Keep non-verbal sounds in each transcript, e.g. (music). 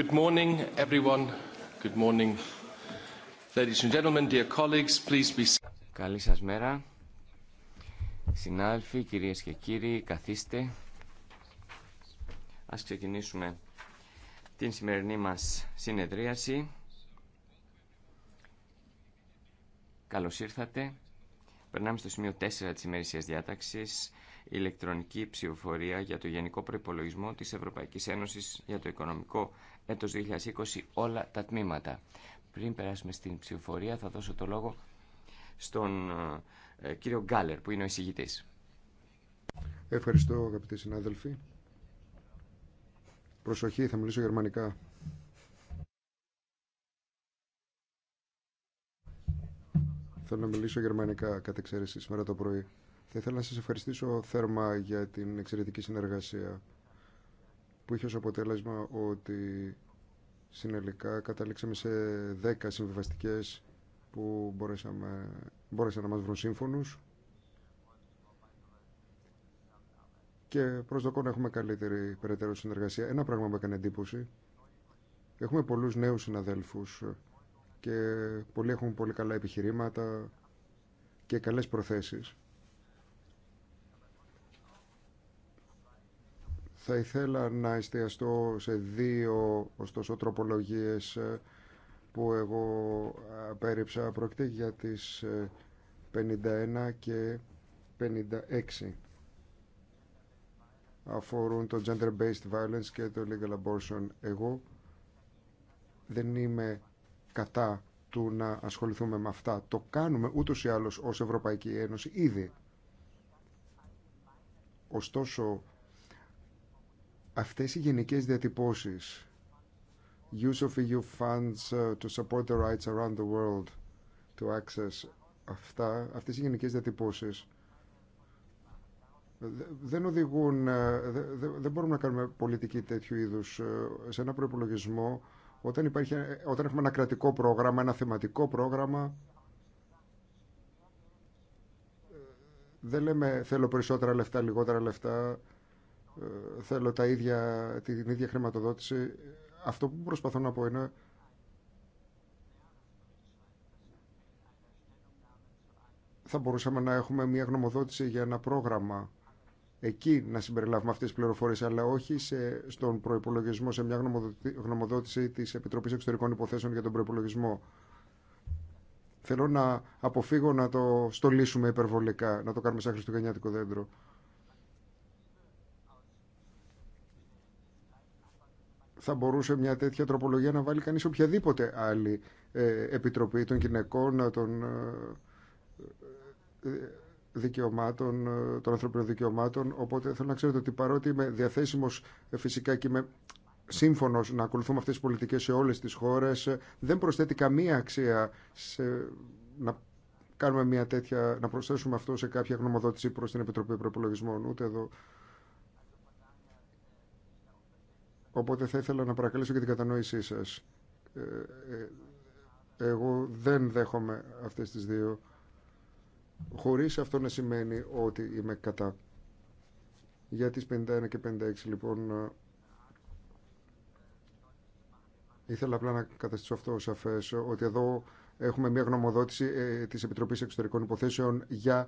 Good morning, everyone. Good morning, ladies and gentlemen, dear colleagues. Please be. Καλή σας μέρα, συνάδελφοι, κυρίες και κύριοι, καθίστε. Ας ξεκινήσουμε την σημερινή μας συνεδρίαση. Καλώς ήρθατε. Περνάμε στο σημείο 4 της ημερησίας διάταξης, ηλεκτρονική ψηφοφορία για το Γενικό Προϋπολογισμό της Ευρωπαϊκής Ένωσης για το Οικονομικό έτος 2020 όλα τα τμήματα. Πριν περάσουμε στην ψηφοφορία θα δώσω το λόγο στον ε, κύριο Γκάλερ που είναι ο εισηγητής. Ευχαριστώ αγαπητοί συνάδελφοι. Προσοχή, θα μιλήσω γερμανικά. Θέλω να μιλήσω γερμανικά κατά εξαίρεση σήμερα το πρωί. Θα ήθελα να σας ευχαριστήσω θέρμα για την εξαιρετική συνεργασία που είχε ως αποτέλεσμα ότι συνελικά καταλήξαμε σε 10 συμβιβαστικές που μπορέσαμε, μπορέσαν να μας βρουν σύμφωνους και προσδοκώ να έχουμε καλύτερη περαιτέρω συνεργασία. Ένα πράγμα που έκανε εντύπωση. Έχουμε πολλούς νέους συναδέλφους και πολλοί έχουν πολύ καλά επιχειρήματα και καλές προθέσεις. Θα ήθελα να εστιαστώ σε δύο ωστόσο τροπολογίες ε, που εγώ ε, πέριψα. Πρόκειται για τις 51 ε, και 56 αφορούν το gender-based violence και το legal abortion. Εγώ δεν είμαι κατά του να ασχοληθούμε με αυτά. Το κάνουμε ούτως ή άλλως ως Ευρωπαϊκή Ένωση ήδη. Ωστόσο, Αυτές οι γενικές διατυπώσεις Use of EU funds uh, to support the rights around the world to access αυτά, αυτές οι γενικές διατυπώσεις δεν οδηγούν, uh, δεν μπορούμε να κάνουμε πολιτική τέτοιου είδους uh, σε ένα προπολογισμό όταν, υπάρχει, όταν έχουμε ένα κρατικό πρόγραμμα, ένα θεματικό πρόγραμμα ε, δεν λέμε θέλω περισσότερα λεφτά, λιγότερα λεφτά ε, θέλω τα ίδια, την ίδια χρηματοδότηση. Αυτό που προσπαθώ να πω είναι θα μπορούσαμε να έχουμε μια γνωμοδότηση για ένα πρόγραμμα εκεί να συμπεριλάβουμε αυτές τις πληροφορίες αλλά όχι σε, στον προϋπολογισμό σε μια γνωμοδότηση της Επιτροπής Εξωτερικών Υποθέσεων για τον προϋπολογισμό θέλω να αποφύγω να το στολίσουμε υπερβολικά να το κάνουμε σαν χριστουγεννιάτικο δέντρο θα μπορούσε μια τέτοια τροπολογία να βάλει κανείς οποιαδήποτε άλλη ε, επιτροπή των γυναικών, των ε, ε, δικαιωμάτων, των ανθρωπίνων δικαιωμάτων. Οπότε θέλω να ξέρετε ότι παρότι είμαι διαθέσιμος φυσικά και είμαι σύμφωνος να ακολουθούμε αυτές τις πολιτικές σε όλες τις χώρες, δεν προσθέτει καμία αξία σε, να κάνουμε μια να προσθέσουμε αυτό σε κάποια γνωμοδότηση προς την Επιτροπή Προπολογισμών, ούτε εδώ Οπότε θα ήθελα να παρακαλέσω και την κατανόησή σας. Ε, ε, εγώ δεν δέχομαι αυτές τις δύο χωρίς αυτό να σημαίνει ότι είμαι κατά. Για τις 51 και 56 λοιπόν ε, ήθελα απλά να καταστήσω αυτό σαφές ότι εδώ έχουμε μια γνωμοδότηση της Επιτροπής Εξωτερικών Υποθέσεων για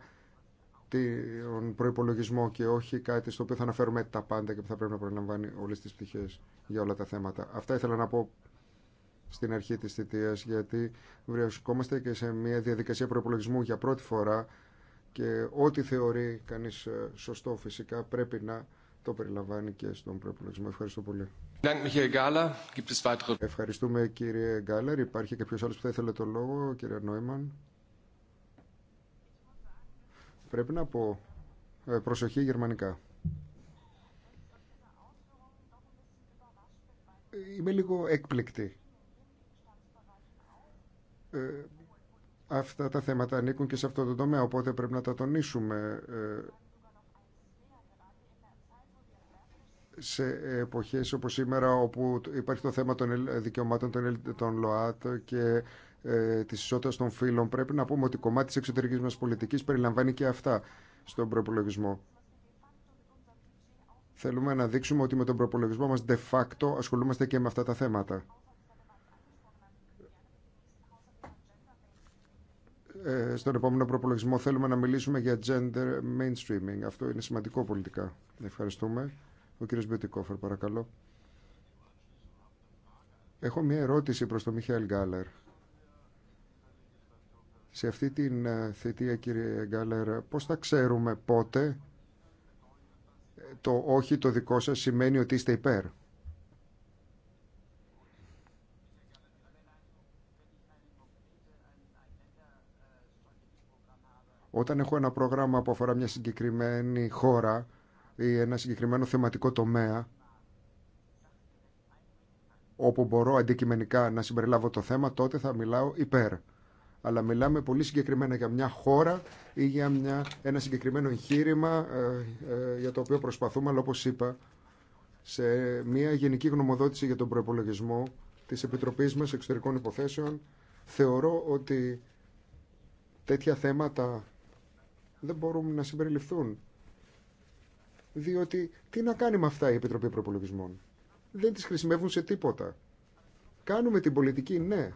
τον προπολογισμό και όχι κάτι στο οποίο θα αναφέρουμε τα πάντα και που θα πρέπει να προλαμβάνει όλε τι πτυχέ για όλα τα θέματα. Αυτά ήθελα να πω στην αρχή τη θητείας γιατί βρισκόμαστε και σε μια διαδικασία προπολογισμού για πρώτη φορά και ό,τι θεωρεί κανεί ε, σωστό φυσικά πρέπει να το περιλαμβάνει και στον προπολογισμό. Ευχαριστώ πολύ. Ευχαριστούμε κύριε Γκάλερ. Υπάρχει κάποιο άλλο που θα ήθελε το λόγο, κύριε Νόημαν. Πρέπει να πω ε, προσοχή γερμανικά. Είμαι λίγο έκπληκτη. Ε, αυτά τα θέματα ανήκουν και σε αυτό το τομέα, οπότε πρέπει να τα τονίσουμε. Ε, σε εποχές όπως σήμερα όπου υπάρχει το θέμα των δικαιωμάτων των ΛΟΑΤ και ε, τη ισότητα των φύλων, πρέπει να πούμε ότι κομμάτι τη εξωτερική μα πολιτική περιλαμβάνει και αυτά στον προπολογισμό. Θέλουμε να δείξουμε ότι με τον προπολογισμό μας de facto ασχολούμαστε και με αυτά τα θέματα. Ε, στον επόμενο προπολογισμό θέλουμε να μιλήσουμε για gender mainstreaming. Αυτό είναι σημαντικό πολιτικά. Ευχαριστούμε. Ο κύριος Μπιωτικόφερ, παρακαλώ. Έχω μια ερώτηση προς τον Μιχαήλ Γκάλερ. Σε αυτή την ε, θητεία, κύριε Γκάλερ, πώς θα ξέρουμε πότε το όχι το δικό σας σημαίνει ότι είστε υπέρ. Όταν έχω ένα πρόγραμμα που αφορά μια συγκεκριμένη χώρα ή ένα συγκεκριμένο θεματικό τομέα, όπου μπορώ αντικειμενικά να συμπεριλάβω το θέμα, τότε θα μιλάω υπέρ αλλά μιλάμε πολύ συγκεκριμένα για μια χώρα ή για μια, ένα συγκεκριμένο εγχείρημα ε, ε, για το οποίο προσπαθούμε, αλλά όπως είπα, σε μια γενική γνωμοδότηση για τον προπολογισμό της Επιτροπής μας Εξωτερικών Υποθέσεων, θεωρώ ότι τέτοια θέματα δεν μπορούν να συμπεριληφθούν. Διότι τι να κάνει με αυτά η Επιτροπή Προπολογισμών. Δεν τις χρησιμεύουν σε τίποτα. Κάνουμε την πολιτική, ναι,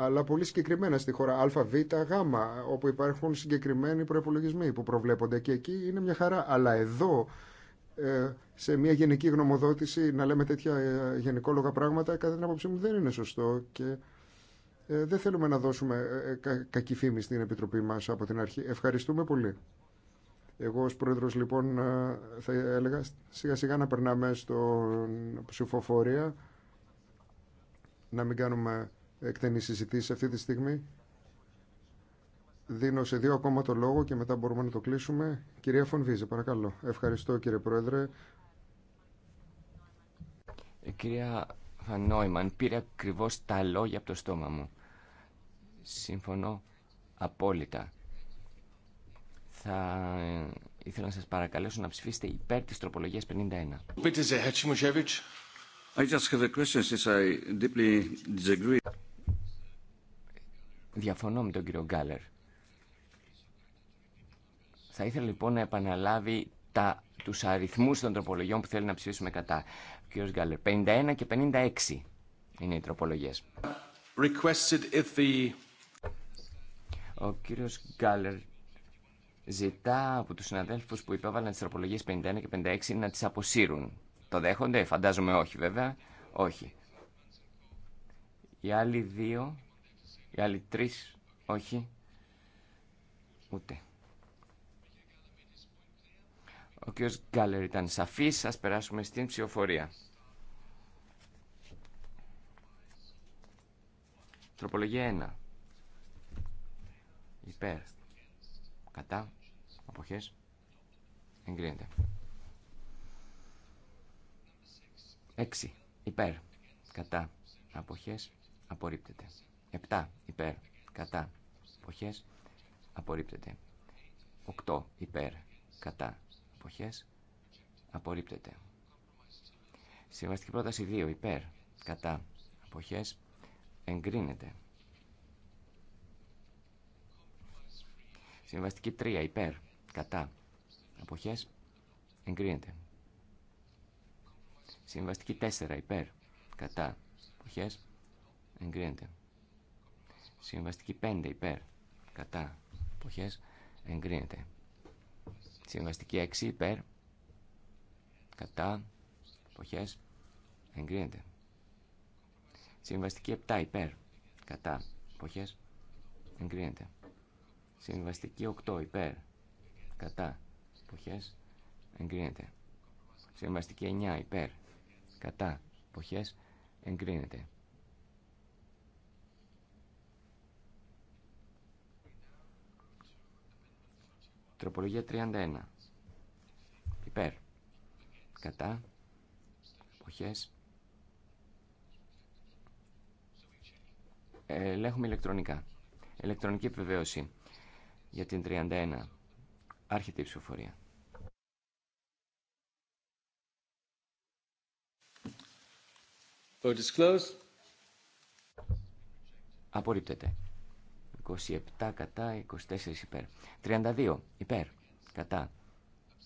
αλλά πολύ συγκεκριμένα στη χώρα Α, Γ, όπου υπάρχουν συγκεκριμένοι προπολογισμοί που προβλέπονται και εκεί είναι μια χαρά. Αλλά εδώ, ε, σε μια γενική γνωμοδότηση, να λέμε τέτοια ε, γενικόλογα πράγματα, κατά την άποψή μου δεν είναι σωστό και ε, δεν θέλουμε να δώσουμε κακή φήμη στην Επιτροπή μας από την αρχή. Ευχαριστούμε πολύ. Εγώ ως πρόεδρος λοιπόν θα έλεγα σιγά σιγά να περνάμε στο ψηφοφορία να μην κάνουμε εκτενή συζητήσει αυτή τη στιγμή. Δίνω σε δύο ακόμα το λόγο και μετά μπορούμε να το κλείσουμε. Κυρία Φωνβίζε, παρακαλώ. Ευχαριστώ κύριε Πρόεδρε. Η κυρία Φανόημαν πήρε ακριβώ τα λόγια από το στόμα μου. Συμφωνώ απόλυτα. Θα ήθελα να σας παρακαλέσω να ψηφίσετε υπέρ της τροπολογίας 51. I just have Διαφωνώ με τον κύριο Γκάλερ. Θα ήθελα λοιπόν να επαναλάβει τα, τους αριθμούς των τροπολογιών που θέλει να ψηφίσουμε κατά. Ο κύριος Γκάλερ, 51 και 56 είναι οι τροπολογίες. Ο κύριος Γκάλερ ζητά από τους συναδέλφους που υπέβαλαν τις τροπολογίες 51 και 56 να τις αποσύρουν. Το δέχονται, φαντάζομαι όχι βέβαια. Όχι. Οι άλλοι δύο οι άλλοι τρει, όχι. Ούτε. Ο κ. Γκάλερ ήταν σαφή, Α περάσουμε στην ψηφοφορία. Τροπολογία 1. Υπέρ. Κατά. αποχέ. Εγκρίνεται. 6. Υπέρ. Κατά. Αποχέ. Απορρίπτεται. 7 υπέρ κατά εποχέ, απορρίπτεται. 8 υπέρ κατά Εποχέ. απορρίπτεται. Συμβαστική πρόταση 2 υπέρ κατά Εποχέ. εγκρίνεται. Συμβαστική 3 υπέρ κατά Εποχέ. εγκρίνεται. Συμβαστική 4 υπέρ κατά Εποχέ. εγκρίνεται. Συμβαστική 5 υπέρ. Κατά. Εποχέ εγκρίνεται. Συμβαστική 6 υπέρ. Κατά. Εποχέ εγκρίνεται. Συμβαστική 7 υπέρ. Κατά. Εποχέ εγκρίνεται. Συμβαστική 8 υπέρ. Κατά. Εποχέ εγκρίνεται. Συμβαστική 9 υπέρ. Κατά. Εποχέ εγκρίνεται. Τροπολογία 31. Υπέρ. Κατά. Εποχές. Ελέγχουμε ηλεκτρονικά. Ηλεκτρονική επιβεβαίωση για την 31. Άρχεται η ψηφοφορία. Απορρίπτεται. 27 κατά, 24 υπέρ. 32 υπέρ, κατά,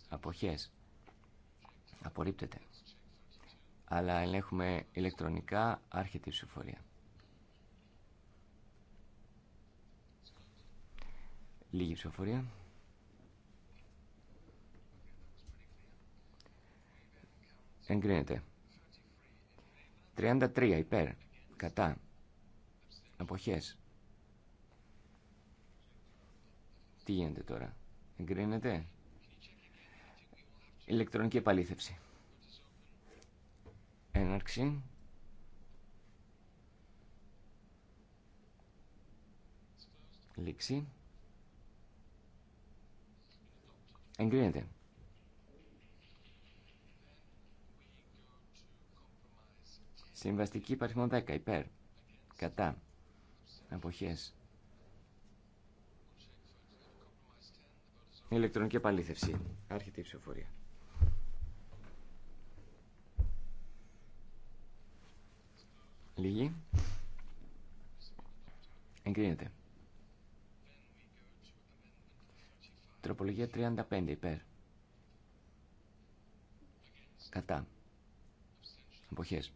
αποχές, απορρίπτεται. Αλλά ελέγχουμε ηλεκτρονικά άρχεται ψηφοφορία. Λίγη ψηφοφορία. Εγκρίνεται. 33 υπέρ, κατά, αποχές, Τι γίνεται τώρα. Εγκρίνεται. Ηλεκτρονική επαλήθευση. Έναρξη. Λήξη. Εγκρίνεται. Συμβαστική παριθμό 10. Υπέρ. Κατά. Αποχές. ηλεκτρονική επαλήθευση. Άρχεται η ψηφοφορία. Λίγη. Εγκρίνεται. Τροπολογία 35 υπέρ. Κατά. Αποχές.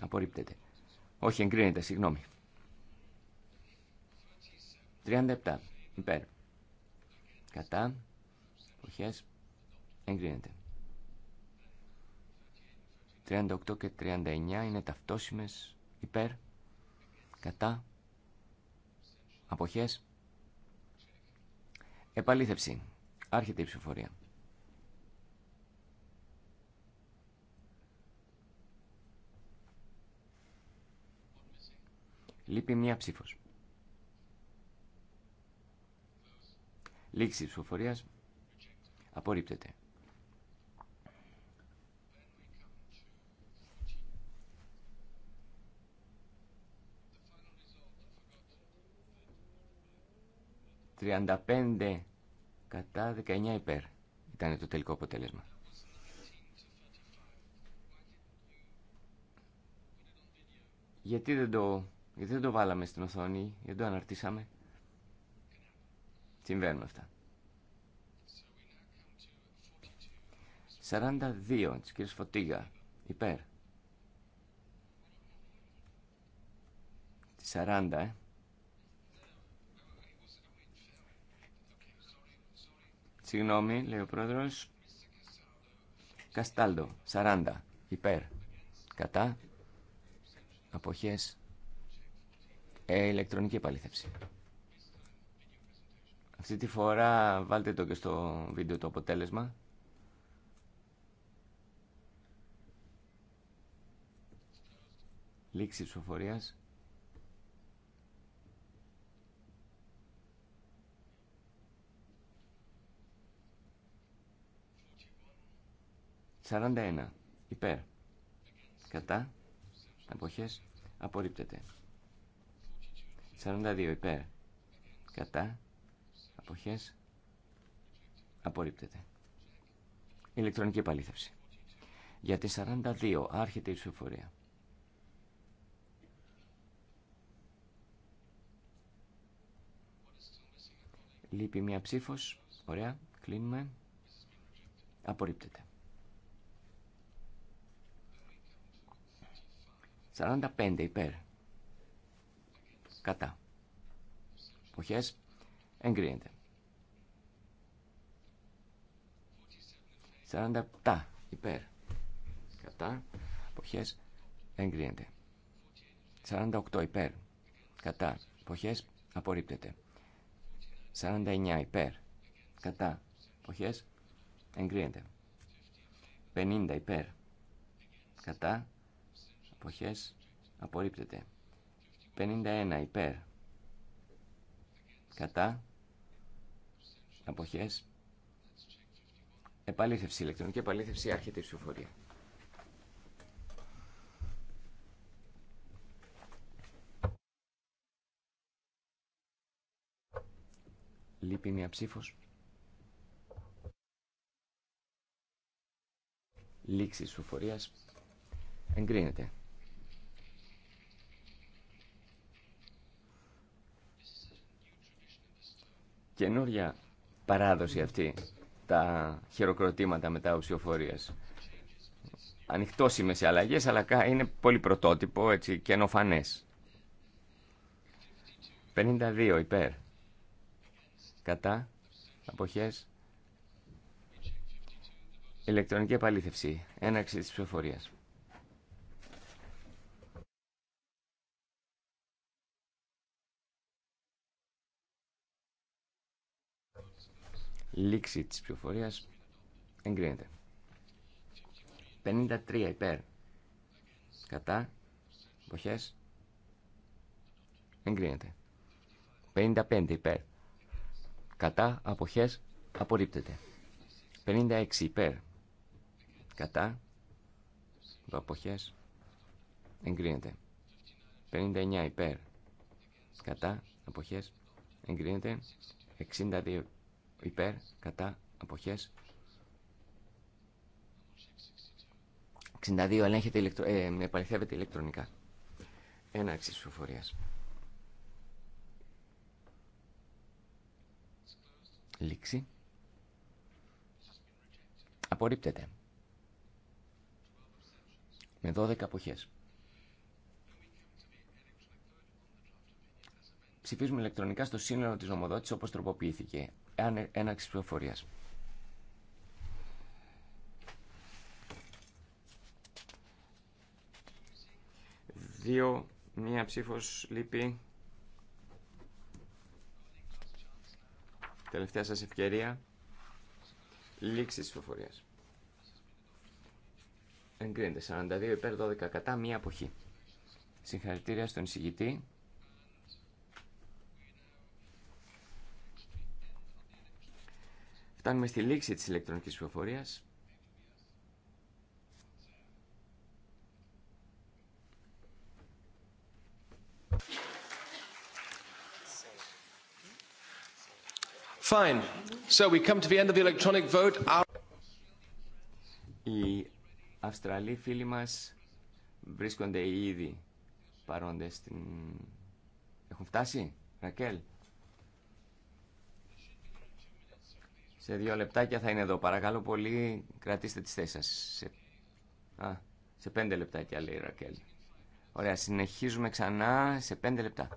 Απορρίπτεται. Όχι, εγκρίνεται, συγγνώμη. 37 υπέρ. Κατά. Εποχές. Εγκρίνεται. 38 και 39 είναι ταυτόσιμες υπέρ. Κατά. Αποχές. Επαλήθευση. Άρχεται η ψηφοφορία. Λείπει μία ψήφος. Λήξη ψηφοφορίας. Απορρίπτεται. «35 κατά 19 υπέρ» ήταν το τελικό αποτέλεσμα. Γιατί δεν το, γιατί δεν το βάλαμε στην οθόνη, γιατί δεν το αναρτήσαμε. Συμβαίνουν αυτά. 42 της κύριος Φωτίγα. Υπέρ. Τη 40, ε. Συγγνώμη, λέει ο πρόεδρος. Καστάλτο, 40. Υπέρ. Κατά. αποχέ. Ε, ηλεκτρονική επαλήθευση. Αυτή τη φορά βάλτε το και στο βίντεο το αποτέλεσμα. Λήξη ψηφοφορίας. Σαράντα ένα. Υπέρ. Κατά. Αποχές. Απορρίπτεται. 42 υπέρ. Κατά. Αποχές. Απορρίπτεται. Ηλεκτρονική επαλήθευση. Για τη 42 άρχεται η ψηφοφορία. Λείπει μία ψήφος. Ωραία. Κλείνουμε. Απορρίπτεται. 45 υπέρ. Κατά. Εποχές. Εγκρίνεται. 47 υπέρ. Κατά. Εποχέ εγκρίνεται. 48 υπέρ. Κατά. Εποχέ απορρίπτεται. 49 υπέρ. Κατά. Εποχέ εγκρίνεται. 50 υπέρ. Κατά. εποχέ. απορρίπτεται. 51 υπέρ. Κατά. Αποχές Επαλήθευση, ηλεκτρονική επαλήθευση, άρχεται η ψηφοφορία. Λείπει μία ψήφος. Λήξη ψηφοφορίας. Εγκρίνεται. Καινούρια παράδοση αυτή τα χειροκροτήματα μετά ουσιοφορίας. Ανοιχτό είμαι σε αλλαγέ, αλλά είναι πολύ πρωτότυπο έτσι, και ενοφανέ. 52 υπέρ. Κατά. Αποχές. Ηλεκτρονική επαλήθευση. Έναρξη τη ψηφοφορία. Λήξη της πληροφορία, εγκρίνεται. 53 υπέρ. Κατά. Εποχές. Εγκρίνεται. 55 υπέρ. Κατά. Αποχές. Απορρίπτεται. 56 υπέρ. Κατά. Αποχές. Εγκρίνεται. 59 υπέρ. Κατά. Αποχές. Εγκρίνεται. 62 υπέρ, κατά, αποχές. 62 ελέγχεται, ηλεκτρο... Ε, επαληθεύεται ηλεκτρονικά. Ένα αξίσου ψηφοφορίας. Λήξη. Απορρίπτεται. Με 12 αποχές. Ψηφίζουμε ηλεκτρονικά στο σύνολο της νομοδότησης όπως τροποποιήθηκε έναξης πληροφορίας. Δύο, μία ψήφος λείπει. Τελευταία σας ευκαιρία. Λήξη της πληροφορίας. Εγκρίνεται 42 υπέρ 12 κατά μία αποχή. Συγχαρητήρια στον εισηγητή. Φτάνουμε στη λήξη της ηλεκτρονικής ψηφοφορίας. Fine. So we come to the end of the electronic vote. Οι Αυστραλοί φίλοι μας βρίσκονται ήδη παρόντες στην... Έχουν φτάσει, Ρακέλ. Σε δύο λεπτάκια θα είναι εδώ. Παρακαλώ πολύ, κρατήστε τις θέσεις σας. Σε, α, σε πέντε λεπτάκια λέει η Ρακέλ. Ωραία, συνεχίζουμε ξανά σε πέντε λεπτά.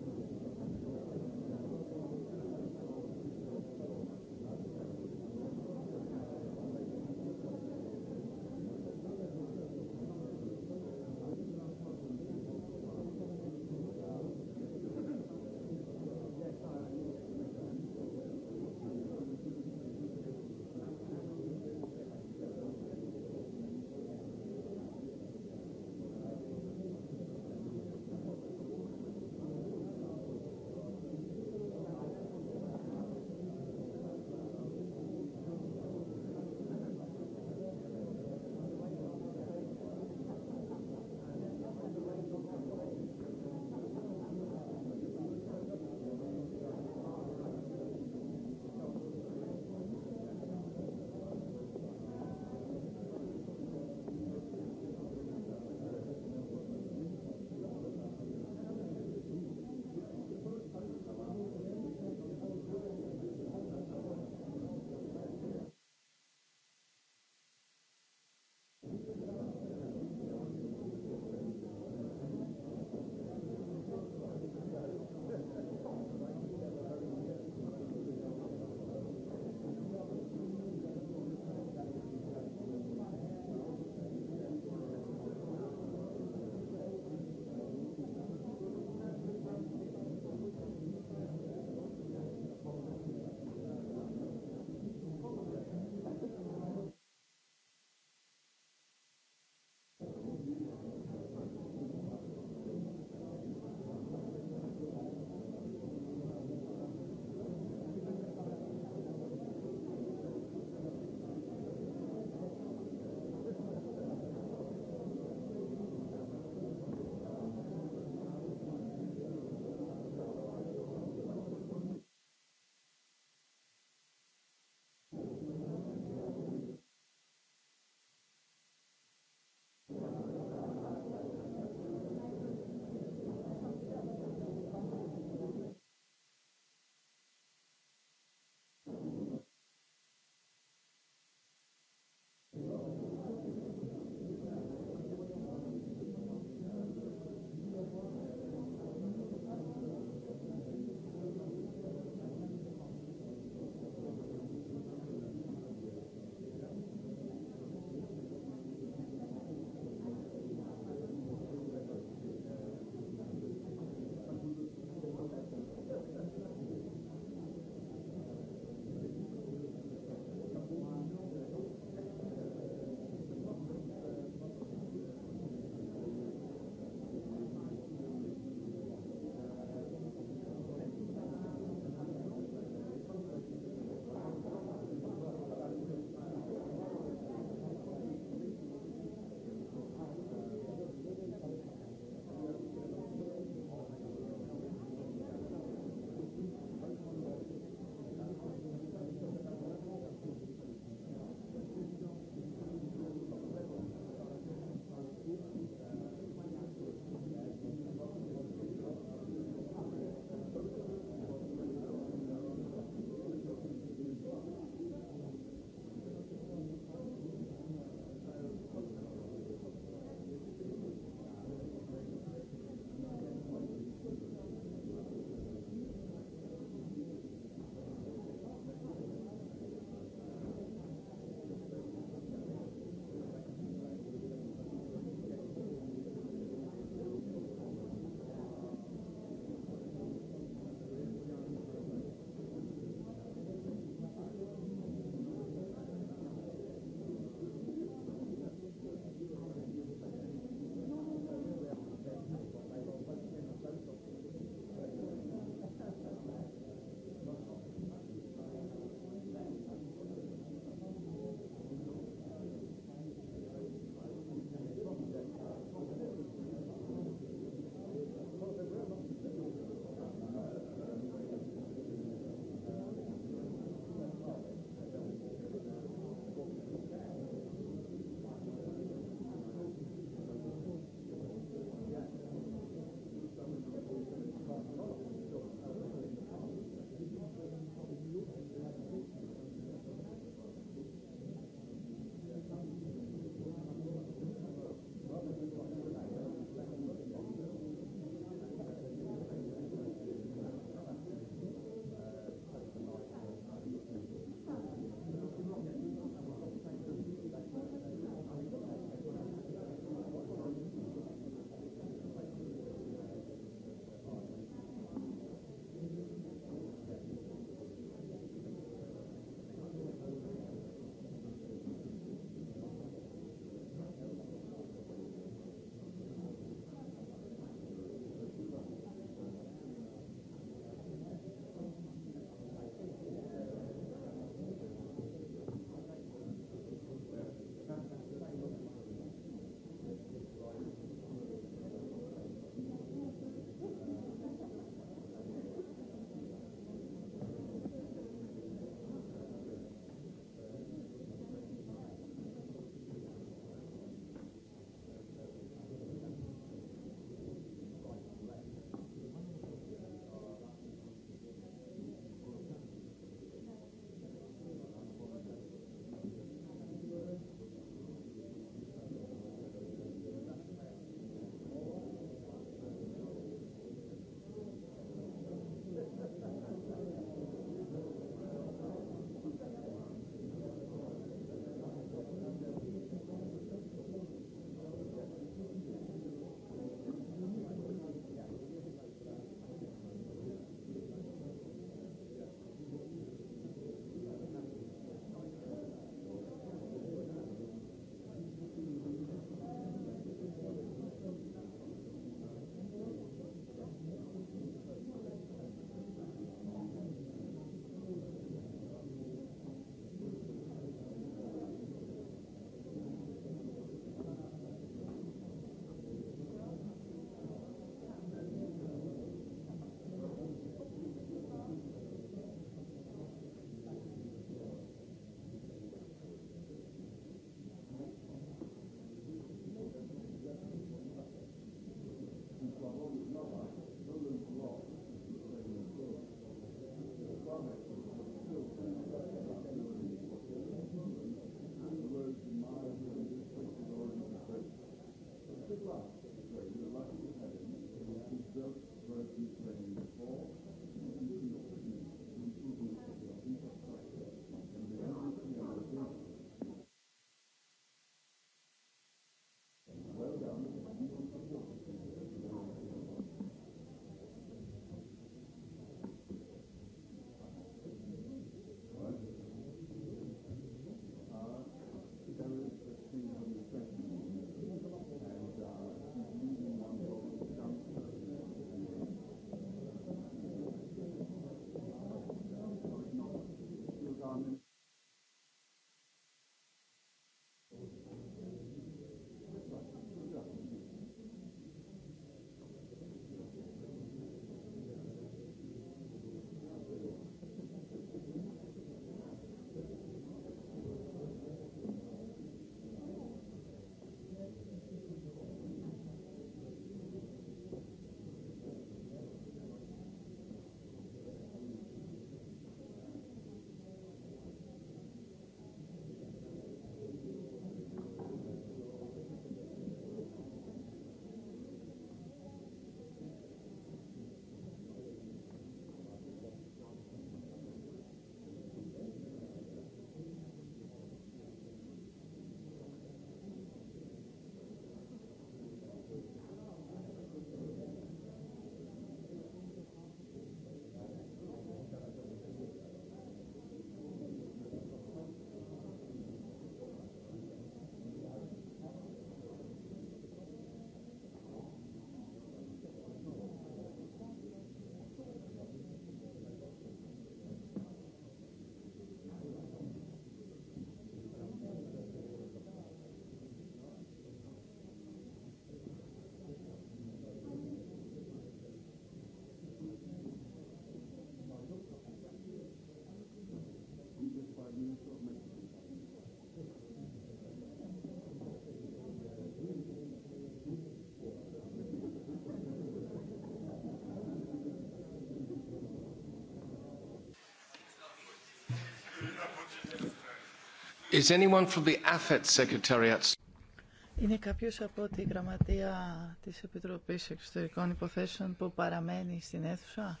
Είναι κάποιος από τη γραμματεία της Επιτροπής Εξωτερικών Υποθέσεων που παραμένει στην αίθουσα.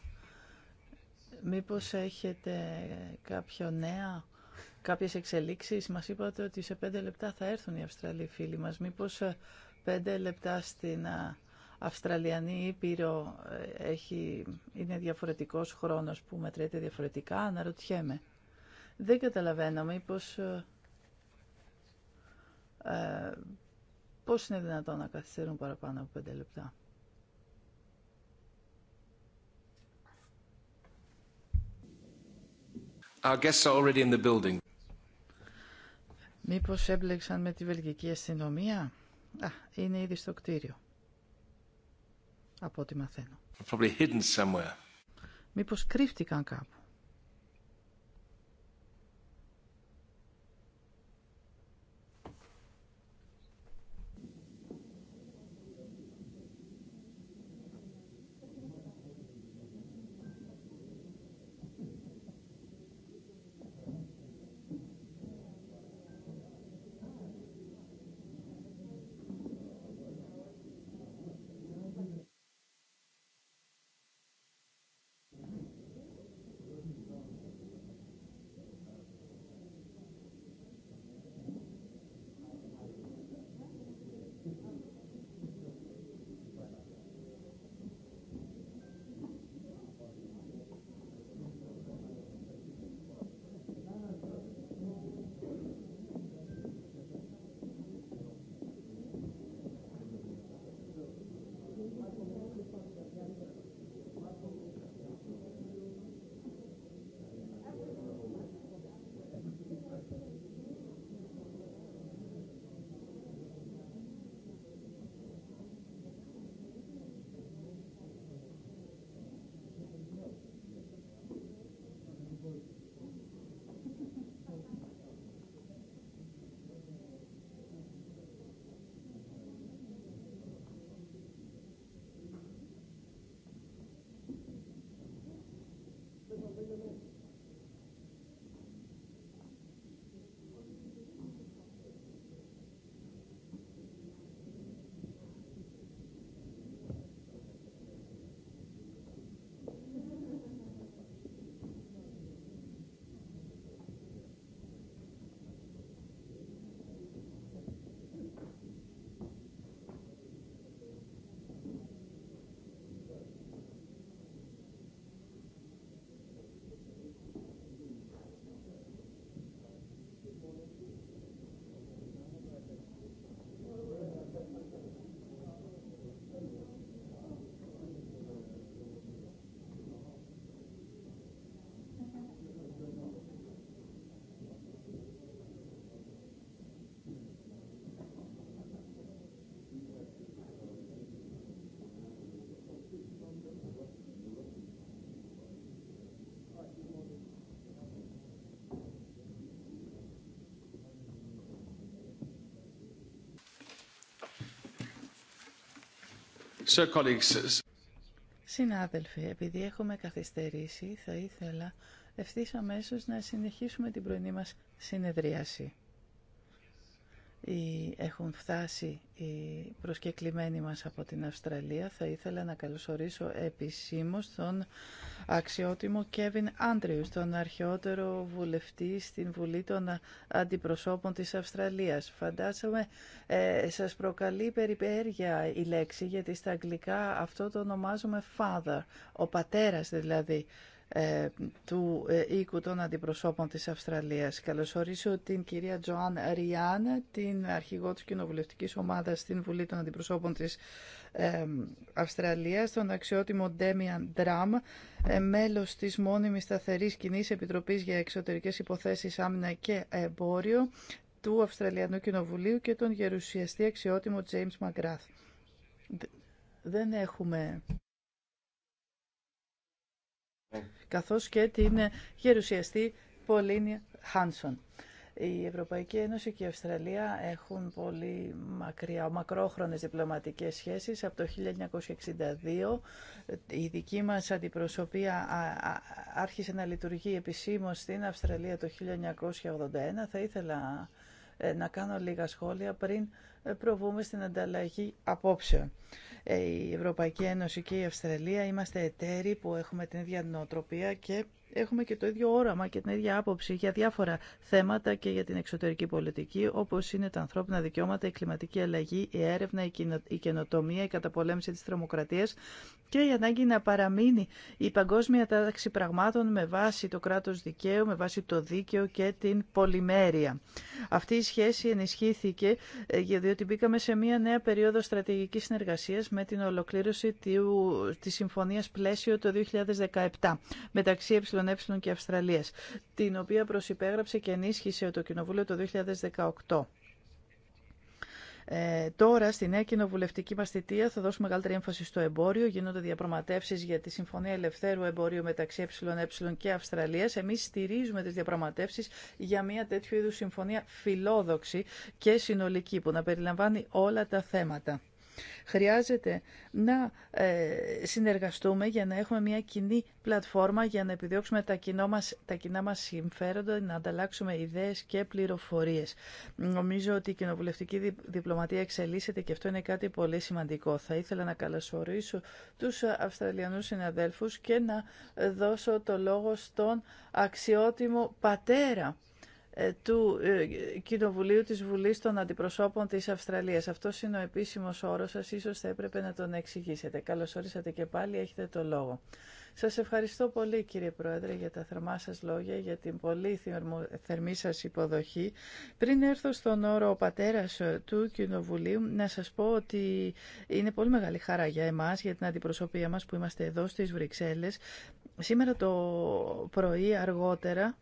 Μήπως έχετε κάποιο νέα, κάποιες εξελίξεις. Μας είπατε ότι σε πέντε λεπτά θα έρθουν οι Αυστραλοί φίλοι μας. Μήπως ε, πέντε λεπτά στην Αυστραλιανή Ήπειρο ε, έχει, είναι διαφορετικός χρόνος που μετρέται διαφορετικά. Αναρωτιέμαι. Δεν καταλαβαίνω μήπως ε, Πώς είναι δυνατόν να καθυστερούν παραπάνω από 5 λεπτά. Our guests are already in the building. Μήπως έμπλεξαν με τη βελγική αστυνομία. Α, είναι ήδη στο κτίριο. Από ό,τι μαθαίνω. Probably hidden Μήπως κρύφτηκαν κάπου. Συνάδελφοι, επειδή έχουμε καθυστερήσει, θα ήθελα ευθύ αμέσω να συνεχίσουμε την πρωινή μας συνεδρίαση. Έχουν φτάσει οι προσκεκλημένοι μας από την Αυστραλία. Θα ήθελα να καλωσορίσω επισήμως τον αξιότιμο Κέβιν Άντριου, τον αρχαιότερο βουλευτή στην Βουλή των Αντιπροσώπων της Αυστραλίας. Φαντάζομαι ε, σας προκαλεί περιπέργεια η λέξη, γιατί στα αγγλικά αυτό το ονομάζουμε father, ο πατέρας δηλαδή ε, του ε, οίκου των αντιπροσώπων της Αυστραλίας. Καλωσορίσω την κυρία Τζοάν Ριάν, την αρχηγό της κοινοβουλευτικής ομάδας στην Βουλή των Αντιπροσώπων της ε, Αυστραλίας, τον αξιότιμο Ντέμιαν Ντραμ, μέλος της μόνιμης σταθερής κοινή επιτροπής για εξωτερικές υποθέσεις άμυνα και εμπόριο του Αυστραλιανού Κοινοβουλίου και τον γερουσιαστή αξιότιμο Τζέιμς Μαγκράθ. Δεν έχουμε ναι. καθώς και την ε, γερουσιαστή Πολίνη Χάνσον. Η Ευρωπαϊκή Ένωση και η Αυστραλία έχουν πολύ μακριά, μακρόχρονες διπλωματικές σχέσεις. Από το 1962 η δική μας αντιπροσωπεία άρχισε να λειτουργεί επισήμως στην Αυστραλία το 1981. Θα ήθελα ε, να κάνω λίγα σχόλια πριν ε, προβούμε στην ανταλλαγή απόψεων. Ε, η Ευρωπαϊκή Ένωση και η Αυστραλία είμαστε εταίροι που έχουμε την ίδια νοοτροπία και έχουμε και το ίδιο όραμα και την ίδια άποψη για διάφορα θέματα και για την εξωτερική πολιτική, όπω είναι τα ανθρώπινα δικαιώματα, η κλιματική αλλαγή, η έρευνα, η καινοτομία, η καταπολέμηση τη τρομοκρατία και η ανάγκη να παραμείνει η παγκόσμια τάξη πραγμάτων με βάση το κράτο δικαίου, με βάση το δίκαιο και την πολυμέρεια. Αυτή η σχέση ενισχύθηκε ε, διότι μπήκαμε σε μια νέα περίοδο στρατηγική συνεργασία με την ολοκλήρωση τη συμφωνία Πλαίσιο το 2017 μεταξύ ε ΕΕ και Αυστραλίας, την οποία προσυπέγραψε και ενίσχυσε το Κοινοβούλιο το 2018. Ε, τώρα, στη νέα κοινοβουλευτική μα θητεία, θα δώσουμε μεγαλύτερη έμφαση στο εμπόριο. Γίνονται διαπραγματεύσει για τη Συμφωνία Ελευθέρου Εμπορίου μεταξύ ΕΕ και Αυστραλία. Εμεί στηρίζουμε τι διαπραγματεύσει για μια τέτοιου είδου συμφωνία φιλόδοξη και συνολική, που να περιλαμβάνει όλα τα θέματα. Χρειάζεται να ε, συνεργαστούμε για να έχουμε μια κοινή πλατφόρμα για να επιδιώξουμε τα, μας, τα κοινά μας συμφέροντα, να ανταλλάξουμε ιδέες και πληροφορίες. Νομίζω ότι η κοινοβουλευτική διπλωματία εξελίσσεται και αυτό είναι κάτι πολύ σημαντικό. Θα ήθελα να καλωσορίσω τους Αυστραλιανούς συναδέλφους και να δώσω το λόγο στον αξιότιμο πατέρα ε, του ε, Κοινοβουλίου της Βουλής των Αντιπροσώπων της Αυστραλίας. Αυτό είναι ο επίσημος όρος σας, ίσως θα έπρεπε να τον εξηγήσετε. Καλώς όρισατε και πάλι, έχετε το λόγο. Σας ευχαριστώ πολύ κύριε Πρόεδρε για τα θερμά σας λόγια, για την πολύ θερμή σας υποδοχή. Πριν έρθω στον όρο ο πατέρας ε, του Κοινοβουλίου, να σας πω ότι είναι πολύ μεγάλη χαρά για εμάς, για την αντιπροσωπεία μας που είμαστε εδώ στις Βρυξέλλες. Σήμερα το πρωί αργότερα,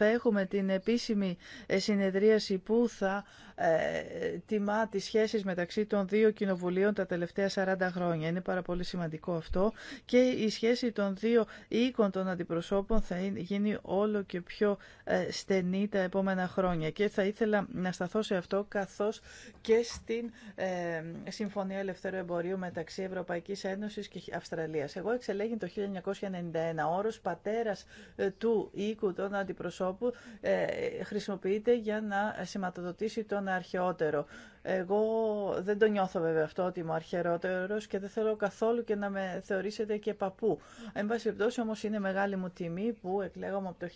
θα έχουμε την επίσημη ε, συνεδρίαση που θα ε, τιμά τις σχέσεις μεταξύ των δύο κοινοβουλίων τα τελευταία 40 χρόνια. Είναι πάρα πολύ σημαντικό αυτό και η σχέση των δύο οίκων των αντιπροσώπων θα γίνει όλο και πιο ε, στενή τα επόμενα χρόνια. Και θα ήθελα να σταθώ σε αυτό καθώς και στην ε, Συμφωνία Ελευθερού Εμπορίου μεταξύ Ευρωπαϊκής Ένωσης και Αυστραλίας. Εγώ εξελέγη το 1991 όρος πατέρας του οίκου των αντιπροσώπων χρησιμοποιείται για να σηματοδοτήσει τον αρχαιότερο. Εγώ δεν το νιώθω βέβαια αυτό ότι είμαι αρχαιρότερό και δεν θέλω καθόλου και να με θεωρήσετε και παππού. Εν πάση περιπτώσει όμως είναι μεγάλη μου τιμή που εκλέγομαι από το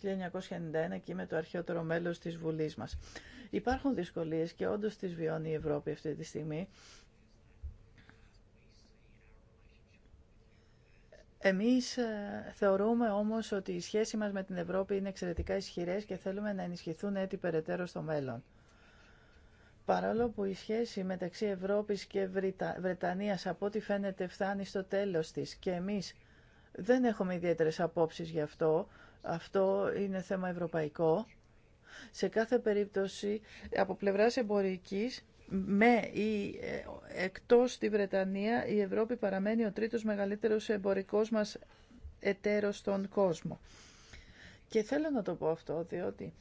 1991 και είμαι το αρχαιότερο μέλος της Βουλής μας. Υπάρχουν δυσκολίες και όντω τι βιώνει η Ευρώπη αυτή τη στιγμή. Εμείς ε, θεωρούμε όμως ότι η σχέση μας με την Ευρώπη είναι εξαιρετικά ισχυρές και θέλουμε να ενισχυθούν έτσι περαιτέρω στο μέλλον. Παρόλο που η σχέση μεταξύ Ευρώπης και Βρετανίας από ό,τι φαίνεται φτάνει στο τέλος της και εμείς δεν έχουμε ιδιαίτερες απόψεις γι' αυτό, αυτό είναι θέμα ευρωπαϊκό. Σε κάθε περίπτωση, από πλευράς εμπορικής, με ή ε, εκτός τη Βρετανία, η Ευρώπη παραμένει ο τρίτος μεγαλύτερος εμπορικός μας εταίρος στον κόσμο. Και θέλω να το πω αυτό, διότι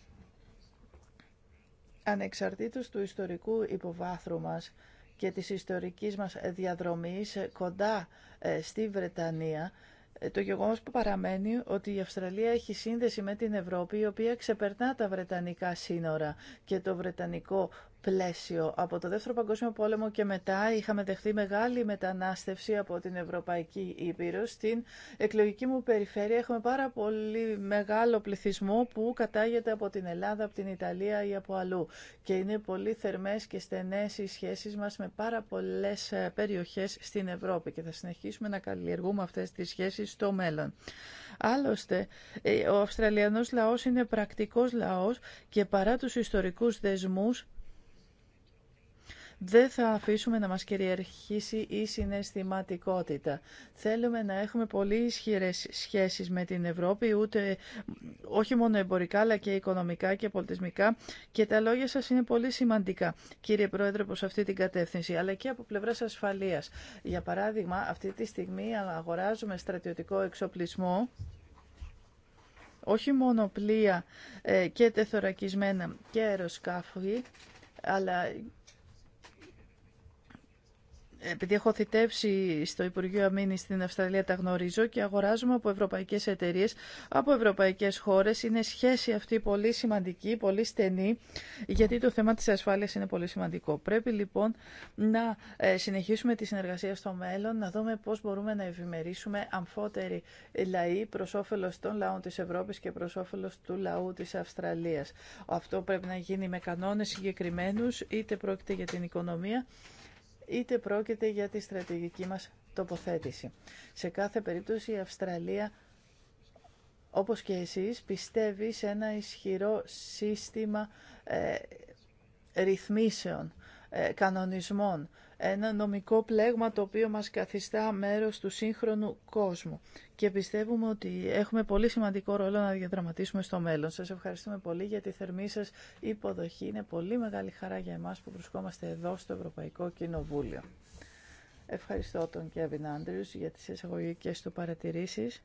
ανεξαρτήτως του ιστορικού υποβάθρου μας και της ιστορικής μας διαδρομής κοντά ε, στη Βρετανία, ε, το γεγονός που παραμένει ότι η Αυστραλία έχει σύνδεση με την Ευρώπη η οποία ξεπερνά τα βρετανικά σύνορα και το βρετανικό πλαίσιο. Από το Δεύτερο Παγκόσμιο Πόλεμο και μετά είχαμε δεχθεί μεγάλη μετανάστευση από την Ευρωπαϊκή Ήπειρο. Στην εκλογική μου περιφέρεια έχουμε πάρα πολύ μεγάλο πληθυσμό που κατάγεται από την Ελλάδα, από την Ιταλία ή από αλλού. Και είναι πολύ θερμέ και στενέ οι σχέσει μα με πάρα πολλέ ε, περιοχέ στην Ευρώπη και θα συνεχίσουμε να καλλιεργούμε αυτέ τι σχέσει στο μέλλον. Άλλωστε, ε, ο Αυστραλιανό λαό είναι πρακτικό λαό και παρά του ιστορικού δεσμού. Δεν θα αφήσουμε να μας κυριαρχήσει η συναισθηματικότητα. Θέλουμε να έχουμε πολύ ισχυρές σχέσεις με την Ευρώπη, ούτε, όχι μόνο εμπορικά, αλλά και οικονομικά και πολιτισμικά. Και τα λόγια σας είναι πολύ σημαντικά, κύριε Πρόεδρε, προς αυτή την κατεύθυνση, αλλά και από πλευράς ασφαλείας. Για παράδειγμα, αυτή τη στιγμή αγοράζουμε στρατιωτικό εξοπλισμό, όχι μόνο πλοία ε, και τεθωρακισμένα και αεροσκάφη, αλλά επειδή έχω θητεύσει στο Υπουργείο Αμήνη στην Αυστραλία, τα γνωρίζω και αγοράζουμε από ευρωπαϊκέ εταιρείε, από ευρωπαϊκέ χώρε. Είναι σχέση αυτή πολύ σημαντική, πολύ στενή, γιατί το θέμα τη ασφάλεια είναι πολύ σημαντικό. Πρέπει λοιπόν να ε, συνεχίσουμε τη συνεργασία στο μέλλον, να δούμε πώ μπορούμε να ευημερίσουμε αμφότεροι λαοί προ όφελο των λαών τη Ευρώπη και προ όφελο του λαού τη Αυστραλία. Αυτό πρέπει να γίνει με κανόνε συγκεκριμένου, είτε πρόκειται για την οικονομία, είτε πρόκειται για τη στρατηγική μας τοποθέτηση. Σε κάθε περίπτωση η Αυστραλία, όπως και εσείς, πιστεύει σε ένα ισχυρό σύστημα ε, ρυθμίσεων, ε, κανονισμών ένα νομικό πλέγμα το οποίο μας καθιστά μέρος του σύγχρονου κόσμου και πιστεύουμε ότι έχουμε πολύ σημαντικό ρόλο να διαδραματίσουμε στο μέλλον. Σας ευχαριστούμε πολύ για τη θερμή σας υποδοχή. Είναι πολύ μεγάλη χαρά για εμάς που βρισκόμαστε εδώ στο Ευρωπαϊκό Κοινοβούλιο. Ευχαριστώ τον Κέβιν Άντριους για τις εισαγωγικές του παρατηρήσεις.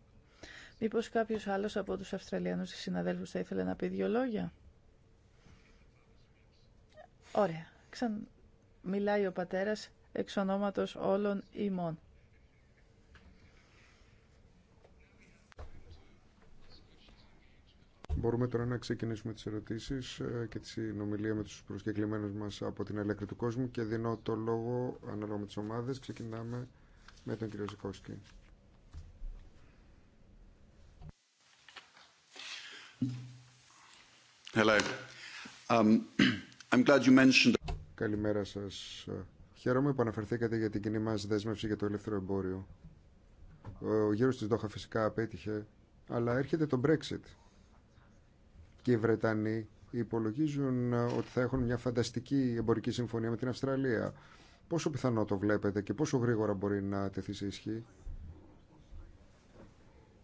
Μήπως κάποιος άλλος από τους Αυστραλιανούς συναδέλφους θα ήθελε να πει δύο λόγια. Ωραία μιλάει ο πατέρας εξ ονόματος όλων ημών. Μπορούμε τώρα να ξεκινήσουμε τις ερωτήσεις ε, και τη συνομιλία με τους προσκεκλημένους μας από την Ελέκτρη του Κόσμου και δίνω το λόγο ανάλογα με τις ομάδες. Ξεκινάμε με τον κύριο Ζικόσκη. Hello. Um, (clears throat) I'm glad you mentioned Καλημέρα σας. Χαίρομαι που αναφερθήκατε για την κοινή μα δέσμευση για το ελεύθερο εμπόριο. Ο γύρο τη Δόχα φυσικά απέτυχε, αλλά έρχεται το Brexit. Και οι Βρετανοί υπολογίζουν ότι θα έχουν μια φανταστική εμπορική συμφωνία με την Αυστραλία. Πόσο πιθανό το βλέπετε και πόσο γρήγορα μπορεί να τεθεί σε ισχύ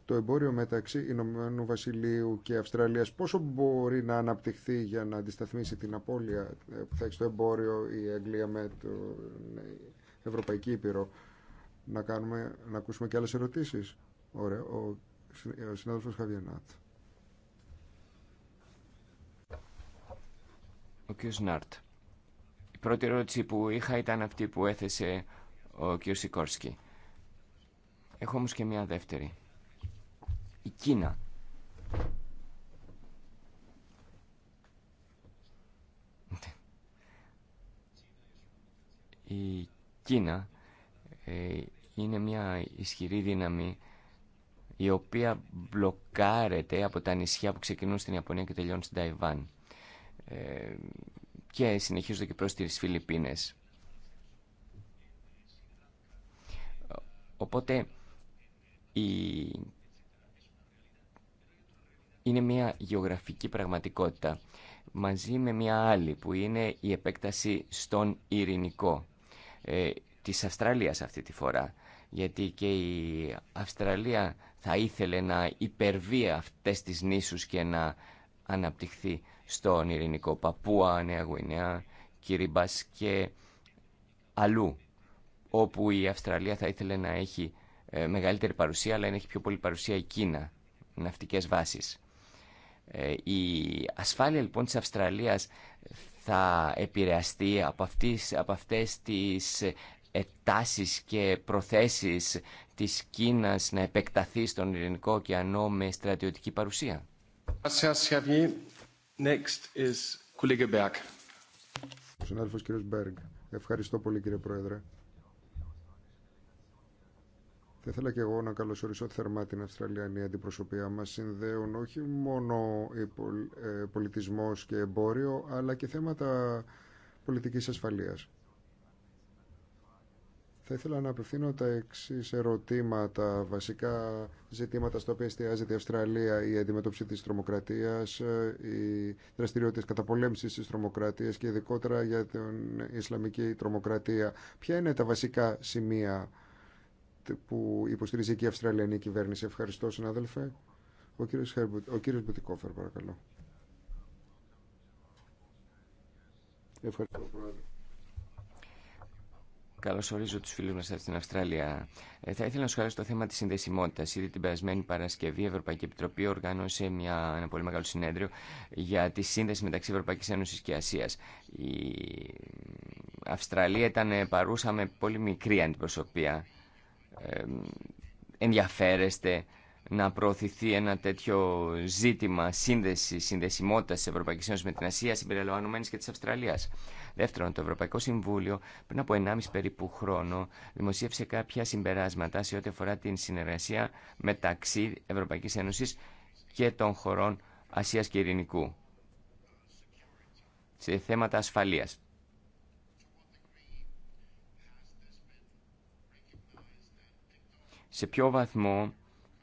το εμπόριο μεταξύ Ηνωμένου Βασιλείου και Αυστραλίας πόσο μπορεί να αναπτυχθεί για να αντισταθμίσει την απώλεια που θα έχει στο εμπόριο η Αγγλία με την ε, Ευρωπαϊκή Ήπειρο. Να, κάνουμε, να ακούσουμε και άλλες ερωτήσεις. Ωραία. Ο, ε, ο συνάδελφος Χαβιενάτ. Ο κ. Νάρτ. Η πρώτη ερώτηση που είχα ήταν αυτή που έθεσε ο κ. Σικόρσκι. Έχω όμως και μια δεύτερη. Κίνα. Η Κίνα ε, είναι μια ισχυρή δύναμη η οποία μπλοκάρεται από τα νησιά που ξεκινούν στην Ιαπωνία και τελειώνουν στην Ταϊβάν ε, και συνεχίζονται και προς τις Φιλιππίνες. Οπότε η είναι μια γεωγραφική πραγματικότητα μαζί με μια άλλη που είναι η επέκταση στον ειρηνικό ε, της Αυστραλίας αυτή τη φορά γιατί και η Αυστραλία θα ήθελε να υπερβεί αυτές τις νήσους και να αναπτυχθεί στον ειρηνικό Παππούα, Νέα Γουινέα, Κυρίμπας και αλλού όπου η Αυστραλία θα ήθελε να έχει ε, μεγαλύτερη παρουσία αλλά να έχει πιο πολύ παρουσία η Κίνα ναυτικές βάσεις. Ε, η ασφάλεια λοιπόν της Αυστραλίας θα επηρεαστεί από, αυτές, από αυτές τις ετάσεις και προθέσεις της Κίνας να επεκταθεί στον Ειρηνικό ωκεανό με στρατιωτική παρουσία. Next is Berg. Συνάδελφος κύριος Μπέργκ. Ευχαριστώ πολύ κύριε Πρόεδρε. Θα ήθελα και εγώ να καλωσορίσω θερμά την Αυστραλιανή αντιπροσωπεία μας. Συνδέουν όχι μόνο ε, πολιτισμός και εμπόριο, αλλά και θέματα πολιτικής ασφαλείας. Θα ήθελα να απευθύνω τα εξή ερωτήματα, βασικά ζητήματα στα οποία εστιάζεται η Αυστραλία, η αντιμετώπιση της τρομοκρατίας, ε, οι δραστηριότητες καταπολέμησης της τρομοκρατίας και ειδικότερα για την Ισλαμική τρομοκρατία. Ποια είναι τα βασικά σημεία που υποστηρίζει και η Αυστραλιανή κυβέρνηση. Ευχαριστώ, συνάδελφε. Ο κύριος, ο κύριος Μπουτικόφερ, παρακαλώ. Ευχαριστώ, Πρόεδρε. Καλώς ορίζω τους φίλους μας στην Αυστραλία. Ε, θα ήθελα να σχολιάσω το θέμα της συνδεσιμότητας. Ήδη την περασμένη Παρασκευή η Ευρωπαϊκή Επιτροπή οργάνωσε μια, ένα πολύ μεγάλο συνέδριο για τη σύνδεση μεταξύ Ευρωπαϊκής Ένωσης και Ασίας. Η Αυστραλία ήταν παρούσα με πολύ μικρή αντιπροσωπεία ενδιαφέρεστε να προωθηθεί ένα τέτοιο ζήτημα σύνδεση, συνδεσιμότητα τη Ευρωπαϊκή Ένωση με την Ασία, συμπεριλαμβανομένη και τη Αυστραλία. Δεύτερον, το Ευρωπαϊκό Συμβούλιο πριν από 1,5 περίπου χρόνο δημοσίευσε κάποια συμπεράσματα σε ό,τι αφορά την συνεργασία μεταξύ Ευρωπαϊκή Ένωση και των χωρών Ασία και Ειρηνικού σε θέματα ασφαλείας. σε ποιο βαθμό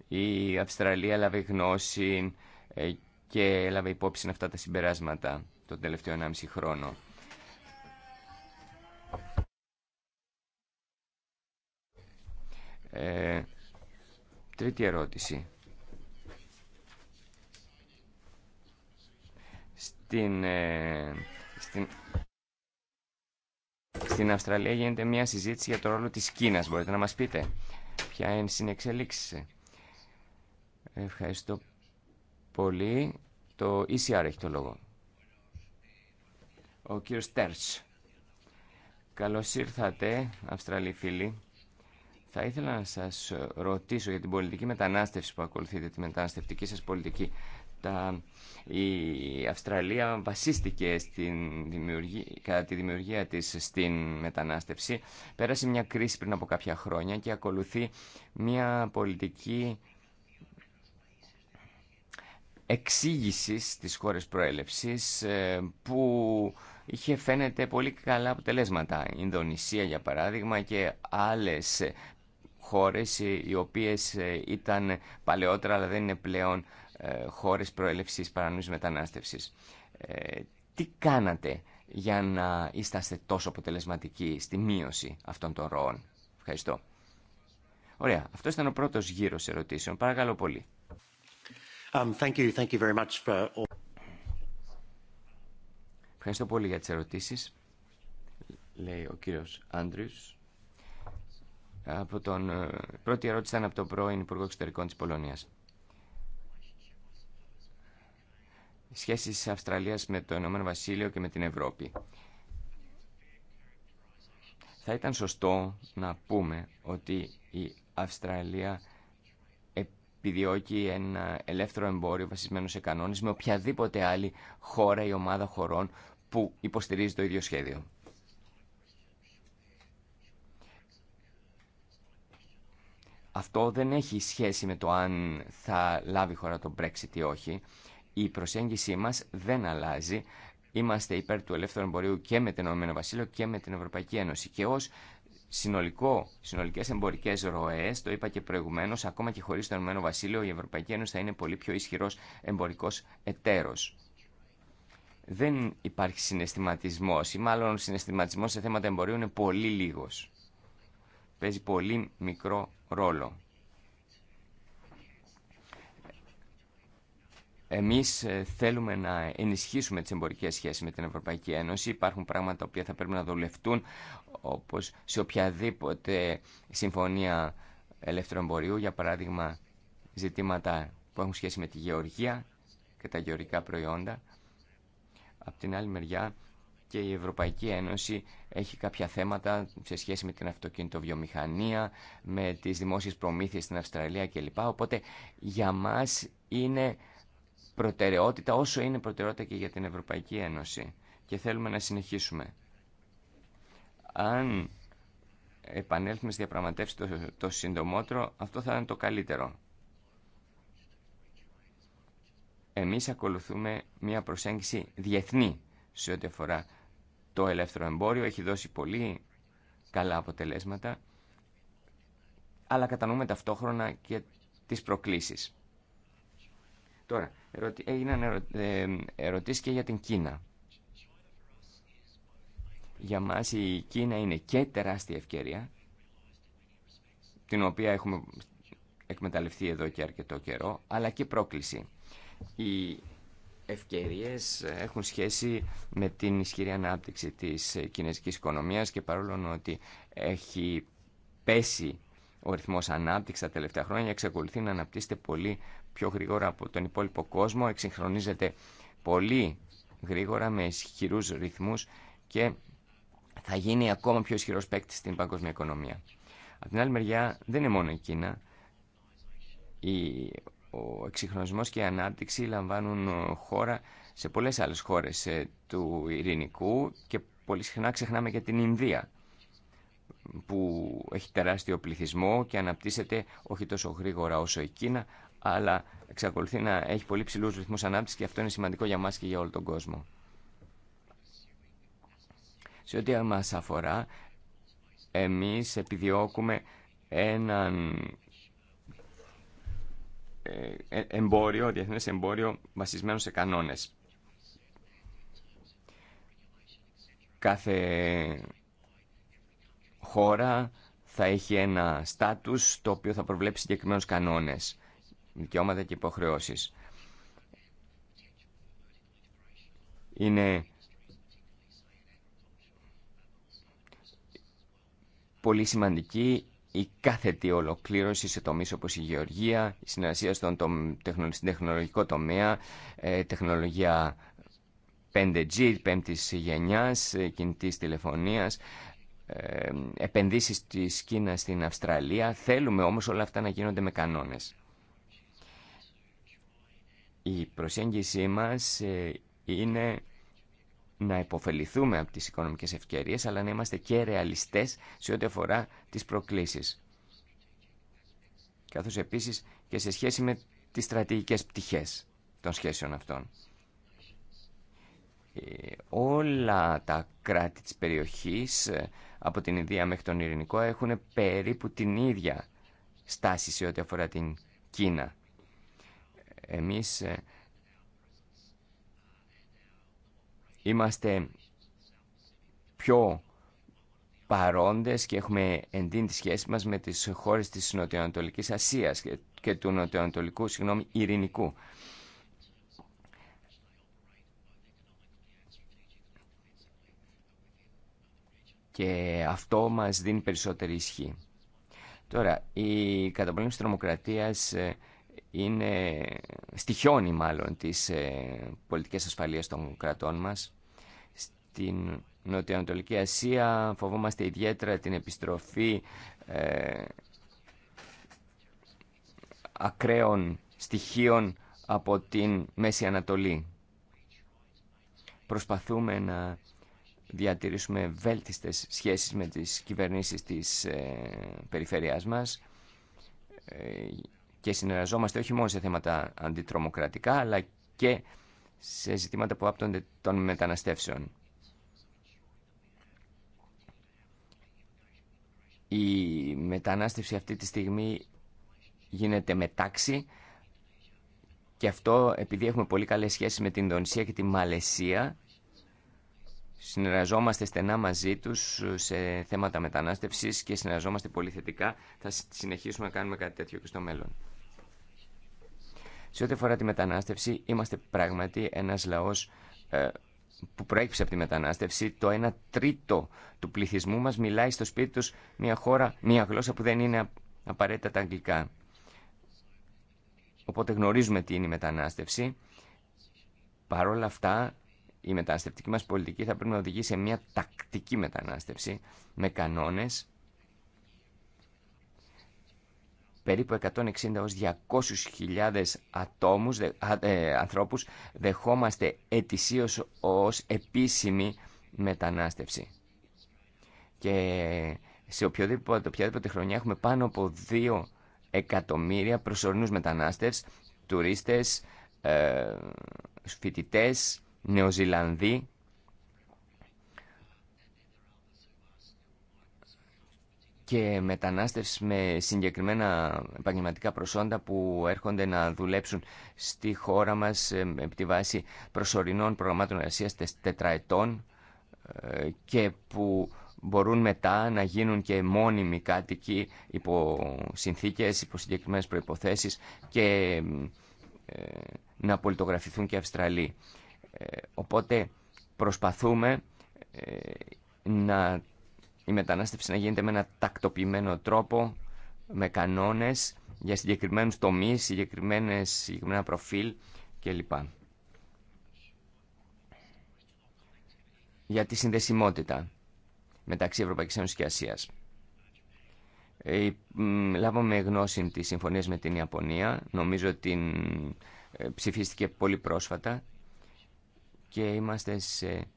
η Αυστραλία έλαβε γνώση ε, και έλαβε υπόψη αυτά τα συμπεράσματα τον τελευταίο 1,5 χρόνο. Ε, τρίτη ερώτηση. Στην, ε, στην, στην Αυστραλία γίνεται μια συζήτηση για το ρόλο της Κίνας. Μπορείτε να μας πείτε ποια είναι συνεξελίξη. Ευχαριστώ πολύ. Το ECR έχει το λόγο. Ο κύριος Τέρτς. Καλώς ήρθατε, Αυστραλοί φίλοι. Θα ήθελα να σας ρωτήσω για την πολιτική μετανάστευση που ακολουθείτε, τη μεταναστευτική σας πολιτική η Αυστραλία βασίστηκε στην δημιουργία, κατά τη δημιουργία της στην μετανάστευση. Πέρασε μια κρίση πριν από κάποια χρόνια και ακολουθεί μια πολιτική εξήγησης της χώρες προέλευσης ε, που είχε φαίνεται πολύ καλά αποτελέσματα. Η Ινδονησία για παράδειγμα και άλλες χώρες ε, οι οποίες ε, ήταν παλαιότερα αλλά δεν είναι πλέον ε, χώρες προέλευσης παρανοής μετανάστευσης. Ε, τι κάνατε για να είσαστε τόσο αποτελεσματικοί στη μείωση αυτών των ροών. Ευχαριστώ. Ωραία. Αυτό ήταν ο πρώτος γύρος ερωτήσεων. Παρακαλώ πολύ. Um, thank you. Thank you very much for... Ευχαριστώ πολύ για τις ερωτήσεις, λέει ο κύριος Άντριους. Από τον... Ε, πρώτη ερώτηση ήταν από τον πρώην Υπουργό Εξωτερικών της Πολωνίας. σχέσεις Αυστραλίας με το Ηνωμένο Βασίλειο και με την Ευρώπη. Θα ήταν σωστό να πούμε ότι η Αυστραλία επιδιώκει ένα ελεύθερο εμπόριο βασισμένο σε κανόνες με οποιαδήποτε άλλη χώρα ή ομάδα χωρών που υποστηρίζει το ίδιο σχέδιο. Αυτό δεν έχει σχέση με το αν θα λάβει χώρα το Brexit ή όχι η προσέγγιση μας δεν αλλάζει. Είμαστε υπέρ του ελεύθερου εμπορίου και με την ΕΒ και με την Ευρωπαϊκή Ένωση. Και ως συνολικό, συνολικές εμπορικές ροές, το είπα και προηγουμένως, ακόμα και χωρίς το Ηνωμένο η Ευρωπαϊκή Ένωση θα είναι πολύ πιο ισχυρός εμπορικός εταίρος. Δεν υπάρχει συναισθηματισμός ή μάλλον συναισθηματισμός σε θέματα εμπορίου είναι πολύ λίγος. Παίζει πολύ μικρό ρόλο. Εμείς ε, θέλουμε να ενισχύσουμε τις εμπορικές σχέσεις με την Ευρωπαϊκή Ένωση. Υπάρχουν πράγματα που θα πρέπει να δουλευτούν όπως σε οποιαδήποτε συμφωνία ελεύθερου εμπορίου. Για παράδειγμα ζητήματα που έχουν σχέση με τη γεωργία και τα γεωργικά προϊόντα. Απ' την άλλη μεριά και η Ευρωπαϊκή Ένωση έχει κάποια θέματα σε σχέση με την αυτοκινητοβιομηχανία, με τις δημόσιες προμήθειες στην Αυστραλία κλπ. Οπότε για μας είναι προτεραιότητα όσο είναι προτεραιότητα και για την Ευρωπαϊκή Ένωση και θέλουμε να συνεχίσουμε. Αν επανέλθουμε στη διαπραγματεύση το, το συντομότερο, αυτό θα είναι το καλύτερο. Εμείς ακολουθούμε μια προσέγγιση διεθνή σε ό,τι αφορά το ελεύθερο εμπόριο. Έχει δώσει πολύ καλά αποτελέσματα, αλλά κατανοούμε ταυτόχρονα και τις προκλήσεις. Τώρα, έγιναν ε, ερωτήσεις και για την Κίνα. Για μας η Κίνα είναι και τεράστια ευκαιρία, την οποία έχουμε εκμεταλλευτεί εδώ και αρκετό καιρό, αλλά και πρόκληση. Οι ευκαιρίες έχουν σχέση με την ισχυρή ανάπτυξη της κινέζικης οικονομίας και παρόλο ότι έχει πέσει ο ρυθμός ανάπτυξης τα τελευταία χρόνια εξακολουθεί να αναπτύσσεται πολύ πιο γρήγορα από τον υπόλοιπο κόσμο, εξυγχρονίζεται πολύ γρήγορα με ισχυρούς ρυθμούς και θα γίνει ακόμα πιο ισχυρός παίκτη στην παγκόσμια οικονομία. Από την άλλη μεριά δεν είναι μόνο η Κίνα. ο εξυγχρονισμός και η ανάπτυξη λαμβάνουν χώρα σε πολλές άλλες χώρες ε, του ειρηνικού και πολύ συχνά ξεχνάμε και την Ινδία που έχει τεράστιο πληθυσμό και αναπτύσσεται όχι τόσο γρήγορα όσο η Κίνα αλλά εξακολουθεί να έχει πολύ ψηλούς ρυθμούς ανάπτυξης και αυτό είναι σημαντικό για μας και για όλο τον κόσμο. Σε ό,τι μας αφορά, εμείς επιδιώκουμε έναν ε, ε, εμπόριο, διεθνές εμπόριο βασισμένο σε κανόνες. Κάθε χώρα θα έχει ένα στάτους το οποίο θα προβλέψει συγκεκριμένους κανόνες δικαιώματα και υποχρεώσεις. Είναι πολύ σημαντική η κάθετη ολοκλήρωση σε τομείς όπως η γεωργία, η συνεργασία στον τεχνολογικό τομέα, ε, τεχνολογία 5G, πέμπτης γενιάς, ε, κινητής τηλεφωνίας, ε, επενδύσεις της Κίνας στην Αυστραλία. Θέλουμε όμως όλα αυτά να γίνονται με κανόνες. Η προσέγγιση μας ε, είναι να υποφεληθούμε από τις οικονομικές ευκαιρίες, αλλά να είμαστε και ρεαλιστές σε ό,τι αφορά τις προκλήσεις. Καθώς επίσης και σε σχέση με τις στρατηγικές πτυχές των σχέσεων αυτών. Ε, όλα τα κράτη της περιοχής, ε, από την Ινδία μέχρι τον Ειρηνικό, έχουν περίπου την ίδια στάση σε ό,τι αφορά την Κίνα. Εμείς ε, είμαστε πιο παρόντες και έχουμε εντείνει τη σχέση μας με τις χώρες της Νοτιοανατολικής Ασίας και του Νοτιοανατολικού, συγγνώμη, Ειρηνικού. Και αυτό μας δίνει περισσότερη ισχύ. Τώρα, η καταπολέμηση τρομοκρατίας ε, είναι στοιχιώνει μάλλον της ε, πολιτικής ασφαλείας των κρατών μας. Στην Νοτιοανατολική Ασία φοβόμαστε ιδιαίτερα την επιστροφή ε, ακραίων στοιχείων από την Μέση Ανατολή. Προσπαθούμε να διατηρήσουμε βέλτιστες σχέσεις με τις κυβερνήσεις της ε, περιφερειάς μας. Ε, και συνεργαζόμαστε όχι μόνο σε θέματα αντιτρομοκρατικά, αλλά και σε ζητήματα που άπτονται των μεταναστεύσεων. Η μετανάστευση αυτή τη στιγμή γίνεται τάξη και αυτό επειδή έχουμε πολύ καλές σχέσεις με την Ινδονησία και τη Μαλαισία συνεργαζόμαστε στενά μαζί τους σε θέματα μετανάστευσης και συνεργαζόμαστε πολύ θετικά. Θα συνεχίσουμε να κάνουμε κάτι τέτοιο και στο μέλλον. Σε ό,τι αφορά τη μετανάστευση, είμαστε πράγματι ένας λαός ε, που προέκυψε από τη μετανάστευση. Το 1 τρίτο του πληθυσμού μας μιλάει στο σπίτι του μια, χώρα, μια γλώσσα που δεν είναι απαραίτητα τα αγγλικά. Οπότε γνωρίζουμε τι είναι η μετανάστευση. Παρ' όλα αυτά, η μεταναστευτική μας πολιτική θα πρέπει να οδηγεί σε μια τακτική μετανάστευση με κανόνες περίπου 160 έως 200.000 ατόμους, ε, ανθρώπους δεχόμαστε ετησίως ως επίσημη μετανάστευση. Και σε οποιοδήποτε, οποιαδήποτε χρονιά έχουμε πάνω από 2 εκατομμύρια προσωρινούς μετανάστες, τουρίστες, ε, φοιτητές, νεοζηλανδοί και μετανάστες με συγκεκριμένα επαγγελματικά προσόντα που έρχονται να δουλέψουν στη χώρα μας ε, επί τη βάση προσωρινών προγραμμάτων εργασίας τετραετών ε, και που μπορούν μετά να γίνουν και μόνιμοι κάτοικοι υπό συνθήκες, υπό συγκεκριμένες προϋποθέσεις και ε, να πολιτογραφηθούν και Αυστραλοί. Οπότε προσπαθούμε να η μετανάστευση να γίνεται με ένα τακτοποιημένο τρόπο, με κανόνες για συγκεκριμένους τομείς, συγκεκριμένες, συγκεκριμένα προφίλ κλπ. Για τη συνδεσιμότητα μεταξύ Ευρωπαϊκής Ένωσης και Ασίας. Ε, λάβαμε γνώση τη συμφωνία με την Ιαπωνία. Νομίζω την ε, ψηφίστηκε πολύ πρόσφατα και είμαστε σε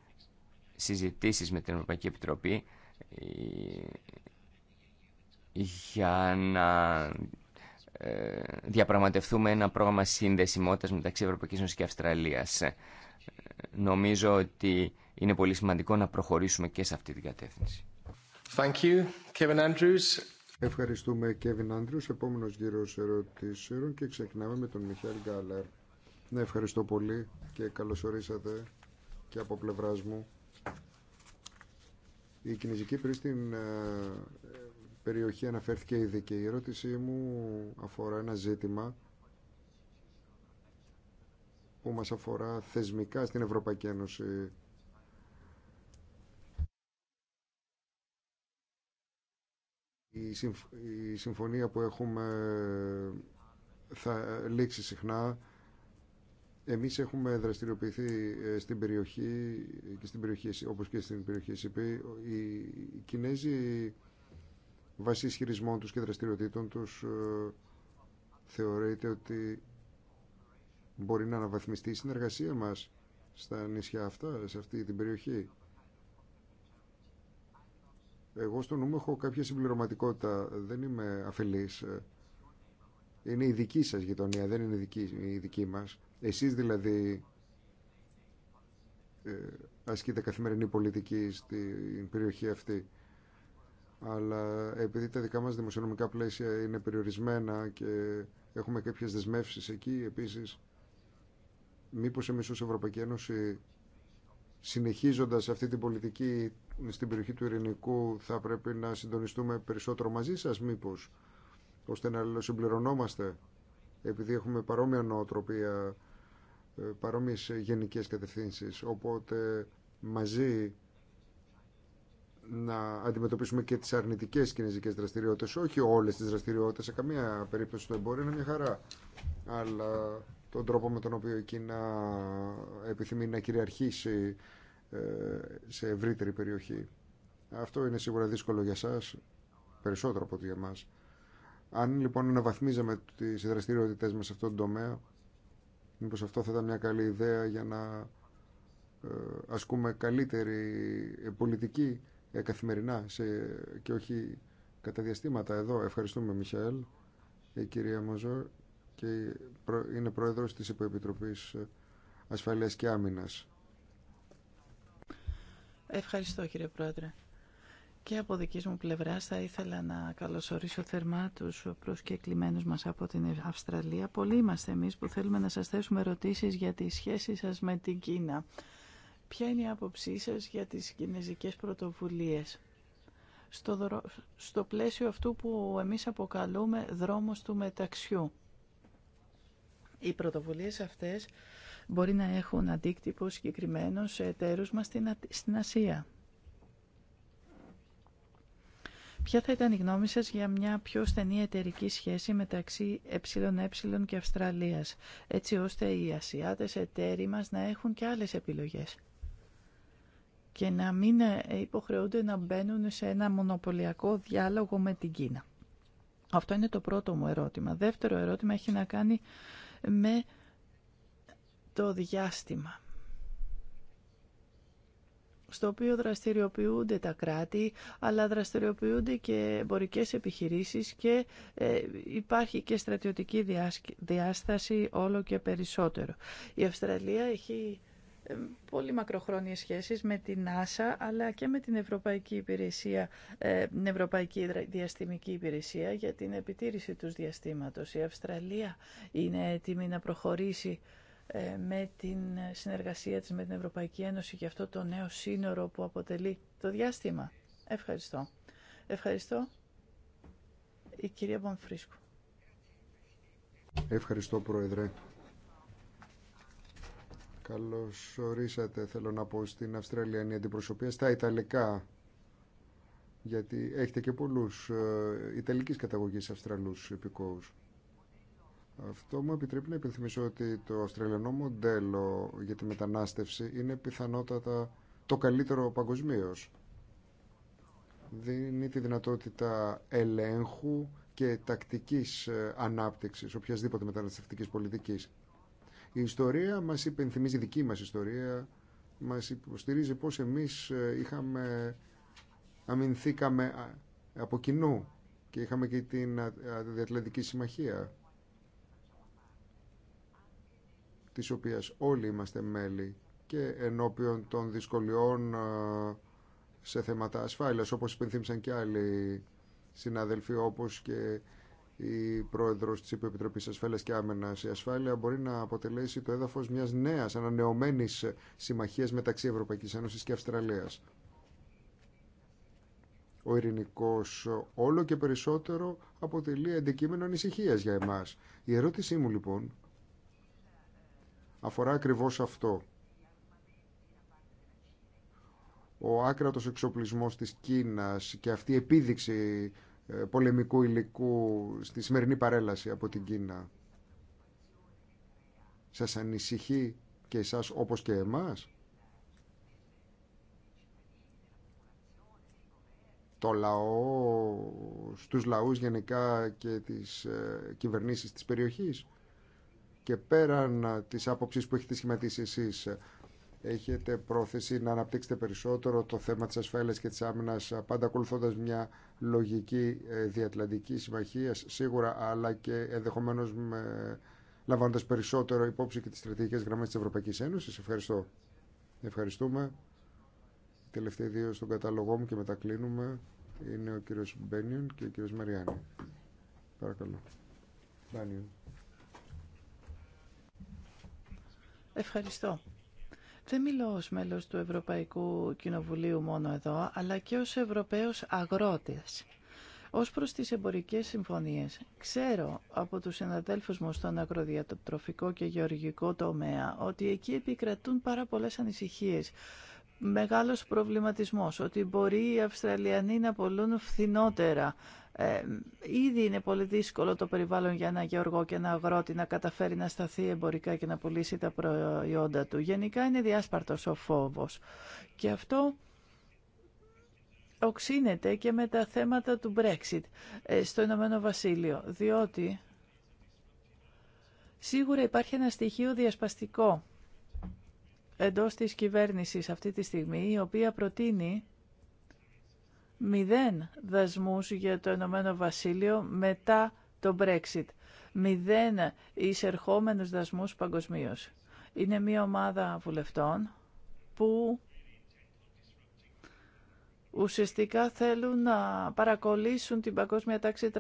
συζητήσεις με την Ευρωπαϊκή Επιτροπή ε, για να ε, διαπραγματευτούμε ένα πρόγραμμα συνδεσιμότητας μεταξύ Ευρωπαϊκής Ένωσης και Αυστραλίας. Ε, νομίζω ότι είναι πολύ σημαντικό να προχωρήσουμε και σε αυτή την κατεύθυνση. Thank you, Kevin Andrews. Ευχαριστούμε, Kevin Andrews. Επόμενος γύρος ερωτήσεων και ξεκινάμε με τον Μιχαήλ Γκάλερ. Ναι, ευχαριστώ πολύ και καλωσορίσατε και από πλευράς μου η Κινέζικη πριν στην ε, περιοχή αναφέρθηκε ήδη και η ερώτησή μου αφορά ένα ζήτημα που μας αφορά θεσμικά στην Ευρωπαϊκή Ένωση. Η συμφωνία που έχουμε θα λήξει συχνά εμείς έχουμε δραστηριοποιηθεί ε, στην περιοχή, και στην περιοχή όπως και στην περιοχή ΣΥΠΗ. Οι Κινέζοι βάσει ισχυρισμών τους και δραστηριοτήτων τους ε, θεωρείται ότι μπορεί να αναβαθμιστεί η συνεργασία μας στα νησιά αυτά, σε αυτή την περιοχή. Εγώ στο νου έχω κάποια συμπληρωματικότητα, δεν είμαι αφελής. Ε, είναι η δική σας γειτονία, δεν είναι η δική, η δική μας. Εσείς δηλαδή ε, ασκείτε καθημερινή πολιτική στην περιοχή αυτή. Αλλά επειδή τα δικά μας δημοσιονομικά πλαίσια είναι περιορισμένα και έχουμε κάποιες δεσμεύσεις εκεί επίσης, μήπως εμείς ως Ευρωπαϊκή Ένωση συνεχίζοντας αυτή την πολιτική στην περιοχή του Ειρηνικού θα πρέπει να συντονιστούμε περισσότερο μαζί σας μήπως ώστε να αλληλοσυμπληρωνόμαστε επειδή έχουμε παρόμοια νοοτροπία, ε, παρόμοιες γενικές κατευθύνσεις. Οπότε μαζί να αντιμετωπίσουμε και τις αρνητικές κινέζικες δραστηριότητες, όχι όλες τις δραστηριότητες, σε καμία περίπτωση το εμπόριο είναι μια χαρά, αλλά τον τρόπο με τον οποίο η Κίνα επιθυμεί να κυριαρχήσει ε, σε ευρύτερη περιοχή. Αυτό είναι σίγουρα δύσκολο για σας, περισσότερο από ότι για εμάς. Αν λοιπόν αναβαθμίζαμε τι δραστηριότητε μας σε αυτόν τον τομέα, μήπω αυτό θα ήταν μια καλή ιδέα για να ε, ασκούμε καλύτερη πολιτική ε, καθημερινά σε, και όχι κατά διαστήματα εδώ. Ευχαριστούμε Μιχαήλ, η κυρία Μοζό και είναι πρόεδρος της Υποεπιτροπής ε, Ασφαλείας και Άμυνας. Ευχαριστώ κύριε Πρόεδρε. Και από δική μου πλευρά θα ήθελα να καλωσορίσω θερμά τους προσκεκλημένους μα από την Αυστραλία. Πολλοί είμαστε εμείς που θέλουμε να σας θέσουμε ερωτήσεις για τη σχέση σα με την Κίνα. Ποια είναι η άποψή σα για τις κινεζικέ πρωτοβουλίε στο, στο πλαίσιο αυτού που εμείς αποκαλούμε δρόμος του μεταξιού. Οι πρωτοβουλίε αυτές μπορεί να έχουν αντίκτυπο συγκεκριμένο σε στην, στην Ασία. Ποια θα ήταν η γνώμη σας για μια πιο στενή εταιρική σχέση μεταξύ ΕΕ και Αυστραλίας, έτσι ώστε οι Ασιάτες εταίροι μας να έχουν και άλλες επιλογές και να μην ε, υποχρεούνται να μπαίνουν σε ένα μονοπωλιακό διάλογο με την Κίνα. Αυτό είναι το πρώτο μου ερώτημα. Δεύτερο ερώτημα έχει να κάνει με το διάστημα στο οποίο δραστηριοποιούνται τα κράτη, αλλά δραστηριοποιούνται και εμπορικές επιχειρήσεις και ε, υπάρχει και στρατιωτική διάσταση όλο και περισσότερο. Η Αυστραλία έχει ε, πολύ μακροχρόνιες σχέσεις με την NASA αλλά και με την Ευρωπαϊκή Υπηρεσία, ε, την Ευρωπαϊκή Διαστημική Υπηρεσία για την επιτήρηση του διαστήματος. Η Αυστραλία είναι έτοιμη να προχωρήσει ε, με την συνεργασία της με την Ευρωπαϊκή Ένωση και αυτό το νέο σύνορο που αποτελεί το διάστημα. Ευχαριστώ. Ευχαριστώ η κυρία Μπομφρίσκου. Ευχαριστώ Πρόεδρε. Καλώς ορίσατε θέλω να πω στην Αυστραλιανή αντιπροσωπεία στα Ιταλικά γιατί έχετε και πολλούς ε, Ιταλικής καταγωγής Αυστραλούς υπηκόους. Αυτό μου επιτρέπει να υπενθυμίσω ότι το αυστραλιανό μοντέλο για τη μετανάστευση είναι πιθανότατα το καλύτερο παγκοσμίω. Δίνει τη δυνατότητα ελέγχου και τακτικής ε, ανάπτυξης οποιασδήποτε μεταναστευτικής πολιτικής. Η ιστορία μας υπενθυμίζει, η δική μας ιστορία μας υποστηρίζει πώς εμείς ε, είχαμε, αμυνθήκαμε από κοινού και είχαμε και την Διατλαντική Συμμαχία της οποίας όλοι είμαστε μέλη και ενώπιον των δυσκολιών ε, σε θέματα ασφάλειας, όπως υπενθύμησαν και άλλοι συνάδελφοι, όπως και η πρόεδρος της Επιτροπής Ασφάλειας και Άμενας. Η ασφάλεια μπορεί να αποτελέσει το έδαφος μιας νέας ανανεωμένης συμμαχίας μεταξύ Ευρωπαϊκής Ένωσης και Αυστραλίας. Ο ειρηνικός όλο και περισσότερο αποτελεί αντικείμενο ανησυχία για εμάς. Η ερώτησή μου λοιπόν αφορά ακριβώς αυτό. Ο άκρατος εξοπλισμός της Κίνας και αυτή η επίδειξη ε, πολεμικού υλικού στη σημερινή παρέλαση από την Κίνα σας ανησυχεί και εσάς όπως και εμάς. Το λαό, στους λαούς γενικά και τις ε, κυβερνήσεις της περιοχής και πέραν της άποψης που έχετε σχηματίσει εσείς, έχετε πρόθεση να αναπτύξετε περισσότερο το θέμα της ασφάλειας και της άμυνας, πάντα ακολουθώντα μια λογική ε, διατλαντική συμμαχία, σίγουρα, αλλά και ενδεχομένω με... λαμβάνοντα περισσότερο υπόψη και τις στρατηγικές γραμμές της Ευρωπαϊκής Ένωσης. Ευχαριστώ. Ευχαριστούμε. τελευταίοι δύο στον κατάλογό μου και μετά κλείνουμε είναι ο κύριος Μπένιον και ο κύριος Μαριάννη. Παρακαλώ. Ευχαριστώ. Δεν μιλώ ως μέλος του Ευρωπαϊκού Κοινοβουλίου μόνο εδώ, αλλά και ως Ευρωπαίος αγρότης. Ως προς τις εμπορικές συμφωνίες, ξέρω από τους συναδέλφους μου στον αγροδιατροφικό και γεωργικό τομέα ότι εκεί επικρατούν πάρα πολλές ανησυχίες. Μεγάλος προβληματισμός ότι μπορεί οι Αυστραλιανοί να πολλούν φθηνότερα ε, ήδη είναι πολύ δύσκολο το περιβάλλον για ένα γεωργό και ένα αγρότη να καταφέρει να σταθεί εμπορικά και να πουλήσει τα προϊόντα του. Γενικά είναι διάσπαρτος ο φόβος. Και αυτό οξύνεται και με τα θέματα του Brexit ε, στο Ηνωμένο Βασίλειο, διότι σίγουρα υπάρχει ένα στοιχείο διασπαστικό εντός της κυβέρνησης αυτή τη στιγμή, η οποία προτείνει μηδέν δασμούς για το Ηνωμένο Βασίλειο μετά το Brexit. Μηδέν εισερχόμενους δασμούς παγκοσμίω. Είναι μια ομάδα βουλευτών που ουσιαστικά θέλουν να παρακολύσουν την παγκόσμια τάξη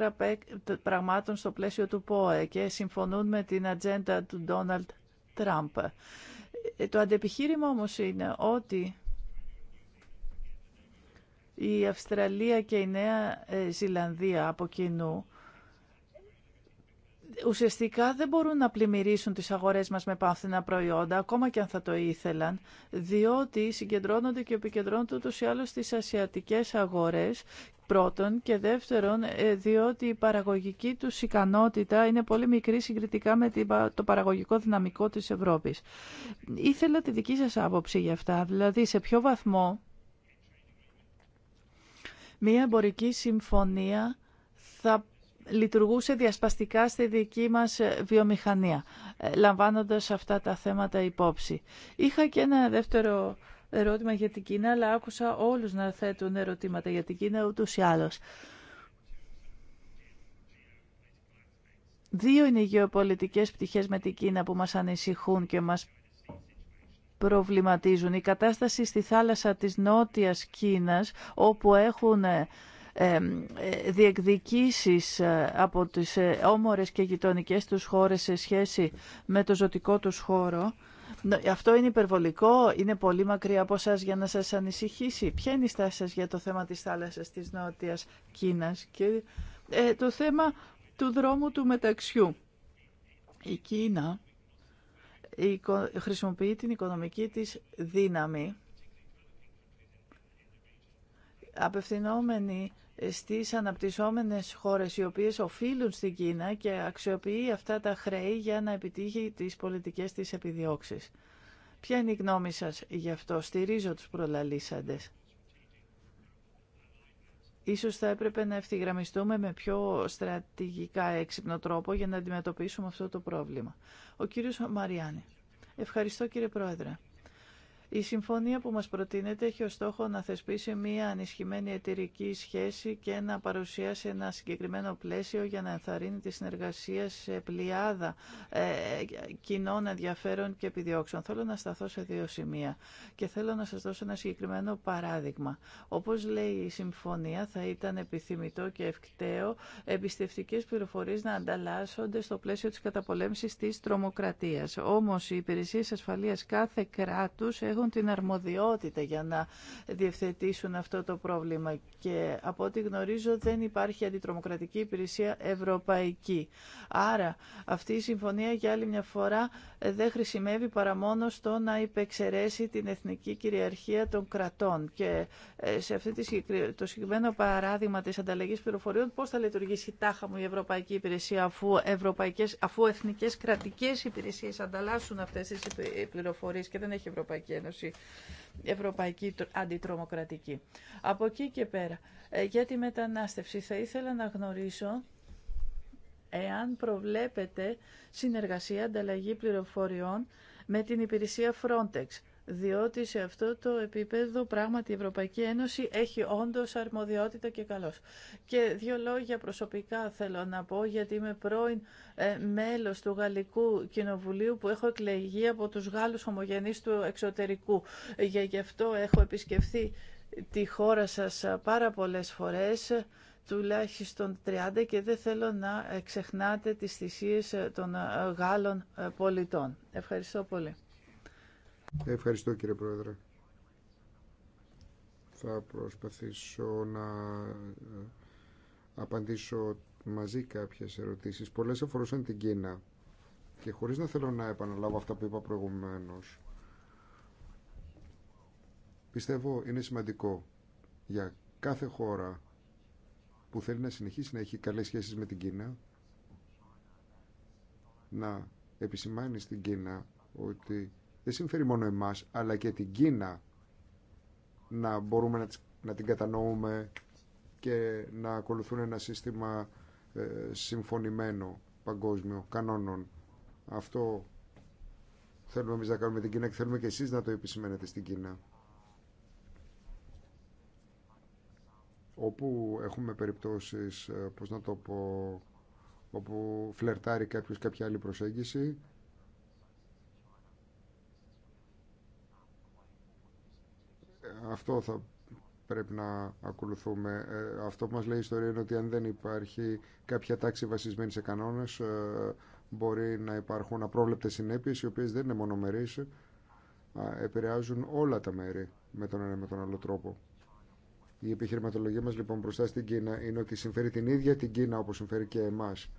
πραγμάτων στο πλαίσιο του ΠΟΕ και συμφωνούν με την ατζέντα του Ντόναλτ Τραμπ. Ε, το αντεπιχείρημα όμως είναι ότι η Αυστραλία και η Νέα ε, Ζηλανδία από κοινού ουσιαστικά δεν μπορούν να πλημμυρίσουν τις αγορές μας με πάθυνα προϊόντα, ακόμα και αν θα το ήθελαν, διότι συγκεντρώνονται και επικεντρώνονται ούτως ή άλλως στις ασιατικές αγορές πρώτον και δεύτερον ε, διότι η παραγωγική τους ικανότητα είναι πολύ μικρή συγκριτικά με το παραγωγικό δυναμικό της Ευρώπης. Ήθελα τη δική σας άποψη για αυτά, δηλαδή σε ποιο βαθμό Μία εμπορική συμφωνία θα λειτουργούσε διασπαστικά στη δική μας ε, βιομηχανία, ε, λαμβάνοντας αυτά τα θέματα υπόψη. Είχα και ένα δεύτερο ερώτημα για την Κίνα, αλλά άκουσα όλους να θέτουν ερωτήματα για την Κίνα ούτως ή άλλως. Δύο είναι οι γεωπολιτικές πτυχές με την Κίνα που μας ανησυχούν και μας προβληματίζουν. Η κατάσταση στη θάλασσα της Νότιας Κίνας, όπου έχουν ε, ε, διεκδικήσεις ε, από τις όμορες και γειτονικές τους χώρες σε σχέση με το ζωτικό τους χώρο. Αυτό είναι υπερβολικό, είναι πολύ μακριά από εσά για να σας ανησυχήσει. Ποια είναι η στάση σας για το θέμα της θάλασσας της Νότιας Κίνας και το θέμα του δρόμου του μεταξιού. Η Κίνα χρησιμοποιεί την οικονομική της δύναμη απευθυνόμενη στις αναπτυσσόμενες χώρες οι οποίες οφείλουν στην Κίνα και αξιοποιεί αυτά τα χρέη για να επιτύχει τις πολιτικές της επιδιώξεις. Ποια είναι η γνώμη σας γι' αυτό, στηρίζω τους προλαλήσαντες. Ίσως θα έπρεπε να ευθυγραμμιστούμε με πιο στρατηγικά έξυπνο τρόπο για να αντιμετωπίσουμε αυτό το πρόβλημα. Ο κύριος Μαριάννη. Ευχαριστώ κύριε Πρόεδρε. Η συμφωνία που μας προτείνεται έχει ως στόχο να θεσπίσει μια ανισχυμένη εταιρική σχέση και να παρουσιάσει ένα συγκεκριμένο πλαίσιο για να ενθαρρύνει τη συνεργασία σε πλειάδα ε, κοινών ενδιαφέρων και επιδιώξεων. Θέλω να σταθώ σε δύο σημεία και θέλω να σας δώσω ένα συγκεκριμένο παράδειγμα. Όπως λέει η συμφωνία θα ήταν επιθυμητό και ευκταίο εμπιστευτικές πληροφορίες να ανταλλάσσονται στο πλαίσιο της καταπολέμησης της τρομοκρατίας. Όμως οι υπηρεσίες ασφαλείας κάθε κράτους έχουν έχουν την αρμοδιότητα για να διευθετήσουν αυτό το πρόβλημα και από ό,τι γνωρίζω δεν υπάρχει αντιτρομοκρατική υπηρεσία ευρωπαϊκή. Άρα αυτή η συμφωνία για άλλη μια φορά δεν χρησιμεύει παρά μόνο στο να υπεξαιρέσει την εθνική κυριαρχία των κρατών και ε, σε αυτή τη, το συγκεκριμένο παράδειγμα της ανταλλαγής πληροφοριών πώς θα λειτουργήσει τάχα μου η Ευρωπαϊκή Υπηρεσία αφού, ευρωπαϊκές, αφού εθνικές κρατικές υπηρεσίες ανταλλάσσουν αυτές τις ε, πληροφορίες και δεν έχει Ευρωπαϊκή Ένωση Ευρωπαϊκή Αντιτρομοκρατική. Από εκεί και πέρα, ε, για τη μετανάστευση θα ήθελα να γνωρίσω εάν προβλέπετε συνεργασία ανταλλαγή πληροφοριών με την υπηρεσία Frontex διότι σε αυτό το επίπεδο πράγματι η Ευρωπαϊκή Ένωση έχει όντως αρμοδιότητα και καλώς. Και δύο λόγια προσωπικά θέλω να πω, γιατί είμαι πρώην ε, μέλος του Γαλλικού Κοινοβουλίου που έχω εκλεγεί από τους Γάλλους ομογενείς του εξωτερικού. Ε, για γι' αυτό έχω επισκεφθεί τη χώρα σας ε, πάρα πολλές φορές ε, τουλάχιστον 30 και δεν θέλω να ξεχνάτε τις θυσίες των Γάλλων πολιτών. Ευχαριστώ πολύ. Ευχαριστώ κύριε Πρόεδρε. Θα προσπαθήσω να ε, απαντήσω μαζί κάποιες ερωτήσεις. Πολλές αφορούσαν την Κίνα και χωρίς να θέλω να επαναλάβω αυτά που είπα προηγουμένως. Πιστεύω είναι σημαντικό για κάθε χώρα που θέλει να συνεχίσει να έχει καλές σχέσεις με την Κίνα να επισημάνει στην Κίνα ότι δεν συμφέρει μόνο εμάς αλλά και την Κίνα να μπορούμε να, να την κατανοούμε και να ακολουθούν ένα σύστημα ε, συμφωνημένο παγκόσμιο κανόνων. Αυτό θέλουμε εμείς να κάνουμε την Κίνα και θέλουμε και εσείς να το επισημαίνετε στην Κίνα. Όπου έχουμε περιπτώσεις, ε, πώς να το πω, όπου φλερτάρει κάποιος κάποια άλλη προσέγγιση, αυτό θα πρέπει να ακολουθούμε. Ε, αυτό που μας λέει η ιστορία είναι ότι αν δεν υπάρχει κάποια τάξη βασισμένη σε κανόνες ε, μπορεί να υπάρχουν απρόβλεπτες συνέπειες οι οποίες δεν είναι μονομερείς ε, επηρεάζουν όλα τα μέρη με τον ένα με τον άλλο τρόπο. Η επιχειρηματολογία μας λοιπόν μπροστά στην Κίνα είναι ότι συμφέρει την ίδια την Κίνα όπως συμφέρει και εμάς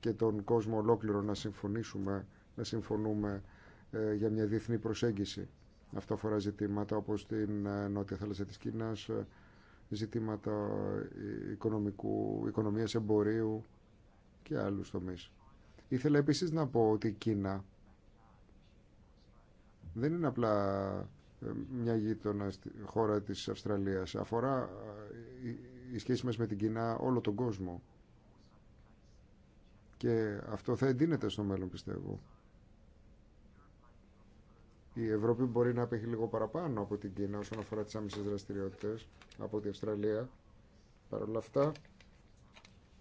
και τον κόσμο ολόκληρο να συμφωνήσουμε, να συμφωνούμε για μια διεθνή προσέγγιση αυτό αφορά ζητήματα όπως την ε, Νότια Θάλασσα της Κίνας, ε, ζητήματα ε, οικονομικού, οικονομίας εμπορίου και άλλους τομείς. Ήθελα επίσης να πω ότι η Κίνα δεν είναι απλά μια γείτονα χώρα της Αυστραλίας. Αφορά οι σχέσεις μας με την Κίνα όλο τον κόσμο. Και αυτό θα εντείνεται στο μέλλον, πιστεύω. Η Ευρώπη μπορεί να απέχει λίγο παραπάνω από την Κίνα όσον αφορά τι άμεσε δραστηριότητες από την Αυστραλία. Παρ' όλα αυτά,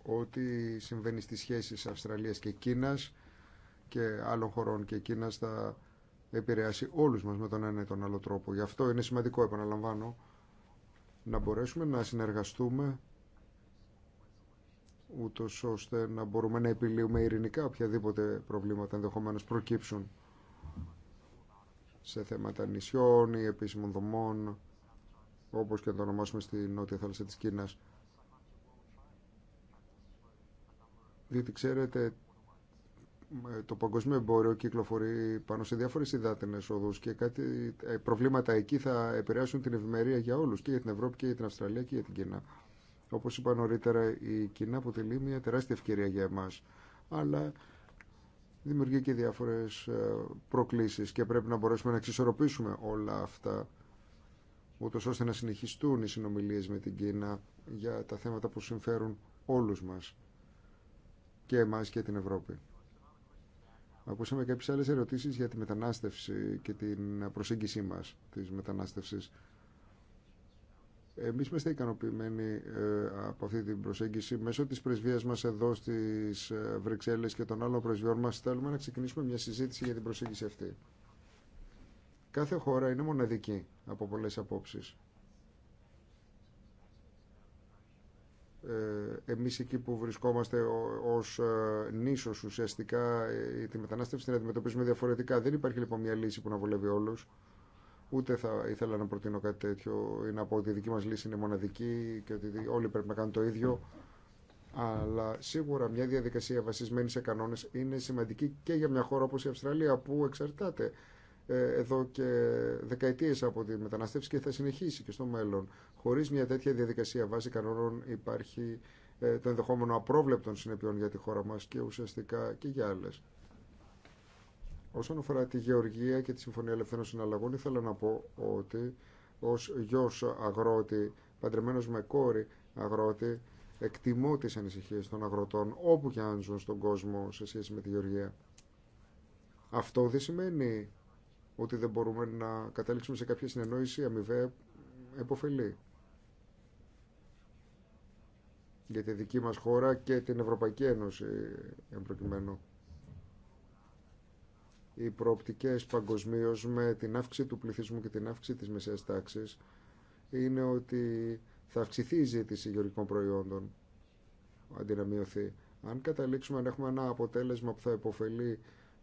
ό,τι συμβαίνει στις σχέσεις Αυστραλίας και Κίνας και άλλων χωρών και Κίνας θα επηρεάσει όλους μας με τον ένα ή τον άλλο τρόπο. Γι' αυτό είναι σημαντικό, επαναλαμβάνω, να μπορέσουμε να συνεργαστούμε ούτω ώστε να μπορούμε να επιλύουμε ειρηνικά οποιαδήποτε προβλήματα ενδεχομένως προκύψουν σε θέματα νησιών ή επίσημων δομών, όπως και να το ονομάσουμε στη Νότια Θάλασσα της Κίνας. Διότι ξέρετε, το παγκοσμίο εμπόριο κυκλοφορεί πάνω σε διάφορε υδάτινε οδού και κάτι, ε, προβλήματα εκεί θα επηρεάσουν την ευημερία για όλου, και για την Ευρώπη και για την Αυστραλία και για την Κίνα. Όπω είπα νωρίτερα, η Κίνα αποτελεί μια τεράστια ευκαιρία για εμά, αλλά δημιουργεί και διάφορες ε, προκλήσεις και πρέπει να μπορέσουμε να εξισορροπήσουμε όλα αυτά ούτως ώστε να συνεχιστούν οι συνομιλίες με την Κίνα για τα θέματα που συμφέρουν όλους μας και εμάς και την Ευρώπη. Ακούσαμε κάποιες άλλες ερωτήσεις για τη μετανάστευση και την προσέγγισή μας της μετανάστευσης. Εμεί είμαστε ικανοποιημένοι ε, από αυτή την προσέγγιση. Μέσω τη πρεσβεία μα εδώ στι ε, Βρυξέλλε και των άλλων πρεσβειών μα, θέλουμε να ξεκινήσουμε μια συζήτηση για την προσέγγιση αυτή. Κάθε χώρα είναι μοναδική από πολλέ απόψει. Ε, εμείς εκεί που βρισκόμαστε ως νήσος ουσιαστικά τη μετανάστευση την αντιμετωπίζουμε διαφορετικά. Δεν υπάρχει λοιπόν μια λύση που να βολεύει όλους. Ούτε θα ήθελα να προτείνω κάτι τέτοιο ή να πω ότι η δική μας λύση είναι μοναδική και ότι όλοι πρέπει να κάνουν το ίδιο. Αλλά σίγουρα μια διαδικασία βασισμένη σε κανόνες είναι σημαντική και για μια χώρα όπως η Αυστραλία που εξαρτάται ε, εδώ και δεκαετίες από τη μεταναστεύση και θα συνεχίσει και στο μέλλον. Χωρίς μια τέτοια διαδικασία βάση κανόνων υπάρχει ε, το ενδεχόμενο απρόβλεπτων συνεπειών για τη χώρα μας και ουσιαστικά και για άλλες. Όσον αφορά τη γεωργία και τη Συμφωνία Ελευθερών Συναλλαγών, ήθελα να πω ότι ως γιος αγρότη, παντρεμένο με κόρη αγρότη, εκτιμώ τις ανησυχίε των αγροτών όπου και αν ζουν στον κόσμο σε σχέση με τη γεωργία. Αυτό δεν σημαίνει ότι δεν μπορούμε να καταλήξουμε σε κάποια συνεννόηση αμοιβαία εποφελή. Για τη δική μας χώρα και την Ευρωπαϊκή Ένωση, εν οι προοπτικές παγκοσμίω με την αύξηση του πληθυσμού και την αύξηση της μεσαίας τάξης είναι ότι θα αυξηθεί η ζήτηση γεωργικών προϊόντων αντί να μειωθεί. Αν καταλήξουμε να έχουμε ένα αποτέλεσμα που θα υποφελεί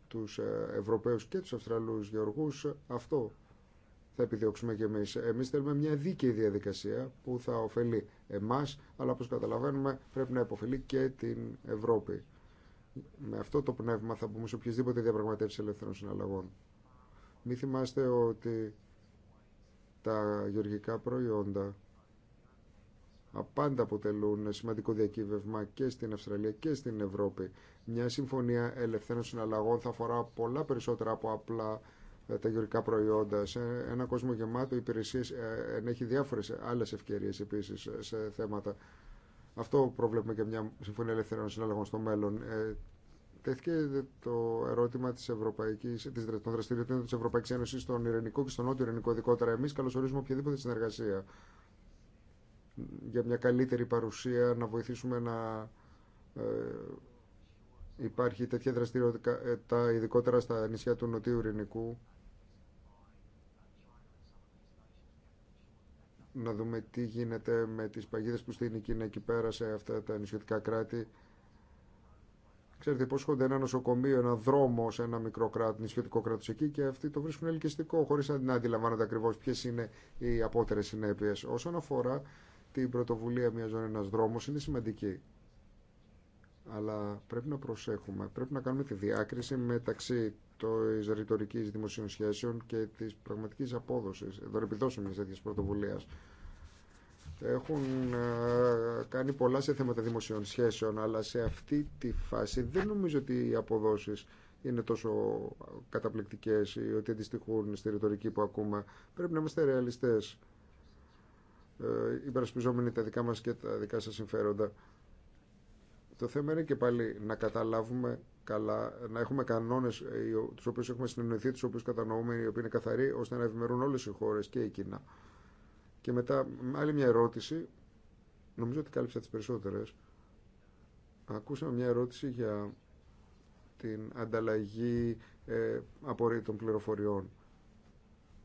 τους ε, Ευρωπαίους και τους Αυστραλούς γεωργούς, αυτό θα επιδιώξουμε και εμείς. Εμείς θέλουμε μια δίκαιη διαδικασία που θα ωφελεί εμάς, αλλά όπως καταλαβαίνουμε πρέπει να υποφελεί και την Ευρώπη με αυτό το πνεύμα θα μπούμε σε οποιασδήποτε διαπραγματεύσει ελεύθερων συναλλαγών. Μη θυμάστε ότι τα γεωργικά προϊόντα απάντα αποτελούν σημαντικό διακύβευμα και στην Αυστραλία και στην Ευρώπη. Μια συμφωνία ελευθέρων συναλλαγών θα αφορά πολλά περισσότερα από απλά ε, τα γεωργικά προϊόντα. Σε ένα κόσμο γεμάτο υπηρεσίε ε, ε, ενέχει διάφορε άλλε ευκαιρίε επίση σε θέματα αυτό προβλέπουμε και μια συμφωνία ελευθερών συναλλαγών στο μέλλον. Ε, τέθηκε το ερώτημα της Ευρωπαϊκής, της, των δραστηριοτήτων Ευρωπαϊκής Ένωσης στον Ειρηνικό και στον Νότιο Ειρηνικό ειδικότερα. Εμεί καλωσορίζουμε οποιαδήποτε συνεργασία για μια καλύτερη παρουσία, να βοηθήσουμε να ε, υπάρχει τέτοια δραστηριότητα ε, ειδικότερα στα νησιά του Νοτιού Ειρηνικού να δούμε τι γίνεται με τις παγίδες που στην η Κίνα εκεί πέρα σε αυτά τα νησιωτικά κράτη. Ξέρετε, υπόσχονται ένα νοσοκομείο, ένα δρόμο σε ένα μικρό κράτο, νησιωτικό κράτο εκεί και αυτοί το βρίσκουν ελκυστικό, χωρί να αντιλαμβάνονται ακριβώ ποιε είναι οι απότερε συνέπειε. Όσον αφορά την πρωτοβουλία Μια Ζώνη, ένα δρόμο, είναι σημαντική αλλά πρέπει να προσέχουμε, πρέπει να κάνουμε τη διάκριση μεταξύ τη ρητορική δημοσίων σχέσεων και τη πραγματική απόδοση, δωρεπιδόσεων μια τέτοια πρωτοβουλία. Έχουν ε, κάνει πολλά σε θέματα δημοσίων σχέσεων, αλλά σε αυτή τη φάση δεν νομίζω ότι οι αποδόσει είναι τόσο καταπληκτικέ ή ότι αντιστοιχούν στη ρητορική που ακούμε. Πρέπει να είμαστε ρεαλιστέ, ε, υπερασπιζόμενοι τα δικά μα και τα δικά σα συμφέροντα. Το θέμα είναι και πάλι να καταλάβουμε καλά, να έχουμε κανόνε ε, του οποίου έχουμε συνεννοηθεί, του οποίου κατανοούμε, οι οποίοι είναι καθαροί, ώστε να ευημερούν όλε οι χώρε και η Κίνα. Και μετά, άλλη μια ερώτηση. Νομίζω ότι κάλυψα τι περισσότερε. Ακούσαμε μια ερώτηση για την ανταλλαγή ε, απορρίτων πληροφοριών.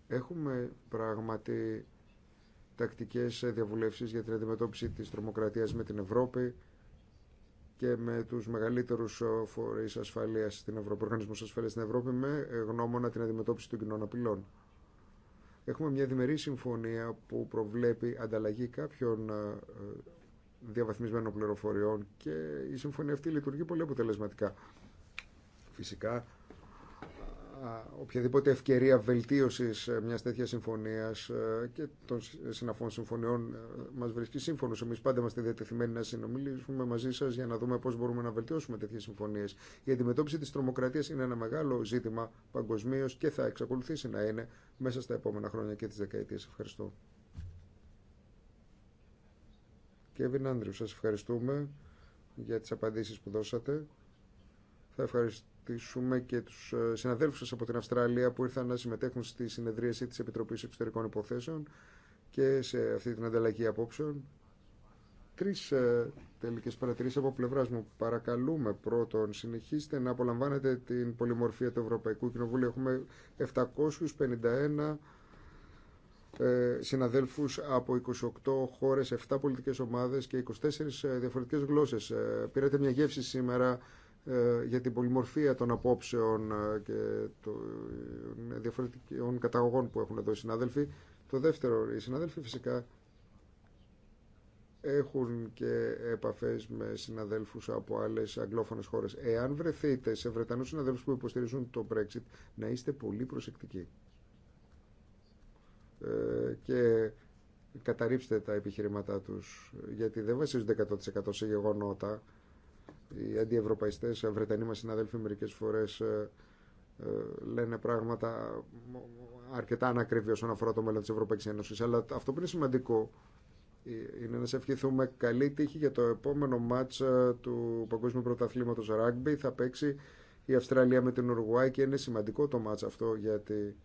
Έχουμε πράγματι τακτικές ε, διαβουλεύσεις για την αντιμετώπιση της τρομοκρατίας με την Ευρώπη και με τους μεγαλύτερους ε, φορείς ασφαλείας στην Ευρώπη, ασφαλείας στην Ευρώπη με γνώμονα την αντιμετώπιση των κοινών απειλών. Έχουμε μια διμερή συμφωνία που προβλέπει ανταλλαγή κάποιων ε, διαβαθμισμένων πληροφοριών και η συμφωνία αυτή λειτουργεί πολύ αποτελεσματικά. Φυσικά οποιαδήποτε ευκαιρία βελτίωσης ε, μιας τέτοιας συμφωνίας ε, και των ε, συναφών συμφωνιών μας βρίσκει σύμφωνο. Εμείς πάντα είμαστε διατεθειμένοι να συνομιλήσουμε μαζί σας για να δούμε πώς μπορούμε να βελτιώσουμε τέτοιες συμφωνίες. Η αντιμετώπιση της τρομοκρατίας είναι ένα μεγάλο ζήτημα παγκοσμίω και θα εξακολουθήσει να είναι μέσα στα επόμενα χρόνια και τις δεκαετίες. Ευχαριστώ. Κέβιν Άντριου, σας ευχαριστούμε για τις απαντήσεις που δώσατε. Θα ευχαριστώ ευχαριστήσουμε και τους ε, συναδέλφους σας από την Αυστραλία που ήρθαν να συμμετέχουν στη συνεδρίαση της Επιτροπής Εξωτερικών Υποθέσεων και σε αυτή την ανταλλαγή απόψεων. Τρεις ε, τελικές παρατηρήσεις από πλευράς μου. Παρακαλούμε πρώτον, συνεχίστε να απολαμβάνετε την πολυμορφία του Ευρωπαϊκού Κοινοβούλου. Έχουμε 751 ε, συναδέλφους από 28 χώρες, 7 πολιτικές ομάδες και 24 διαφορετικές γλώσσες. Πήρατε μια γεύση σήμερα ε, για την πολυμορφία των απόψεων ε, και των ε, διαφορετικών καταγωγών που έχουν εδώ οι συνάδελφοι. Το δεύτερο, οι συνάδελφοι φυσικά έχουν και επαφές με συναδέλφους από άλλες αγγλόφωνες χώρες. Εάν βρεθείτε σε Βρετανούς συναδέλφους που υποστηρίζουν το Brexit, να είστε πολύ προσεκτικοί. και καταρρύψτε τα επιχειρήματά τους, γιατί δεν βασίζονται 100% σε γεγονότα, οι οι ε, Βρετανοί μα συναδέλφοι μερικές φορές ε, ε, λένε πράγματα αρκετά ανακριβή όσον αφορά το μέλλον τη Ευρωπαϊκή Ένωση. Αλλά αυτό που είναι σημαντικό είναι να σε ευχηθούμε καλή τύχη για το επόμενο μάτς του Παγκόσμιου Πρωταθλήματος Ράγκμπι. Θα παίξει η Αυστραλία με την Ουρουάη και είναι σημαντικό το μάτς αυτό γιατί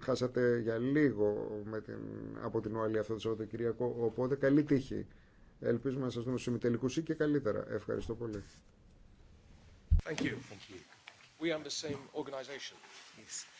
χάσατε για λίγο με την... από την Ουαλία αυτό το Σαββατοκυριακό. Οπότε καλή τύχη. Ελπίζουμε να σας δούμε στους ημιτελικούς ή και καλύτερα. Ευχαριστώ πολύ. Thank you. Thank you. We are the same organization. Yes.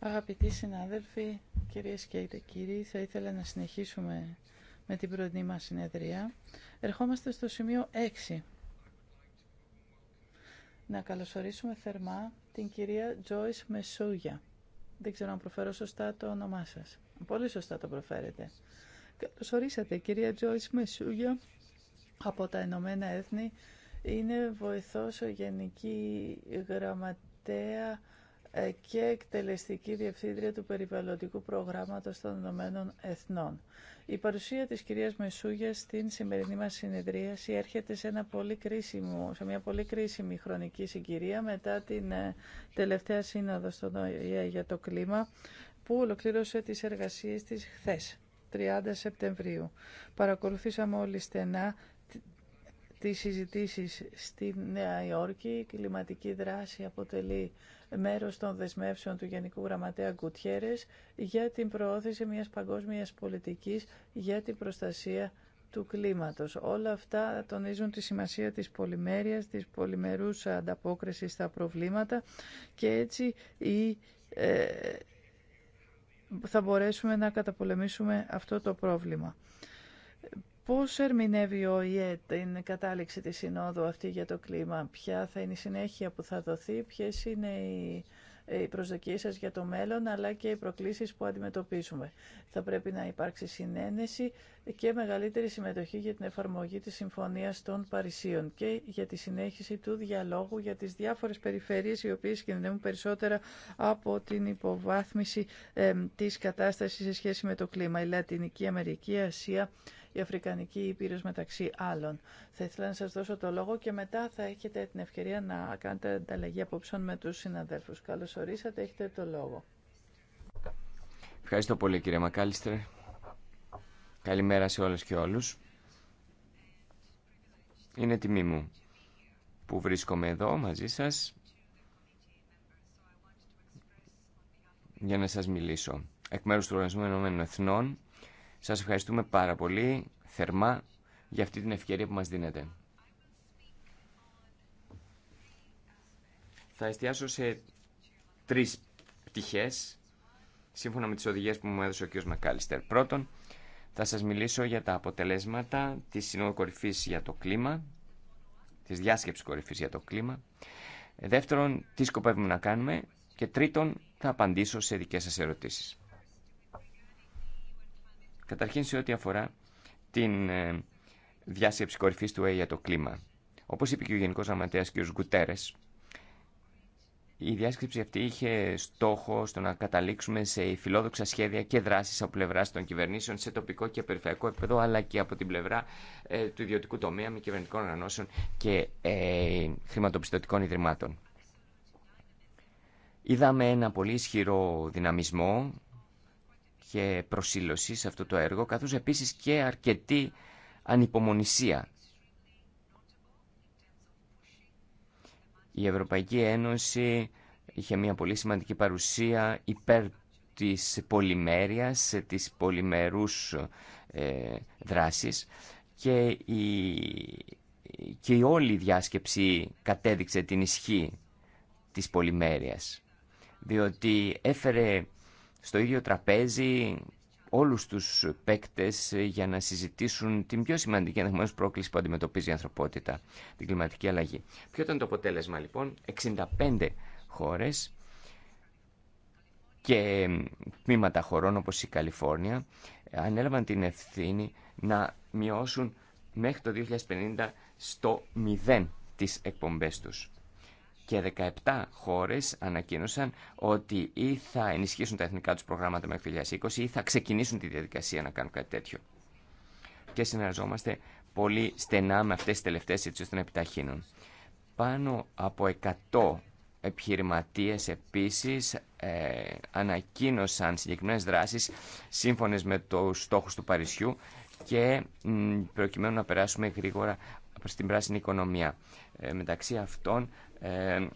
Αγαπητοί συνάδελφοι, κυρίες και κύριοι, θα ήθελα να συνεχίσουμε με την πρωινή μας συνεδρία. Ερχόμαστε στο σημείο 6. Να καλωσορίσουμε θερμά την κυρία Τζόις Μεσούγια. Δεν ξέρω αν προφέρω σωστά το όνομά σας. Πολύ σωστά το προφέρετε. Καλωσορίσατε, κυρία Τζόις Μεσούγια από τα Ηνωμένα Έθνη είναι βοηθός γενική γραμματική ε, και εκτελεστική διευθύντρια του περιβαλλοντικού προγράμματος των Ηνωμένων Εθνών. Η παρουσία της κυρίας Μεσούγια στην σημερινή μας συνεδρίαση έρχεται σε, ένα σε μια πολύ κρίσιμη χρονική συγκυρία μετά την ε, τελευταία σύνοδο στον για το κλίμα που ολοκλήρωσε τις εργασίες της χθες. 30 Σεπτεμβρίου. Παρακολουθήσαμε όλοι στενά τις συζητήσεις στη Νέα Υόρκη. Η κλιματική δράση αποτελεί μέρος των δεσμεύσεων του Γενικού Γραμματέα Γκουτιέρες για την προώθηση μιας παγκόσμιας πολιτικής για την προστασία του κλίματος. Όλα αυτά τονίζουν τη σημασία της πολυμέρειας, της πολυμερούς ανταπόκρισης στα προβλήματα και έτσι η, ε, θα μπορέσουμε να καταπολεμήσουμε αυτό το πρόβλημα. Πώς ερμηνεύει ο ΙΕ την κατάληξη της συνόδου αυτή για το κλίμα, ποια θα είναι η συνέχεια που θα δοθεί, ποιες είναι οι οι προσδοκίες σας για το μέλλον αλλά και οι προκλήσεις που αντιμετωπίσουμε. Θα πρέπει να υπάρξει συνένεση και μεγαλύτερη συμμετοχή για την εφαρμογή της Συμφωνίας των Παρισίων και για τη συνέχιση του διαλόγου για τις διάφορες περιφέρειες οι οποίες κινδυνεύουν περισσότερα από την υποβάθμιση ε, της κατάστασης σε σχέση με το κλίμα, η Λατινική Αμερική, Ασία η Αφρικανική υπήρξη μεταξύ άλλων. Θα ήθελα να σα δώσω το λόγο και μετά θα έχετε την ευκαιρία να κάνετε ανταλλαγή απόψεων με τους συναδέλφους. Καλώ ορίσατε, έχετε το λόγο. Ευχαριστώ πολύ κύριε Μακάλιστερ. Καλημέρα σε όλες και όλους. Είναι τιμή μου που βρίσκομαι εδώ μαζί σας για να σας μιλήσω. Εκ μέρους του Οργανισμού Εθνών σας ευχαριστούμε πάρα πολύ, θερμά, για αυτή την ευκαιρία που μας δίνετε. Θα εστιάσω σε τρεις πτυχές, σύμφωνα με τις οδηγίες που μου έδωσε ο κ. Μακάλιστερ. Πρώτον, θα σας μιλήσω για τα αποτελέσματα της Συνόδου Κορυφής για το κλίμα, της διάσκεψης κορυφής για το κλίμα. Δεύτερον, τι σκοπεύουμε να κάνουμε. Και τρίτον, θα απαντήσω σε δικές σας ερωτήσεις. Καταρχήν σε ό,τι αφορά την ε, διάσκεψη κορυφή του ΕΕ για το κλίμα. Όπω είπε και ο Γενικό Γραμματέα κ. Γκουτέρε, η διάσκεψη αυτή είχε στόχο στο να καταλήξουμε σε φιλόδοξα σχέδια και δράσει από πλευρά των κυβερνήσεων σε τοπικό και περιφερειακό επίπεδο, αλλά και από την πλευρά ε, του ιδιωτικού τομέα, με κυβερνητικών οργανώσεων και ε, χρηματοπιστωτικών ιδρυμάτων. Είδαμε ένα πολύ ισχυρό δυναμισμό και προσήλωση σε αυτό το έργο, καθώς επίσης και αρκετή ανυπομονησία. Η Ευρωπαϊκή Ένωση είχε μια πολύ σημαντική παρουσία υπέρ της πολυμέρειας, της πολυμερούς ε, δράσης και η, και η όλη διάσκεψη κατέδειξε την ισχύ της πολυμέρειας διότι έφερε στο ίδιο τραπέζι όλους τους παίκτες για να συζητήσουν την πιο σημαντική ενδεχομένως πρόκληση που αντιμετωπίζει η ανθρωπότητα, την κλιματική αλλαγή. Ποιο ήταν το αποτέλεσμα λοιπόν, 65 χώρες και τμήματα χωρών όπως η Καλιφόρνια ανέλαβαν την ευθύνη να μειώσουν μέχρι το 2050 στο 0 τις εκπομπές τους και 17 χώρες ανακοίνωσαν ότι ή θα ενισχύσουν τα εθνικά τους προγράμματα μέχρι 2020 ή θα ξεκινήσουν τη διαδικασία να κάνουν κάτι τέτοιο. Και συνεργαζόμαστε πολύ στενά με αυτές τις τελευταίες έτσι ώστε να επιταχύνουν. Πάνω από 100 επιχειρηματίες επίσης ε, ανακοίνωσαν συγκεκριμένες δράσεις σύμφωνες με τους στόχους του Παρισιού και προκειμένου να περάσουμε γρήγορα στην πράσινη οικονομία. Ε, μεταξύ αυτών ε,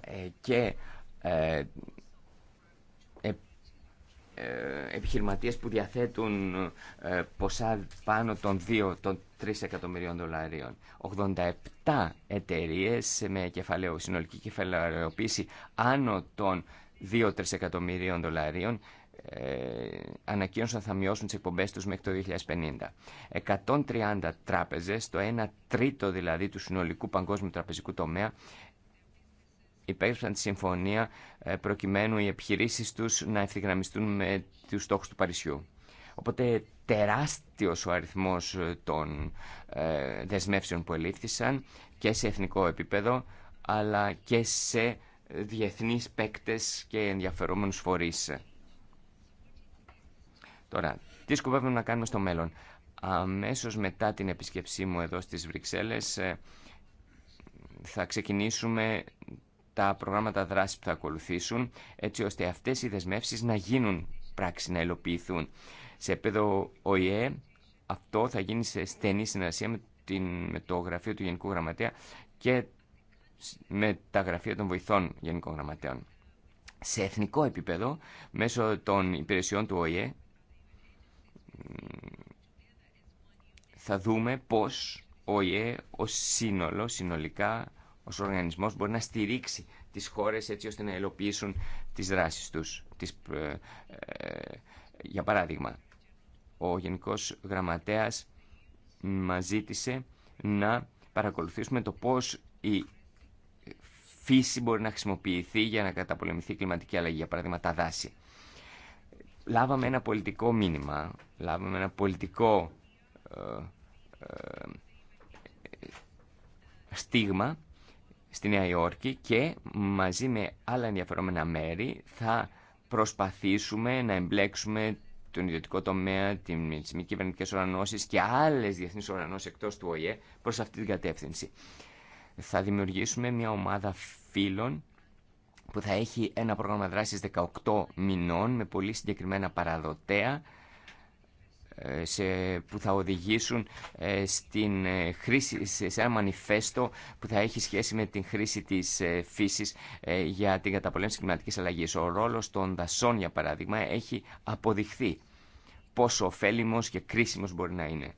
ε, και ε, επιχειρηματίες που διαθέτουν ποσά πάνω των 2, των 3 εκατομμυρίων δολαρίων. 87 εταιρείε με κεφαλαίο, συνολική κεφαλαιοποίηση άνω των 2-3 εκατομμυρίων δολαρίων ε, ανακοίνωσαν ότι θα μειώσουν τις εκπομπές τους μέχρι το 2050. 130 τράπεζες, το 1 τρίτο δηλαδή του συνολικού παγκόσμιου τραπεζικού τομέα, υπέγραψαν τη συμφωνία ε, προκειμένου οι επιχειρήσεις τους να ευθυγραμμιστούν με τους στόχους του Παρισιού. Οπότε τεράστιος ο αριθμός ε, των δεσμεύσεων που ελήφθησαν και σε εθνικό επίπεδο αλλά και σε διεθνείς παίκτες και ενδιαφερόμενους φορείς. Τώρα, τι σκοπεύουμε να κάνουμε στο μέλλον. Αμέσω μετά την επισκεψή μου εδώ στι Βρυξέλλες ε, θα ξεκινήσουμε τα προγράμματα δράση που θα ακολουθήσουν έτσι ώστε αυτέ οι δεσμεύσει να γίνουν πράξη, να υλοποιηθούν. Σε επίπεδο ΟΗΕ αυτό θα γίνει σε στενή συνεργασία με, την, με το γραφείο του Γενικού Γραμματέα και με τα γραφεία των βοηθών Γενικών Γραμματέων. Σε εθνικό επίπεδο, μέσω των υπηρεσιών του ΟΗΕ, θα δούμε πώς ο ΙΕ ως σύνολο, συνολικά, ως οργανισμός μπορεί να στηρίξει τις χώρες έτσι ώστε να ελοπίσουν τις δράσεις τους. Τις, ε, ε, για παράδειγμα, ο Γενικός Γραμματέας μας ζήτησε να παρακολουθήσουμε το πώς η φύση μπορεί να χρησιμοποιηθεί για να καταπολεμηθεί η κλιματική αλλαγή, για παράδειγμα τα δάση λάβαμε ένα πολιτικό μήνυμα, λάβαμε ένα πολιτικό ε, ε, στίγμα στη Νέα Υόρκη και μαζί με άλλα ενδιαφερόμενα μέρη θα προσπαθήσουμε να εμπλέξουμε τον ιδιωτικό τομέα, τι μη κυβερνητικέ οργανώσει και άλλε διεθνεί οργανώσει εκτό του ΟΗΕ προ αυτή την κατεύθυνση. Θα δημιουργήσουμε μια ομάδα φίλων που θα έχει ένα πρόγραμμα δράσης 18 μηνών με πολύ συγκεκριμένα παραδοτέα ε, που θα οδηγήσουν ε, στην ε, χρήση, σε ένα μανιφέστο που θα έχει σχέση με την χρήση της φύσης για την καταπολέμηση της κλιματικής αλλαγής. Ο ρόλος των δασών, για παράδειγμα, έχει αποδειχθεί πόσο ωφέλιμος και κρίσιμος μπορεί να είναι.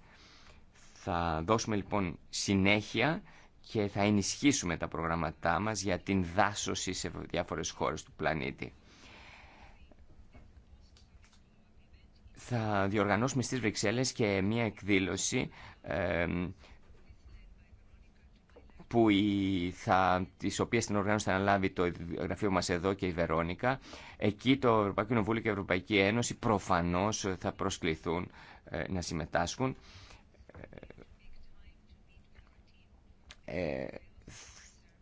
Θα δώσουμε λοιπόν συνέχεια και θα ενισχύσουμε τα προγραμματά μας για την δάσωση σε διάφορες χώρες του πλανήτη. Θα διοργανώσουμε στις Βρυξέλλες και μία εκδήλωση ε, που η, τις οποίες την οργάνωση θα αναλάβει το γραφείο μας εδώ και η Βερόνικα. Εκεί το Ευρωπαϊκό Κοινοβούλιο και η Ευρωπαϊκή Ένωση προφανώς θα προσκληθούν ε, να συμμετάσχουν. Ε,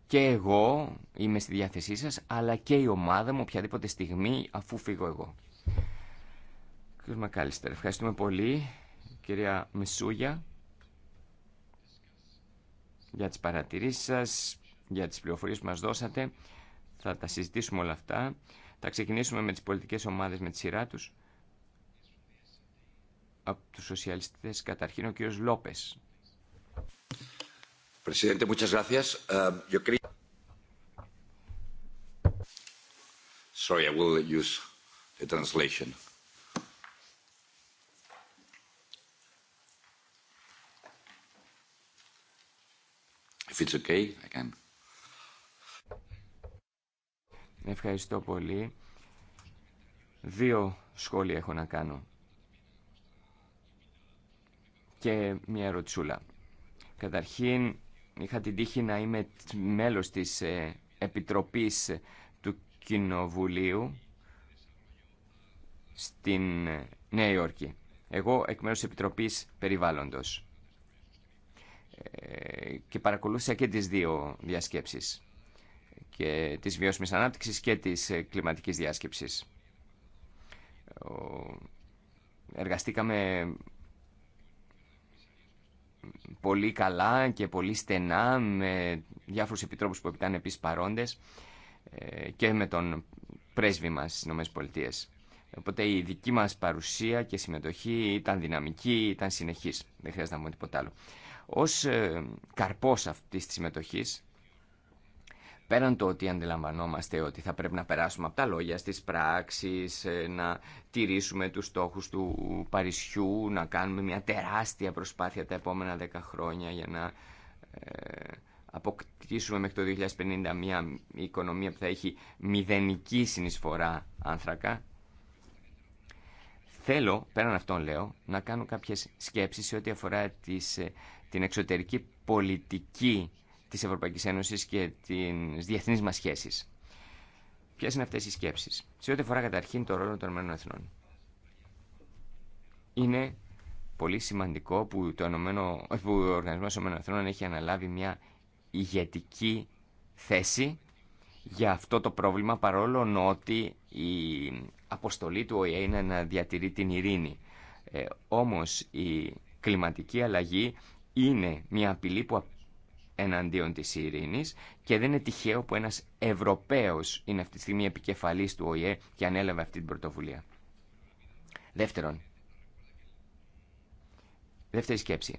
και εγώ είμαι στη διάθεσή σας, αλλά και η ομάδα μου οποιαδήποτε στιγμή αφού φύγω εγώ. Κύριε Μακάλιστερ, ευχαριστούμε πολύ. Κυρία Μεσούγια, για τις παρατηρήσεις σας, για τις πληροφορίες που μας δώσατε. Θα τα συζητήσουμε όλα αυτά. Θα ξεκινήσουμε με τις πολιτικές ομάδες με τη σειρά τους. Από τους σοσιαλιστές καταρχήν ο κύριος Λόπες. Presidente, yo Ευχαριστώ πολύ. Δύο σχόλια έχω να κάνω. Και μια ερωτσούλα. Καταρχήν, είχα την τύχη να είμαι μέλος της ε, Επιτροπής του Κοινοβουλίου στην ε, Νέα Υόρκη. Εγώ εκ μέρους της Επιτροπής Περιβάλλοντος ε, και παρακολούθησα και τις δύο διασκέψεις και της βιώσιμης ανάπτυξης και της κλιματικής διάσκεψης. Εργαστήκαμε πολύ καλά και πολύ στενά με διάφορους επιτρόπους που ήταν επίσης παρόντες ε, και με τον πρέσβη μας στις ΗΠΑ. Οπότε η δική μας παρουσία και συμμετοχή ήταν δυναμική, ήταν συνεχής. Δεν χρειάζεται να πούμε τίποτα άλλο. Ως ε, καρπός αυτής της συμμετοχής πέραν το ότι αντιλαμβανόμαστε ότι θα πρέπει να περάσουμε από τα λόγια στις πράξεις, ε, να τηρήσουμε τους στόχους του Παρισιού, να κάνουμε μια τεράστια προσπάθεια τα επόμενα δέκα χρόνια για να ε, αποκτήσουμε μέχρι το 2050 μια οικονομία που θα έχει μηδενική συνεισφορά άνθρακα. Θέλω, πέραν αυτών λέω, να κάνω κάποιες σκέψεις σε ό,τι αφορά ε, την εξωτερική πολιτική της Ευρωπαϊκής Ένωσης και της διεθνής μας σχέσης. Ποιε είναι αυτές οι σκέψεις. Σε ό,τι φορά καταρχήν το ρόλο των ΗΕ. Είναι πολύ σημαντικό που, το ενωμένο, που ο Οργανισμός έχει αναλάβει μια ηγετική θέση για αυτό το πρόβλημα παρόλο ότι η αποστολή του ΟΗΕ είναι να διατηρεί την ειρήνη. Ε, όμως η κλιματική αλλαγή είναι μια απειλή που εναντίον της ειρήνης και δεν είναι τυχαίο που ένας Ευρωπαίος είναι αυτή τη στιγμή επικεφαλής του ΟΗΕ και ανέλαβε αυτή την πρωτοβουλία. Δεύτερον, δεύτερη σκέψη.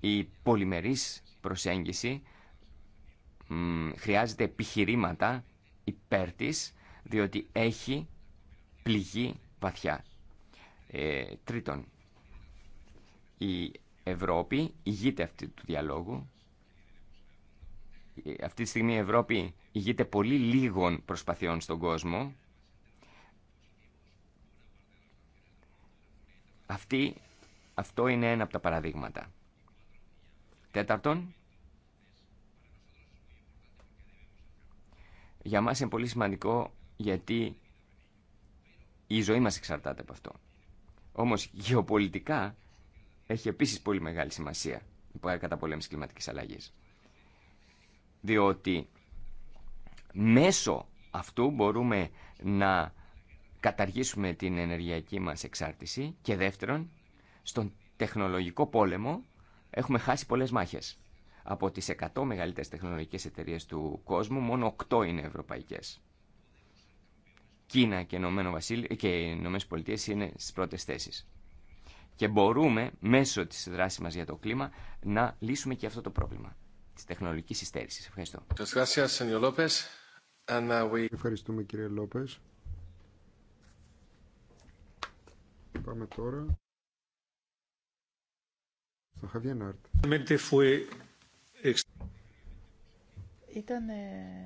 Η πολυμερής προσέγγιση χρειάζεται επιχειρήματα υπέρ της, διότι έχει πληγή βαθιά. Ε, τρίτον, η Ευρώπη ηγείται αυτή του διαλόγου αυτή τη στιγμή η Ευρώπη ηγείται πολύ λίγων προσπαθειών στον κόσμο. Αυτή, αυτό είναι ένα από τα παραδείγματα. Τέταρτον, για μας είναι πολύ σημαντικό γιατί η ζωή μας εξαρτάται από αυτό. Όμως γεωπολιτικά έχει επίσης πολύ μεγάλη σημασία η καταπολέμηση κλιματικής αλλαγής διότι μέσω αυτού μπορούμε να καταργήσουμε την ενεργειακή μας εξάρτηση και δεύτερον, στον τεχνολογικό πόλεμο έχουμε χάσει πολλές μάχες. Από τις 100 μεγαλύτερες τεχνολογικές εταιρείες του κόσμου, μόνο 8 είναι ευρωπαϊκές. Κίνα και οι και Ηνωμένε Πολιτείε είναι στι πρώτε θέσει. Και μπορούμε μέσω τη δράση μα για το κλίμα να λύσουμε και αυτό το πρόβλημα. Τη τεχνολογική υστέρηση. Ευχαριστώ. Uh, Ευχαριστούμε κύριε Λόπε. Πάμε τώρα Ήταν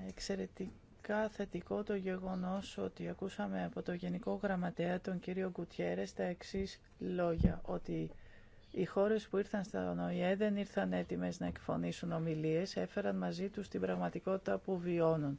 εξαιρετικά θετικό το γεγονός ότι ακούσαμε από το Γενικό Γραμματέα τον κύριο Κουτιέρε τα εξής λόγια, ότι οι χώρε που ήρθαν στα ΟΝΟΙΕ δεν ήρθαν έτοιμε να εκφωνήσουν ομιλίες, έφεραν μαζί τους την πραγματικότητα που βιώνουν.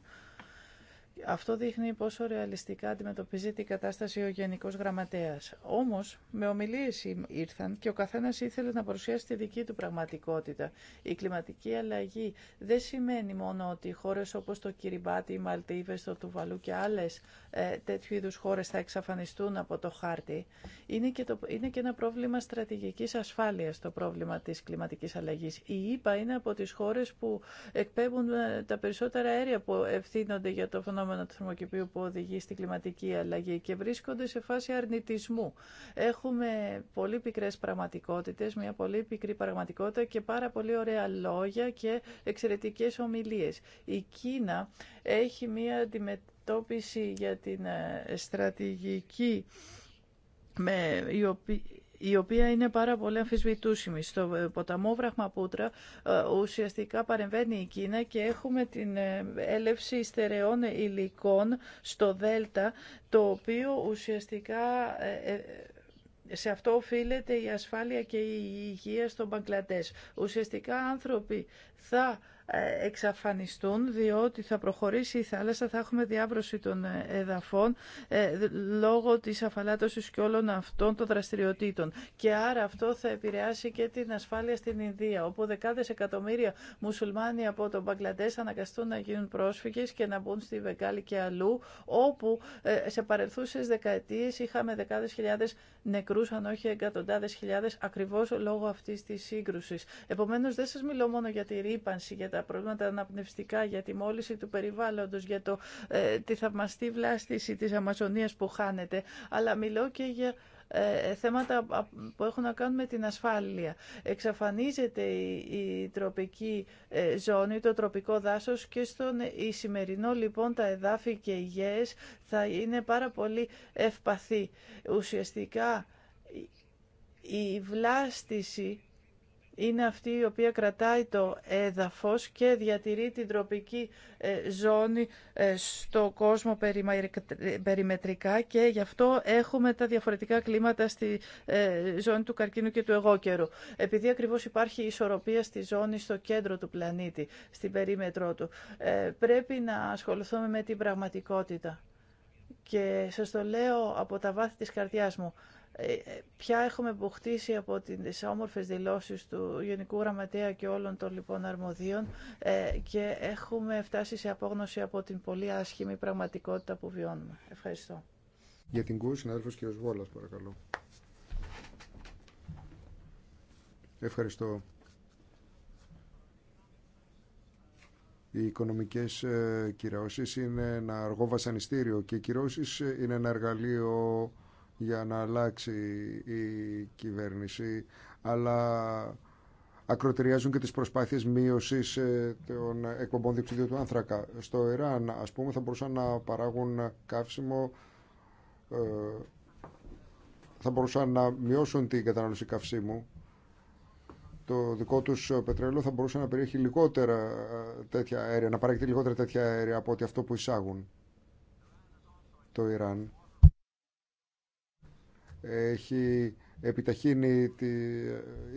Αυτό δείχνει πόσο ρεαλιστικά αντιμετωπίζει την κατάσταση ο Γενικό Γραμματέα. Όμω, με ομιλίε ήρθαν και ο καθένα ήθελε να παρουσιάσει τη δική του πραγματικότητα. Η κλιματική αλλαγή δεν σημαίνει μόνο ότι χώρε όπω το Κυριμπάτι, η Μαλτίβε, το Τουβαλού και άλλε ε, τέτοιου είδου χώρε θα εξαφανιστούν από το χάρτη. Είναι και, το, είναι και ένα πρόβλημα στρατηγική ασφάλεια το πρόβλημα τη κλιματική αλλαγή. Η ΙΠΑ είναι από τι χώρε που εκπέμπουν ε, τα περισσότερα αέρια που ευθύνονται για το φαινόμενο φαινόμενο του θερμοκηπίου που οδηγεί στην κλιματική αλλαγή και βρίσκονται σε φάση αρνητισμού. Έχουμε πολύ πικρές πραγματικότητες, μια πολύ πικρή πραγματικότητα και πάρα πολύ ωραία λόγια και εξαιρετικέ ομιλίες. Η Κίνα έχει μια αντιμετώπιση για την ε, στρατηγική με, η οποία η οποία είναι πάρα πολύ αμφισβητούσιμη. Στο ε, ποταμό Βραχμαπούτρα ε, ουσιαστικά παρεμβαίνει η Κίνα και έχουμε την ε, έλευση στερεών υλικών στο Δέλτα, το οποίο ουσιαστικά σε αυτό οφείλεται η ασφάλεια και η υγεία στον Μπαγκλατές. Ουσιαστικά άνθρωποι θα ε, εξαφανιστούν διότι θα προχωρήσει η θάλασσα, θα έχουμε διάβρωση των εδαφών ε, λόγω της αφαλάτωσης και όλων αυτών των δραστηριοτήτων. Και άρα αυτό θα επηρεάσει και την ασφάλεια στην Ινδία, όπου δεκάδες εκατομμύρια μουσουλμάνοι από τον Μπαγκλαντές αναγκαστούν να γίνουν πρόσφυγες και να μπουν στη Βεγγάλη και αλλού, όπου ε, σε παρελθούσες δεκαετίες είχαμε δεκάδες χιλιάδες νεκρούς, αν όχι εκατοντάδες χιλιάδες, ακριβώς λόγω αυτής της σύγκρουσης. Επομένως δεν σας μιλώ μόνο για τη ρήπανση, για τα προβλήματα αναπνευστικά, για τη μόλυση του περιβάλλοντος, για το, ε, τη θαυμαστή βλάστηση της Αμαζονίας που χάνεται, αλλά μιλώ και για ε, θέματα που έχουν να κάνουν με την ασφάλεια. Εξαφανίζεται η, τροπική ε, ζώνη, το τροπικό δάσος και στον σημερινό λοιπόν τα εδάφη και οι γέες θα είναι πάρα πολύ ευπαθή. Ουσιαστικά η βλάστηση είναι αυτή η οποία κρατάει το έδαφος και διατηρεί την τροπική ε, ζώνη ε, στο κόσμο περιμετρικά και γι' αυτό έχουμε τα διαφορετικά κλίματα στη ε, ζώνη του καρκίνου και του εγώκερου. Επειδή ακριβώς υπάρχει ισορροπία στη ζώνη στο κέντρο του πλανήτη, στην περίμετρό του, πρέπει να ασχοληθούμε με την πραγματικότητα. Και σας το λέω από τα βάθη της καρδιάς μου. Ε, ε, πια έχουμε αποκτήσει από τις όμορφες δηλώσεις του Γενικού Γραμματέα και όλων των λοιπόν αρμοδίων ε, και έχουμε φτάσει σε απόγνωση από την πολύ άσχημη πραγματικότητα που βιώνουμε. Ευχαριστώ. Για την κούρση, συνάδελφος κ. Βόλας, παρακαλώ. Ευχαριστώ. Οι οικονομικές κυρώσεις είναι ένα αργό βασανιστήριο και οι είναι ένα εργαλείο για να αλλάξει η κυβέρνηση, αλλά ακροτηριάζουν και τις προσπάθειες μείωσης ε, των εκπομπών διοξειδίου του άνθρακα. Στο Ιράν, ας πούμε, θα μπορούσαν να παράγουν καύσιμο, ε, θα μπορούσαν να μειώσουν την κατανάλωση καυσίμου. Το δικό τους πετρέλαιο θα μπορούσε να περιέχει λιγότερα ε, τέτοια αέρια, να παράγεται λιγότερα τέτοια αέρια από ό,τι αυτό που εισάγουν το Ιράν έχει επιταχύνει τη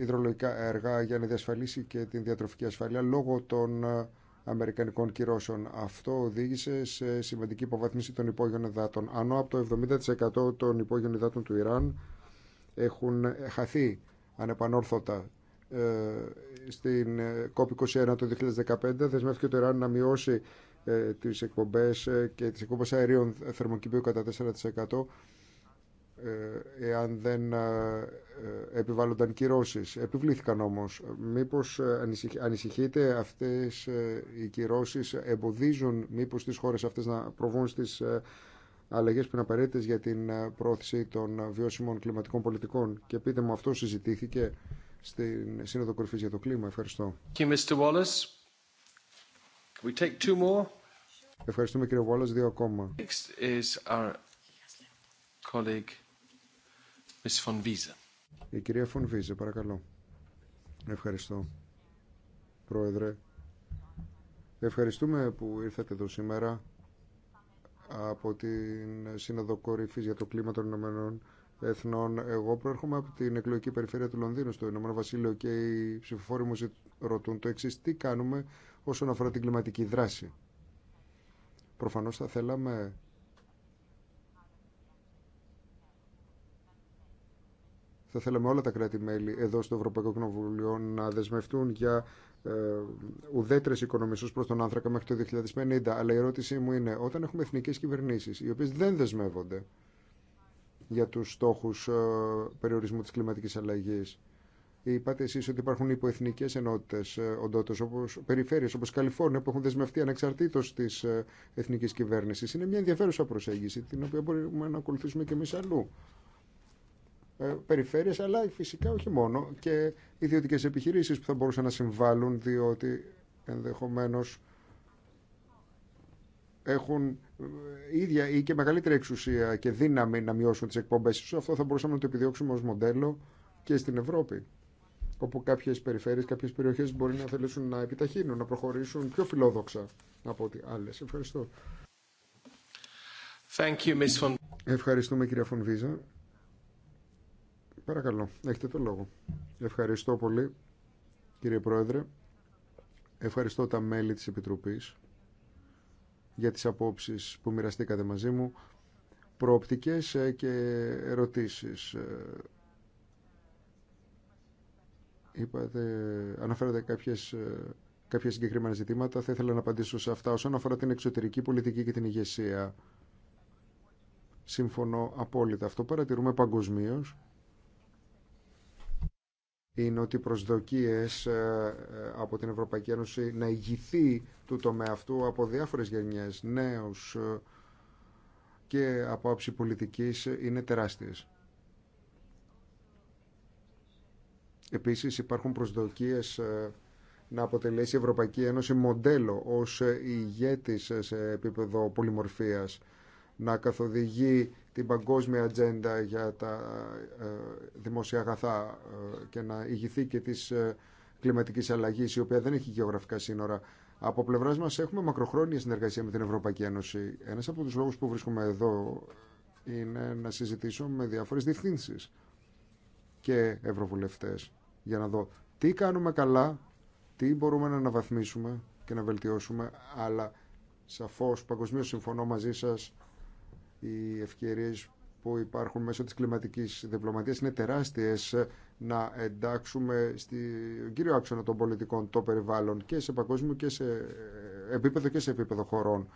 ε, υδρολογικά έργα για να διασφαλίσει και την διατροφική ασφαλεία λόγω των ε, αμερικανικών κυρώσεων. Αυτό οδήγησε σε σημαντική υποβαθμίση των υπόγειων υδάτων. Ανώ από το 70% των υπόγειων υδάτων του Ιράν έχουν χαθεί ανεπανόρθωτα ε, στην COP21 το 2015 δεσμεύτηκε το Ιράν να μειώσει τις εκπομπές και τις εκπομπές αερίων θερμοκηπίου κατά 4% ε, εάν δεν ε, ε, επιβάλλονταν κυρώσεις. Επιβλήθηκαν όμως. Μήπως ανησυχείτε αυτές οι κυρώσεις εμποδίζουν μήπως τις χώρες αυτές να προβούν στις αλλαγές που είναι απαραίτητε για την πρόθεση των βιώσιμων κλιματικών πολιτικών. Και πείτε μου αυτό συζητήθηκε στην Σύνοδο Κορυφής για το Κλίμα. Ευχαριστώ. Ευχαριστούμε κύριε Wallace. Δύο ακόμα. Next is our colleague. Η κυρία Φωνβίζε, παρακαλώ. Ευχαριστώ, Πρόεδρε. Ευχαριστούμε που ήρθατε εδώ σήμερα από την Σύνοδο Κορυφή για το Κλίμα των Ηνωμένων Εθνών. Εγώ προέρχομαι από την εκλογική περιφέρεια του Λονδίνου, στο Ηνωμένο Βασίλειο, και οι ψηφοφόροι μου ρωτούν το εξή: Τι κάνουμε όσον αφορά την κλιματική δράση. Προφανώ θα θέλαμε Θα θέλαμε όλα τα κράτη-μέλη εδώ στο Ευρωπαϊκό Κοινοβουλίο να δεσμευτούν για ε, ουδέτερε οικονομίε προ τον άνθρακα μέχρι το 2050. Αλλά η ερώτησή μου είναι, όταν έχουμε εθνικέ κυβερνήσει οι οποίε δεν δεσμεύονται για του στόχου ε, περιορισμού τη κλιματική αλλαγή, Είπατε εσεί ότι υπάρχουν υποεθνικέ ενότητε, οντότητε, όπω περιφέρειε, όπω Καλιφόρνια, που έχουν δεσμευτεί ανεξαρτήτω τη ε, εθνική κυβέρνηση. Είναι μια ενδιαφέρουσα προσέγγιση, την οποία μπορούμε να ακολουθήσουμε και εμεί αλλού. Ε, περιφέρειες αλλά φυσικά όχι μόνο και ιδιωτικές επιχειρήσεις που θα μπορούσαν να συμβάλλουν διότι ενδεχομένως έχουν ε, ίδια ή και μεγαλύτερη εξουσία και δύναμη να μειώσουν τις εκπομπές τους. Αυτό θα μπορούσαμε να το επιδιώξουμε ως μοντέλο και στην Ευρώπη όπου κάποιες περιφέρειες, κάποιες περιοχές μπορεί να θέλουν να επιταχύνουν, να προχωρήσουν πιο φιλόδοξα από ό,τι άλλες. Ευχαριστώ. Thank you, Ευχαριστούμε κυρία Φονβίζα. Παρακαλώ, έχετε το λόγο. Ευχαριστώ πολύ, κύριε Πρόεδρε. Ευχαριστώ τα μέλη της Επιτροπής για τις απόψεις που μοιραστήκατε μαζί μου, προοπτικές ε, και ερωτήσεις. Ε, είπατε, αναφέρατε κάποιες, ε, κάποια συγκεκριμένα ζητήματα. Θα ήθελα να απαντήσω σε αυτά. Όσον αφορά την εξωτερική πολιτική και την ηγεσία, συμφωνώ απόλυτα. Αυτό παρατηρούμε παγκοσμίω είναι ότι οι προσδοκίες ε, ε, από την Ευρωπαϊκή Ένωση να ηγηθεί του τομέα αυτού από διάφορες γενιές, νέους ε, και από άψη πολιτικής είναι τεράστιες. Επίσης υπάρχουν προσδοκίες να αποτελέσει η Ευρωπαϊκή Ένωση μοντέλο ως ηγέτης σε επίπεδο πολυμορφίας να καθοδηγεί την παγκόσμια ατζέντα για τα ε, δημόσια αγαθά ε, και να ηγηθεί και της ε, κλιματικής αλλαγής, η οποία δεν έχει γεωγραφικά σύνορα. Από πλευρά μα έχουμε μακροχρόνια συνεργασία με την Ευρωπαϊκή Ένωση. Ένα από του λόγου που βρίσκομαι εδώ είναι να συζητήσω με διάφορε διευθύνσει και ευρωβουλευτέ για να δω τι κάνουμε καλά, τι μπορούμε να αναβαθμίσουμε και να βελτιώσουμε. Αλλά σαφώ παγκοσμίω συμφωνώ μαζί σα οι ευκαιρίες που υπάρχουν μέσω της κλιματικής διπλωματίας είναι τεράστιες ε, να εντάξουμε στον κύριο άξονα των πολιτικών το περιβάλλον και σε παγκόσμιο και σε ε, επίπεδο και σε επίπεδο χωρών.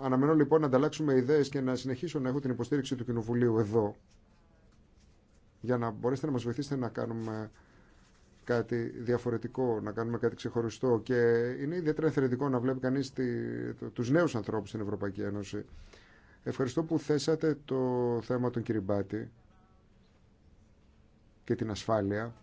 Αναμένω λοιπόν να ανταλλάξουμε ιδέες και να συνεχίσω να έχω την υποστήριξη του Κοινοβουλίου εδώ για να μπορέσετε να μας βοηθήσετε να κάνουμε κάτι διαφορετικό, να κάνουμε κάτι ξεχωριστό και είναι ιδιαίτερα ενθαρρυντικό να βλέπει κανείς του νέου τους νέους ανθρώπους στην Ευρωπαϊκή Ένωση. Ευχαριστώ που θέσατε το θέμα των Κυριμπάτη και την ασφάλεια.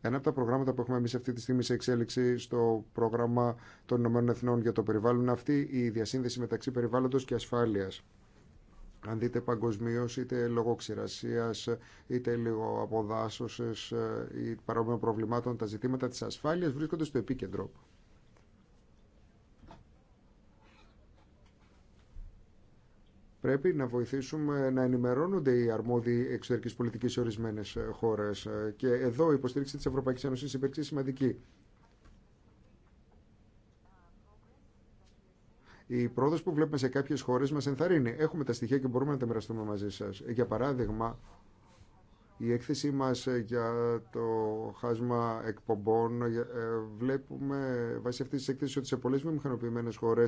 Ένα από τα προγράμματα που έχουμε εμεί αυτή τη στιγμή σε εξέλιξη στο πρόγραμμα των Ηνωμένων για το περιβάλλον αυτή η διασύνδεση μεταξύ περιβάλλοντος και ασφάλειας. Αν δείτε παγκοσμίω, είτε λόγω ξηρασία, είτε λίγο αποδάσωση ε, ή παρόμοιων προβλημάτων, τα ζητήματα τη ασφάλεια βρίσκονται στο επίκεντρο. Πρέπει να βοηθήσουμε να ενημερώνονται οι αρμόδιοι εξωτερική πολιτική σε ορισμένε ε, χώρε. Ε, και εδώ η υποστήριξη τη Ευρωπαϊκή Ένωση υπήρξε σημαντική. η πρόοδο που βλέπουμε σε κάποιε χώρε μα ενθαρρύνει. Έχουμε τα στοιχεία και μπορούμε να τα μοιραστούμε μαζί σα. Για παράδειγμα, η έκθεσή μα για το χάσμα εκπομπών ε, βλέπουμε βάσει αυτή τη έκθεσης ότι σε πολλές μηχανοποιημένε χώρε,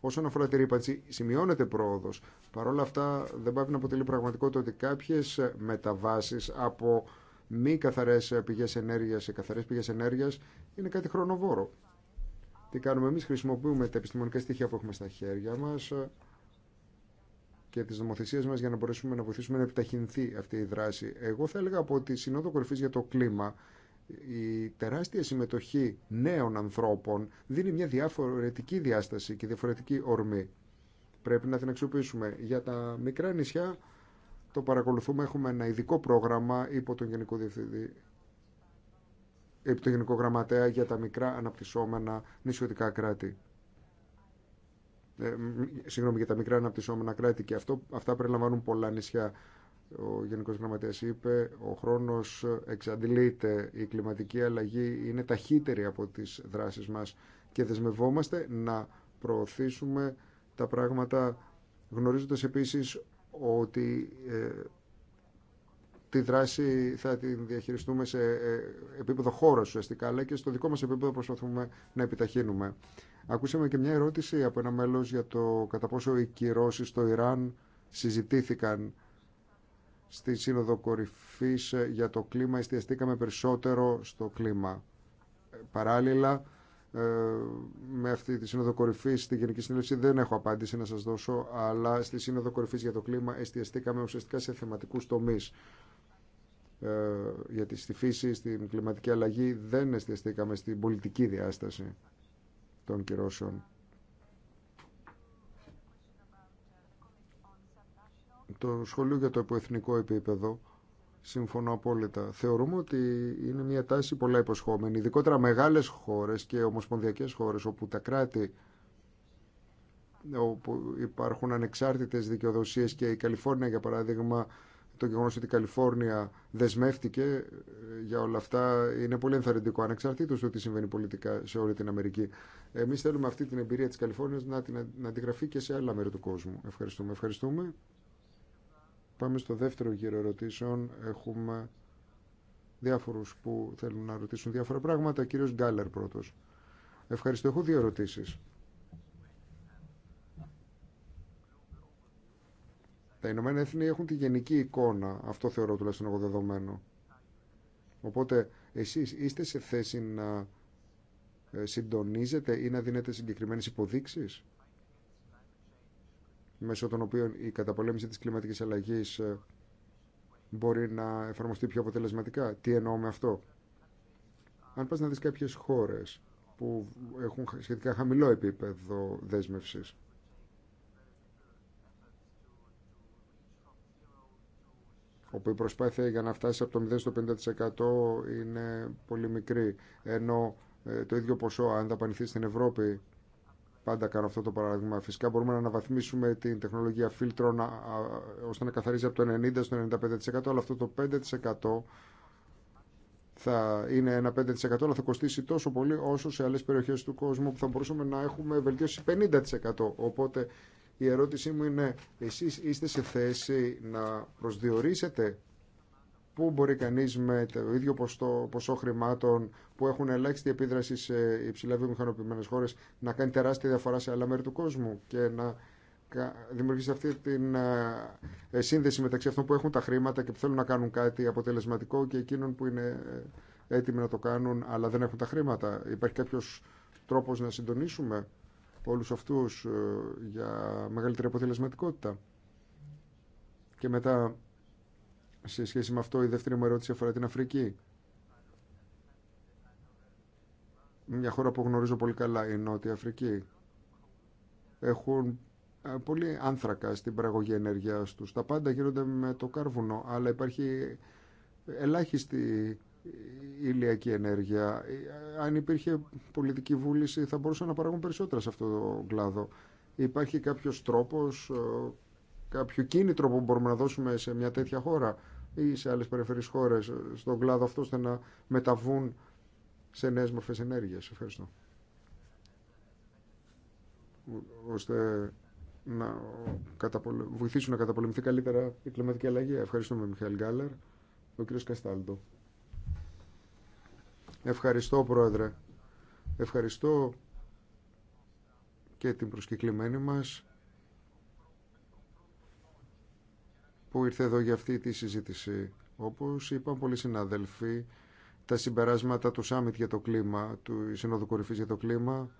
όσον αφορά τη ρήπανση σημειώνεται πρόοδο. Παρ' όλα αυτά δεν πάει να αποτελεί πραγματικότητα ότι κάποιε μεταβάσει από μη καθαρέ πηγέ ενέργεια σε καθαρέ πηγέ ενέργεια είναι κάτι χρονοβόρο. Τι κάνουμε εμείς, χρησιμοποιούμε τα επιστημονικά στοιχεία που έχουμε στα χέρια μας και τις νομοθεσίες μας για να μπορέσουμε να βοηθήσουμε να επιταχυνθεί αυτή η δράση. Εγώ θα έλεγα από τη Συνόδο Κορυφής για το κλίμα η τεράστια συμμετοχή νέων ανθρώπων δίνει μια διαφορετική διάσταση και διαφορετική ορμή. Πρέπει να την αξιοποιήσουμε. Για τα μικρά νησιά το παρακολουθούμε. Έχουμε ένα ειδικό πρόγραμμα υπό τον Γενικό Διευθυντή επί το Γενικό Γραμματέα για τα μικρά αναπτυσσόμενα νησιωτικά κράτη. Ε, συγγνώμη, για τα μικρά αναπτυσσόμενα κράτη και αυτό, αυτά περιλαμβάνουν πολλά νησιά. Ο Γενικός Γραμματέας είπε ο χρόνος εξαντλείται, η κλιματική αλλαγή είναι ταχύτερη από τις δράσεις μας και δεσμευόμαστε να προωθήσουμε τα πράγματα γνωρίζοντας επίσης ότι ε, τη δράση θα την διαχειριστούμε σε ε, επίπεδο χώρο ουσιαστικά, αλλά και στο δικό μα επίπεδο προσπαθούμε να επιταχύνουμε. Ακούσαμε και μια ερώτηση από ένα μέλο για το κατά πόσο οι κυρώσει στο Ιράν συζητήθηκαν στη Σύνοδο Κορυφής για το κλίμα, εστιαστήκαμε περισσότερο στο κλίμα. Παράλληλα, με αυτή τη Σύνοδο Κορυφή στη Γενική Συνέλευση δεν έχω απάντηση να σα δώσω, αλλά στη Σύνοδο Κορυφή για το κλίμα εστιαστήκαμε ουσιαστικά σε θεματικού τομεί. Ε, γιατί στη φύση, στην κλιματική αλλαγή δεν εστιαστήκαμε στην πολιτική διάσταση των κυρώσεων. Το σχολείο για το υποεθνικό επίπεδο συμφωνώ απόλυτα. Θεωρούμε ότι είναι μια τάση πολλά υποσχόμενη, ειδικότερα μεγάλες χώρες και ομοσπονδιακές χώρες όπου τα κράτη όπου υπάρχουν ανεξάρτητες δικαιοδοσίες και η Καλιφόρνια για παράδειγμα το γεγονό ότι η Καλιφόρνια δεσμεύτηκε ε, για όλα αυτά είναι πολύ ενθαρρυντικό, ανεξαρτήτω του τι συμβαίνει πολιτικά σε όλη την Αμερική. Εμεί θέλουμε αυτή την εμπειρία τη Καλιφόρνια να την να αντιγραφεί και σε άλλα μέρη του κόσμου. Ευχαριστούμε. Ευχαριστούμε. Πάμε στο δεύτερο γύρο ερωτήσεων. Έχουμε διάφορου που θέλουν να ρωτήσουν διάφορα πράγματα. Κύριο Γκάλερ πρώτο. Ευχαριστώ. Έχω δύο ερωτήσει. Τα Ηνωμένα Έθνη έχουν τη γενική εικόνα, αυτό θεωρώ τουλάχιστον εγώ δεδομένο. Οπότε εσείς είστε σε θέση να ε, συντονίζετε ή να δίνετε συγκεκριμένες υποδείξεις μέσω των οποίων η καταπολέμηση της κλιματικής αλλαγής ε, μπορεί να εφαρμοστεί πιο αποτελεσματικά. Τι εννοώ με αυτό. Αν πας να δεις κάποιες χώρες που έχουν σχετικά χαμηλό επίπεδο δέσμευσης όπου η προσπάθεια για να φτάσει από το 0% στο 50% είναι πολύ μικρή. Ενώ ε, το ίδιο ποσό, αν στην Ευρώπη, πάντα κάνω αυτό το παράδειγμα. Φυσικά μπορούμε να αναβαθμίσουμε την τεχνολογία φίλτρων ώστε να καθαρίζει από το 90% στο 95%, αλλά αυτό το 5% θα είναι ένα 5% αλλά θα κοστίσει τόσο πολύ όσο σε άλλες περιοχές του κόσμου που θα μπορούσαμε να έχουμε βελτιώσει 50%. Οπότε η ερώτησή μου είναι, εσείς είστε σε θέση να προσδιορίσετε πού μπορεί κανείς με το ίδιο ποσό χρημάτων που έχουν ελάχιστη επίδραση σε υψηλά βιομηχανοποιημένες χώρες να κάνει τεράστια διαφορά σε άλλα μέρη του κόσμου και να δημιουργήσει αυτή τη ε, ε, σύνδεση μεταξύ αυτών που έχουν τα χρήματα και που θέλουν να κάνουν κάτι αποτελεσματικό και εκείνων που είναι ε, έτοιμοι να το κάνουν αλλά δεν έχουν τα χρήματα. Υπάρχει κάποιος τρόπος να συντονίσουμε όλους αυτούς ε, για μεγαλύτερη αποτελεσματικότητα. Και μετά, σε σχέση με αυτό, η δεύτερη μου ερώτηση αφορά την Αφρική. Μια χώρα που γνωρίζω πολύ καλά, η Νότια Αφρική. Έχουν ε, πολύ άνθρακα στην παραγωγή ενέργειας τους. Τα πάντα γίνονται με το κάρβουνο, αλλά υπάρχει ελάχιστη ηλιακή ενέργεια. Ε, αν υπήρχε πολιτική βούληση θα μπορούσαν να παράγουν περισσότερα σε αυτό το κλάδο. Υπάρχει κάποιος τρόπος, ε, κάποιο κίνητρο που μπορούμε να δώσουμε σε μια τέτοια χώρα ή σε άλλες περιφερειακές χώρες ε, στον κλάδο αυτό ώστε να μεταβούν σε νέες μορφές ενέργειας. Ευχαριστώ. Ώστε να βοηθήσουν να καταπολεμηθεί καλύτερα η κλιματική αλλαγή. Ευχαριστούμε, Μιχαήλ Γκάλερ. Ο κύριος Καστάλντο. Ευχαριστώ, Πρόεδρε. Ευχαριστώ και την προσκεκλημένη μας που ήρθε εδώ για αυτή τη συζήτηση. Όπως είπαν πολλοί συνάδελφοι, τα συμπεράσματα του Σάμιτ για το κλίμα, του Συνόδου Κορυφής για το κλίμα,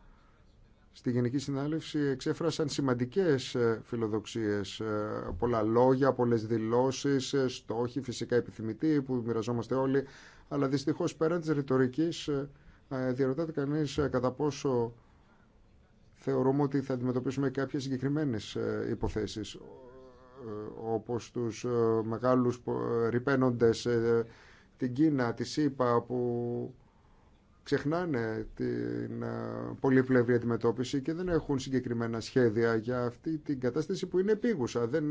στη Γενική Συνάλευση εξέφρασαν σημαντικές ε, φιλοδοξίες, ε, πολλά λόγια, πολλές δηλώσεις, ε, στόχοι φυσικά επιθυμητοί που μοιραζόμαστε όλοι, αλλά δυστυχώς πέραν της ρητορικής ε, ε, διαρωτάται κανείς ε, κατά πόσο θεωρούμε ότι θα αντιμετωπίσουμε κάποιες συγκεκριμένες υποθέσεις όπως τους μεγάλους ρηπαίνοντες την Κίνα, τη ΣΥΠΑ που ξεχνάνε την πολύπλευρη αντιμετώπιση και δεν έχουν συγκεκριμένα σχέδια για αυτή την κατάσταση που είναι επίγουσα. Δεν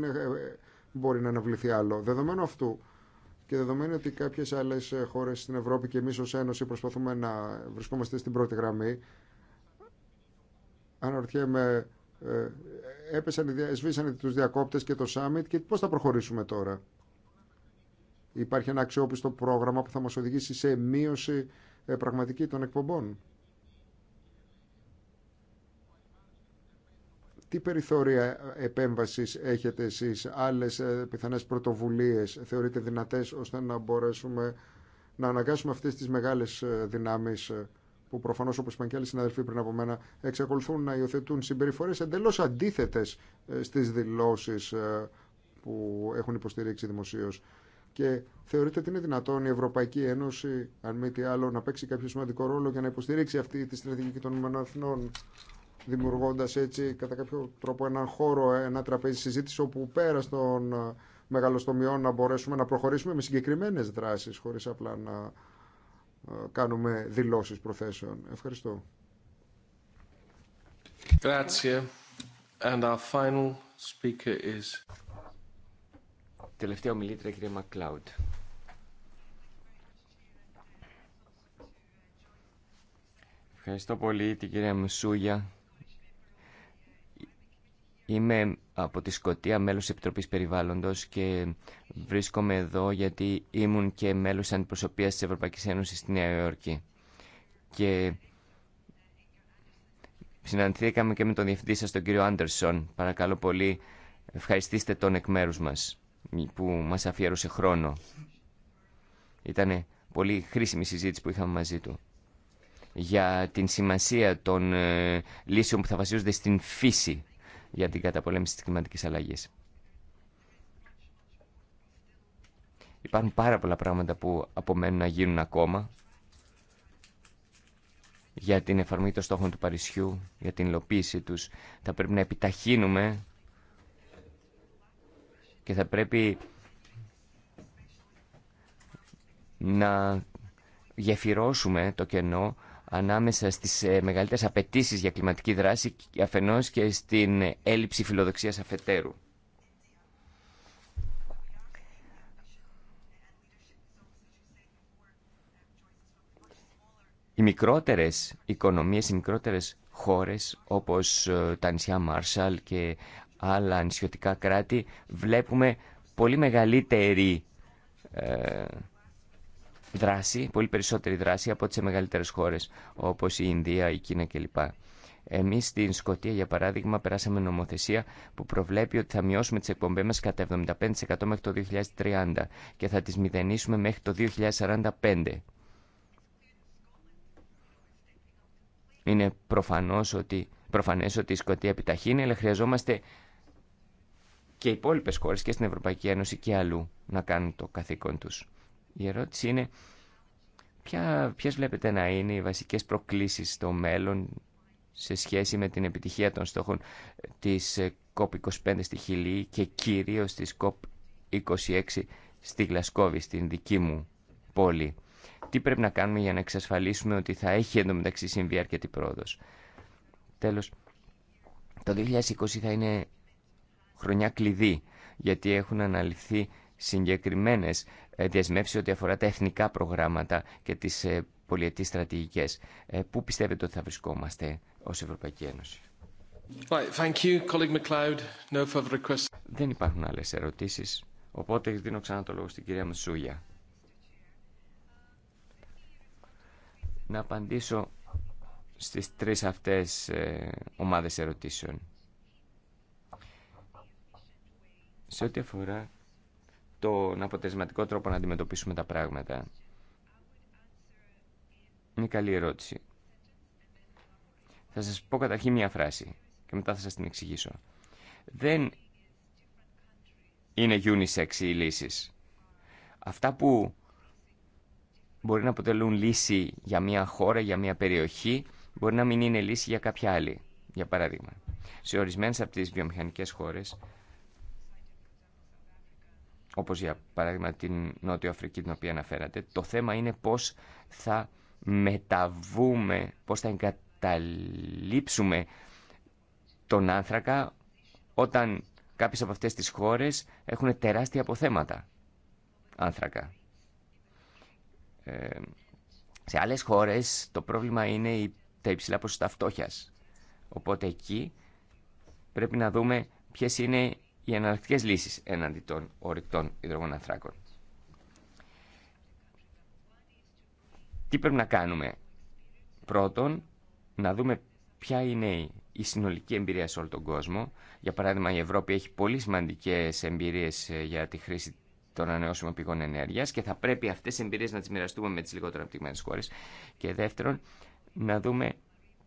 μπορεί να αναβληθεί άλλο. Δεδομένου αυτού και δεδομένου ότι κάποιες άλλες ε, χώρες στην Ευρώπη και εμεί ω Ένωση προσπαθούμε να βρισκόμαστε στην πρώτη γραμμή, αναρωτιέμαι, ε, έπεσαν, σβήσαν τους διακόπτες και το summit και πώς θα προχωρήσουμε τώρα. Υπάρχει ένα αξιόπιστο πρόγραμμα που θα μας οδηγήσει σε μείωση ε, πραγματική των εκπομπών. Τι περιθώρια επέμβασης έχετε εσείς, άλλες ε, πιθανές πρωτοβουλίες θεωρείτε δυνατές ώστε να μπορέσουμε να αναγκάσουμε αυτές τις μεγάλες ε, δυνάμεις ε, που προφανώς όπως είπαν και άλλοι συναδελφοί πριν από μένα εξακολουθούν να υιοθετούν συμπεριφορές εντελώς αντίθετες στις δηλώσεις που έχουν υποστηρίξει δημοσίω. Και θεωρείτε ότι είναι δυνατόν η Ευρωπαϊκή Ένωση, αν μη τι άλλο, να παίξει κάποιο σημαντικό ρόλο για να υποστηρίξει αυτή τη στρατηγική των ΗΠΑ Δημιουργώντα έτσι κατά κάποιο τρόπο έναν χώρο, ένα τραπέζι συζήτηση όπου πέρα των ε, μεγαλοστομιών να μπορέσουμε να προχωρήσουμε με συγκεκριμένες δράσεις χωρίς απλά να ε, κάνουμε δηλώσεις προθέσεων. Ευχαριστώ. Grazie. And our final speaker is... Τελευταία ομιλήτρια, Ευχαριστώ πολύ την κυρία Μουσούγια Είμαι από τη Σκωτία, μέλος της Επιτροπής Περιβάλλοντος και βρίσκομαι εδώ γιατί ήμουν και μέλος αντιπροσωπείας της Ευρωπαϊκής Ένωσης στη Νέα Υόρκη. Και συναντηθήκαμε και με τον διευθυντή σας, τον κύριο Άντερσον. Παρακαλώ πολύ, ευχαριστήστε τον εκ μέρους μας που μας αφιέρωσε χρόνο. Ήταν πολύ χρήσιμη συζήτηση που είχαμε μαζί του για την σημασία των ε, λύσεων που θα βασίζονται στην φύση για την καταπολέμηση της κλιματικής αλλαγής. Υπάρχουν πάρα πολλά πράγματα που απομένουν να γίνουν ακόμα για την εφαρμογή των στόχων του Παρισιού, για την υλοποίησή τους. Θα πρέπει να επιταχύνουμε και θα πρέπει να γεφυρώσουμε το κενό ανάμεσα στις ε, μεγαλύτερες απαιτήσει για κλιματική δράση αφενός και στην έλλειψη φιλοδοξίας αφετέρου. Οι μικρότερες οικονομίες, οι μικρότερες χώρες όπως ε, τα νησιά Μάρσαλ και άλλα νησιωτικά κράτη βλέπουμε πολύ μεγαλύτερη ε, δράση, πολύ περισσότερη δράση από τις μεγαλύτερες χώρες όπως η Ινδία, η Κίνα κλπ. Εμείς στην Σκωτία, για παράδειγμα, περάσαμε νομοθεσία που προβλέπει ότι θα μειώσουμε τις εκπομπές μας κατά 75% μέχρι το 2030 και θα τις μηδενίσουμε μέχρι το 2045. Είναι προφανώς ότι, προφανές ότι η Σκωτία επιταχύνει, αλλά χρειαζόμαστε και οι υπόλοιπε χώρε και στην Ευρωπαϊκή Ένωση και αλλού να κάνουν το καθήκον τους. Η ερώτηση είναι ποια, ποιες βλέπετε να είναι οι βασικές προκλήσεις στο μέλλον σε σχέση με την επιτυχία των στόχων της COP25 ε, στη Χιλή και κυρίως της COP26 στη Γλασκόβη, στην δική μου πόλη. Τι πρέπει να κάνουμε για να εξασφαλίσουμε ότι θα έχει εντωμεταξύ συμβεί αρκετή πρόοδος. Τέλος, το 2020 θα είναι χρονιά κλειδί, γιατί έχουν αναλυθεί Συγκεκριμένε ε, διασμεύσει ό,τι αφορά τα εθνικά προγράμματα και τις ε, πολιτικές στρατηγικές. Ε, πού πιστεύετε ότι θα βρισκόμαστε ως Ευρωπαϊκή Ένωση. Δεν υπάρχουν άλλες ερωτήσεις, οπότε δίνω ξανά το λόγο στην κυρία Μσούγια. Να απαντήσω στις τρεις αυτές ομάδες ερωτήσεων. Σε ό,τι αφορά τον αποτελεσματικό τρόπο να αντιμετωπίσουμε τα πράγματα. Είναι καλή ερώτηση. Θα σας πω καταρχήν μία φράση και μετά θα σας την εξηγήσω. Δεν είναι unisex οι λύσεις. Αυτά που μπορεί να αποτελούν λύση για μία χώρα, για μία περιοχή, μπορεί να μην είναι λύση για κάποια άλλη, για παράδειγμα. Σε ορισμένες από τις βιομηχανικές χώρες, όπως για παράδειγμα την Νότιο Αφρική την οποία αναφέρατε, το θέμα είναι πώς θα μεταβούμε, πώς θα εγκαταλείψουμε τον άνθρακα όταν κάποιες από αυτές τις χώρες έχουν τεράστια αποθέματα άνθρακα. Ε, σε άλλες χώρες το πρόβλημα είναι τα υψηλά ποσοστά φτώχειας. Οπότε εκεί πρέπει να δούμε ποιες είναι οι εναλλακτικέ λύσει έναντι των ορυκτών υδρογοναθράκων. Τι πρέπει να κάνουμε. Πρώτον, να δούμε ποια είναι η συνολική εμπειρία σε όλο τον κόσμο. Για παράδειγμα, η Ευρώπη έχει πολύ σημαντικέ εμπειρίε ε, για τη χρήση των ανανεώσιμων πηγών ενέργεια και θα πρέπει αυτέ τι εμπειρίε να τι μοιραστούμε με τι λιγότερο αναπτυγμένε χώρε. Και δεύτερον, να δούμε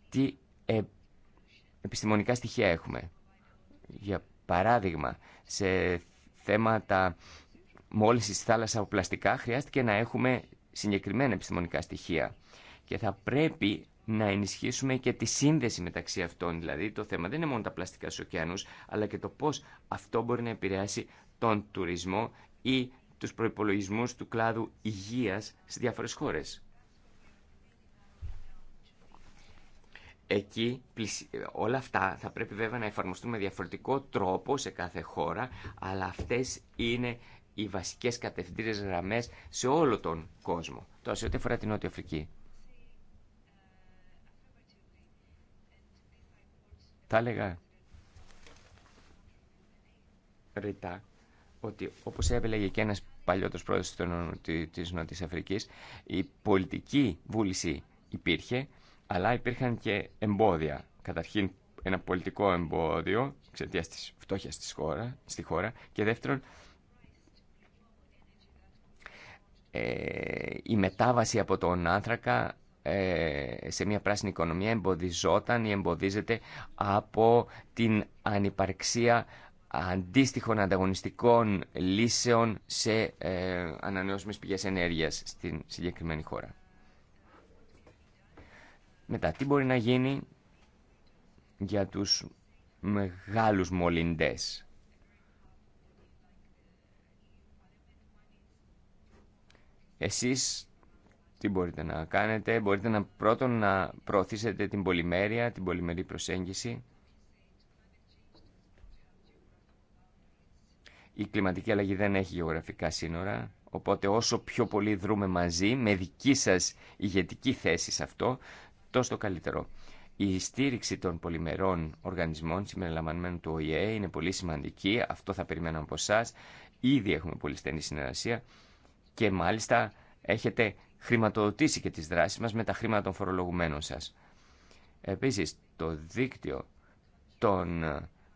τι ε, επιστημονικά στοιχεία έχουμε. Για Παράδειγμα, σε θέματα μόλυνσης θάλασσα από πλαστικά χρειάστηκε να έχουμε συγκεκριμένα επιστημονικά στοιχεία. Και θα πρέπει να ενισχύσουμε και τη σύνδεση μεταξύ αυτών. Δηλαδή το θέμα δεν είναι μόνο τα πλαστικά στους ωκεανούς, αλλά και το πώς αυτό μπορεί να επηρεάσει τον τουρισμό ή τους προϋπολογισμούς του κλάδου υγείας σε διάφορες χώρες. Εκεί όλα αυτά θα πρέπει βέβαια να εφαρμοστούν με διαφορετικό τρόπο σε κάθε χώρα, αλλά αυτές είναι οι βασικές κατευθυντήρες γραμμές σε όλο τον κόσμο. Τώρα σε ό,τι αφορά την Νότια Αφρική. Θα έλεγα ρητά ότι όπως έβλεγε και ένας παλιότερος πρόεδρος της Νότιας Αφρικής, η πολιτική βούληση υπήρχε, αλλά υπήρχαν και εμπόδια. Καταρχήν ένα πολιτικό εμπόδιο εξαιτία τη φτώχεια χώρα, στη χώρα και δεύτερον ε, η μετάβαση από τον άνθρακα ε, σε μια πράσινη οικονομία εμποδιζόταν ή εμποδίζεται από την ανυπαρξία αντίστοιχων ανταγωνιστικών λύσεων σε ε, ανανεώσιμες πηγές ενέργειας στην συγκεκριμένη χώρα. Μετά, τι μπορεί να γίνει για τους μεγάλους μολυντές. Εσείς τι μπορείτε να κάνετε. Μπορείτε να πρώτον να προωθήσετε την πολυμέρεια, την πολυμερή προσέγγιση. Η κλιματική αλλαγή δεν έχει γεωγραφικά σύνορα, οπότε όσο πιο πολύ δρούμε μαζί, με δική σας ηγετική θέση σε αυτό, τόσο το καλύτερο. Η στήριξη των πολυμερών οργανισμών, συμπεριλαμβανομένου του ΟΗΕ, είναι πολύ σημαντική. Αυτό θα περιμέναμε από εσά. Ήδη έχουμε πολύ στενή συνεργασία και μάλιστα έχετε χρηματοδοτήσει και τις δράσεις μας με τα χρήματα των φορολογουμένων σας. Επίσης, το δίκτυο των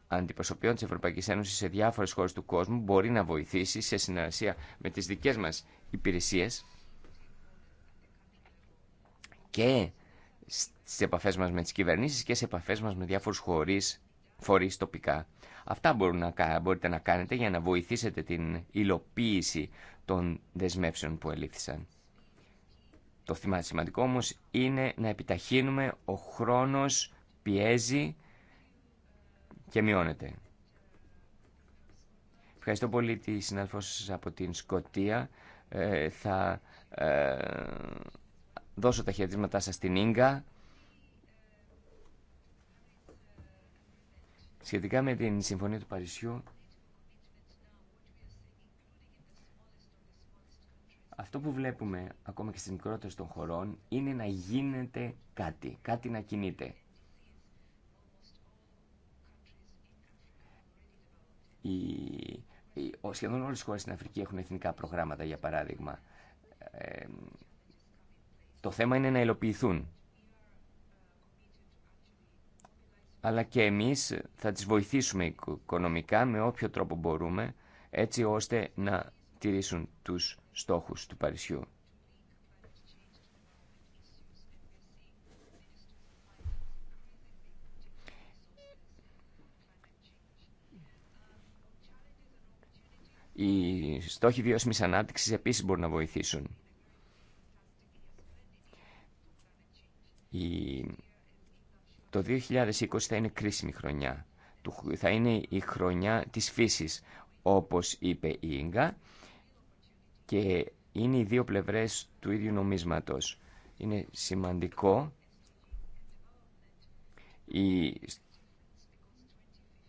αντιπροσωπιών της Ευρωπαϊκής Ένωσης σε διάφορες χώρες του κόσμου μπορεί να βοηθήσει σε συνεργασία με τις δικές μας υπηρεσίες και Στι επαφές μας με τις κυβερνήσει και σε επαφές μας με διάφορους φορεί τοπικά. Αυτά μπορούν να, μπορείτε να κάνετε για να βοηθήσετε την υλοποίηση των δεσμεύσεων που ελήφθησαν. Το σημαντικό όμως είναι να επιταχύνουμε, ο χρόνος πιέζει και μειώνεται. Ευχαριστώ πολύ τη συνάδελφό από την Σκοτία. Ε, θα ε, δώσω τα χαιρετίσματά σας στην Ίγκα. Σχετικά με την Συμφωνία του Παρισιού, αυτό που βλέπουμε ακόμα και στις μικρότερες των χωρών είναι να γίνεται κάτι, κάτι να κινείται. Οι, οι, σχεδόν όλες οι χώρες στην Αφρική έχουν εθνικά προγράμματα, για παράδειγμα. Το θέμα είναι να υλοποιηθούν. Αλλά και εμείς θα τις βοηθήσουμε οικονομικά με όποιο τρόπο μπορούμε, έτσι ώστε να τηρήσουν τους στόχους του Παρισιού. Οι στόχοι βιώσιμη ανάπτυξη επίση μπορούν να βοηθήσουν. Το 2020 θα είναι κρίσιμη χρονιά. Θα είναι η χρονιά της φύσης, όπως είπε η Ίγκα, και είναι οι δύο πλευρές του ίδιου νομίσματος. Είναι σημαντικό η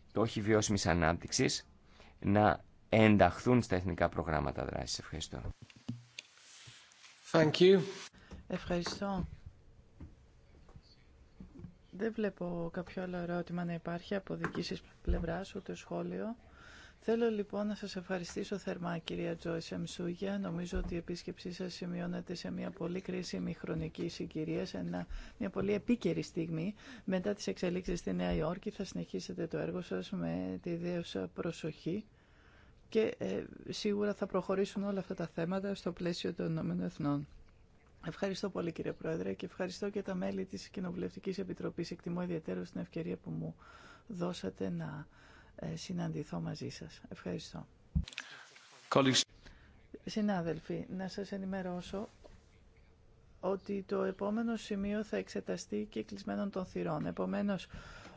στόχοι βιώσιμης ανάπτυξης να ενταχθούν στα εθνικά προγράμματα δράσης. Ευχαριστώ. Thank you. Ευχαριστώ. Δεν βλέπω κάποιο άλλο ερώτημα να υπάρχει από δική σας πλευρά, ούτε σχόλιο. Θέλω λοιπόν να σας ευχαριστήσω θερμά κυρία Τζόης Εμσούγια. Νομίζω ότι η επίσκεψή σας σημειώνεται σε μια πολύ κρίσιμη χρονική συγκυρία, σε μια πολύ επίκαιρη στιγμή. Μετά τις εξελίξεις στη Νέα Υόρκη θα συνεχίσετε το έργο σας με τη δέωσα προσοχή και ε, σίγουρα θα προχωρήσουν όλα αυτά τα θέματα στο πλαίσιο των ΗΠΑ. Ευχαριστώ πολύ κύριε Πρόεδρε και ευχαριστώ και τα μέλη της Κοινοβουλευτικής Επιτροπής. Εκτιμώ ιδιαίτερα την ευκαιρία που μου δώσατε να ε, συναντηθώ μαζί σας. Ευχαριστώ. Συνάδελφοι, να σας ενημερώσω ότι το επόμενο σημείο θα εξεταστεί και κλεισμένων των θυρών. Επομένως,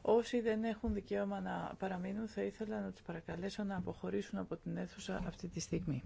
όσοι δεν έχουν δικαίωμα να παραμείνουν, θα ήθελα να τους παρακαλέσω να αποχωρήσουν από την αίθουσα αυτή τη στιγμή.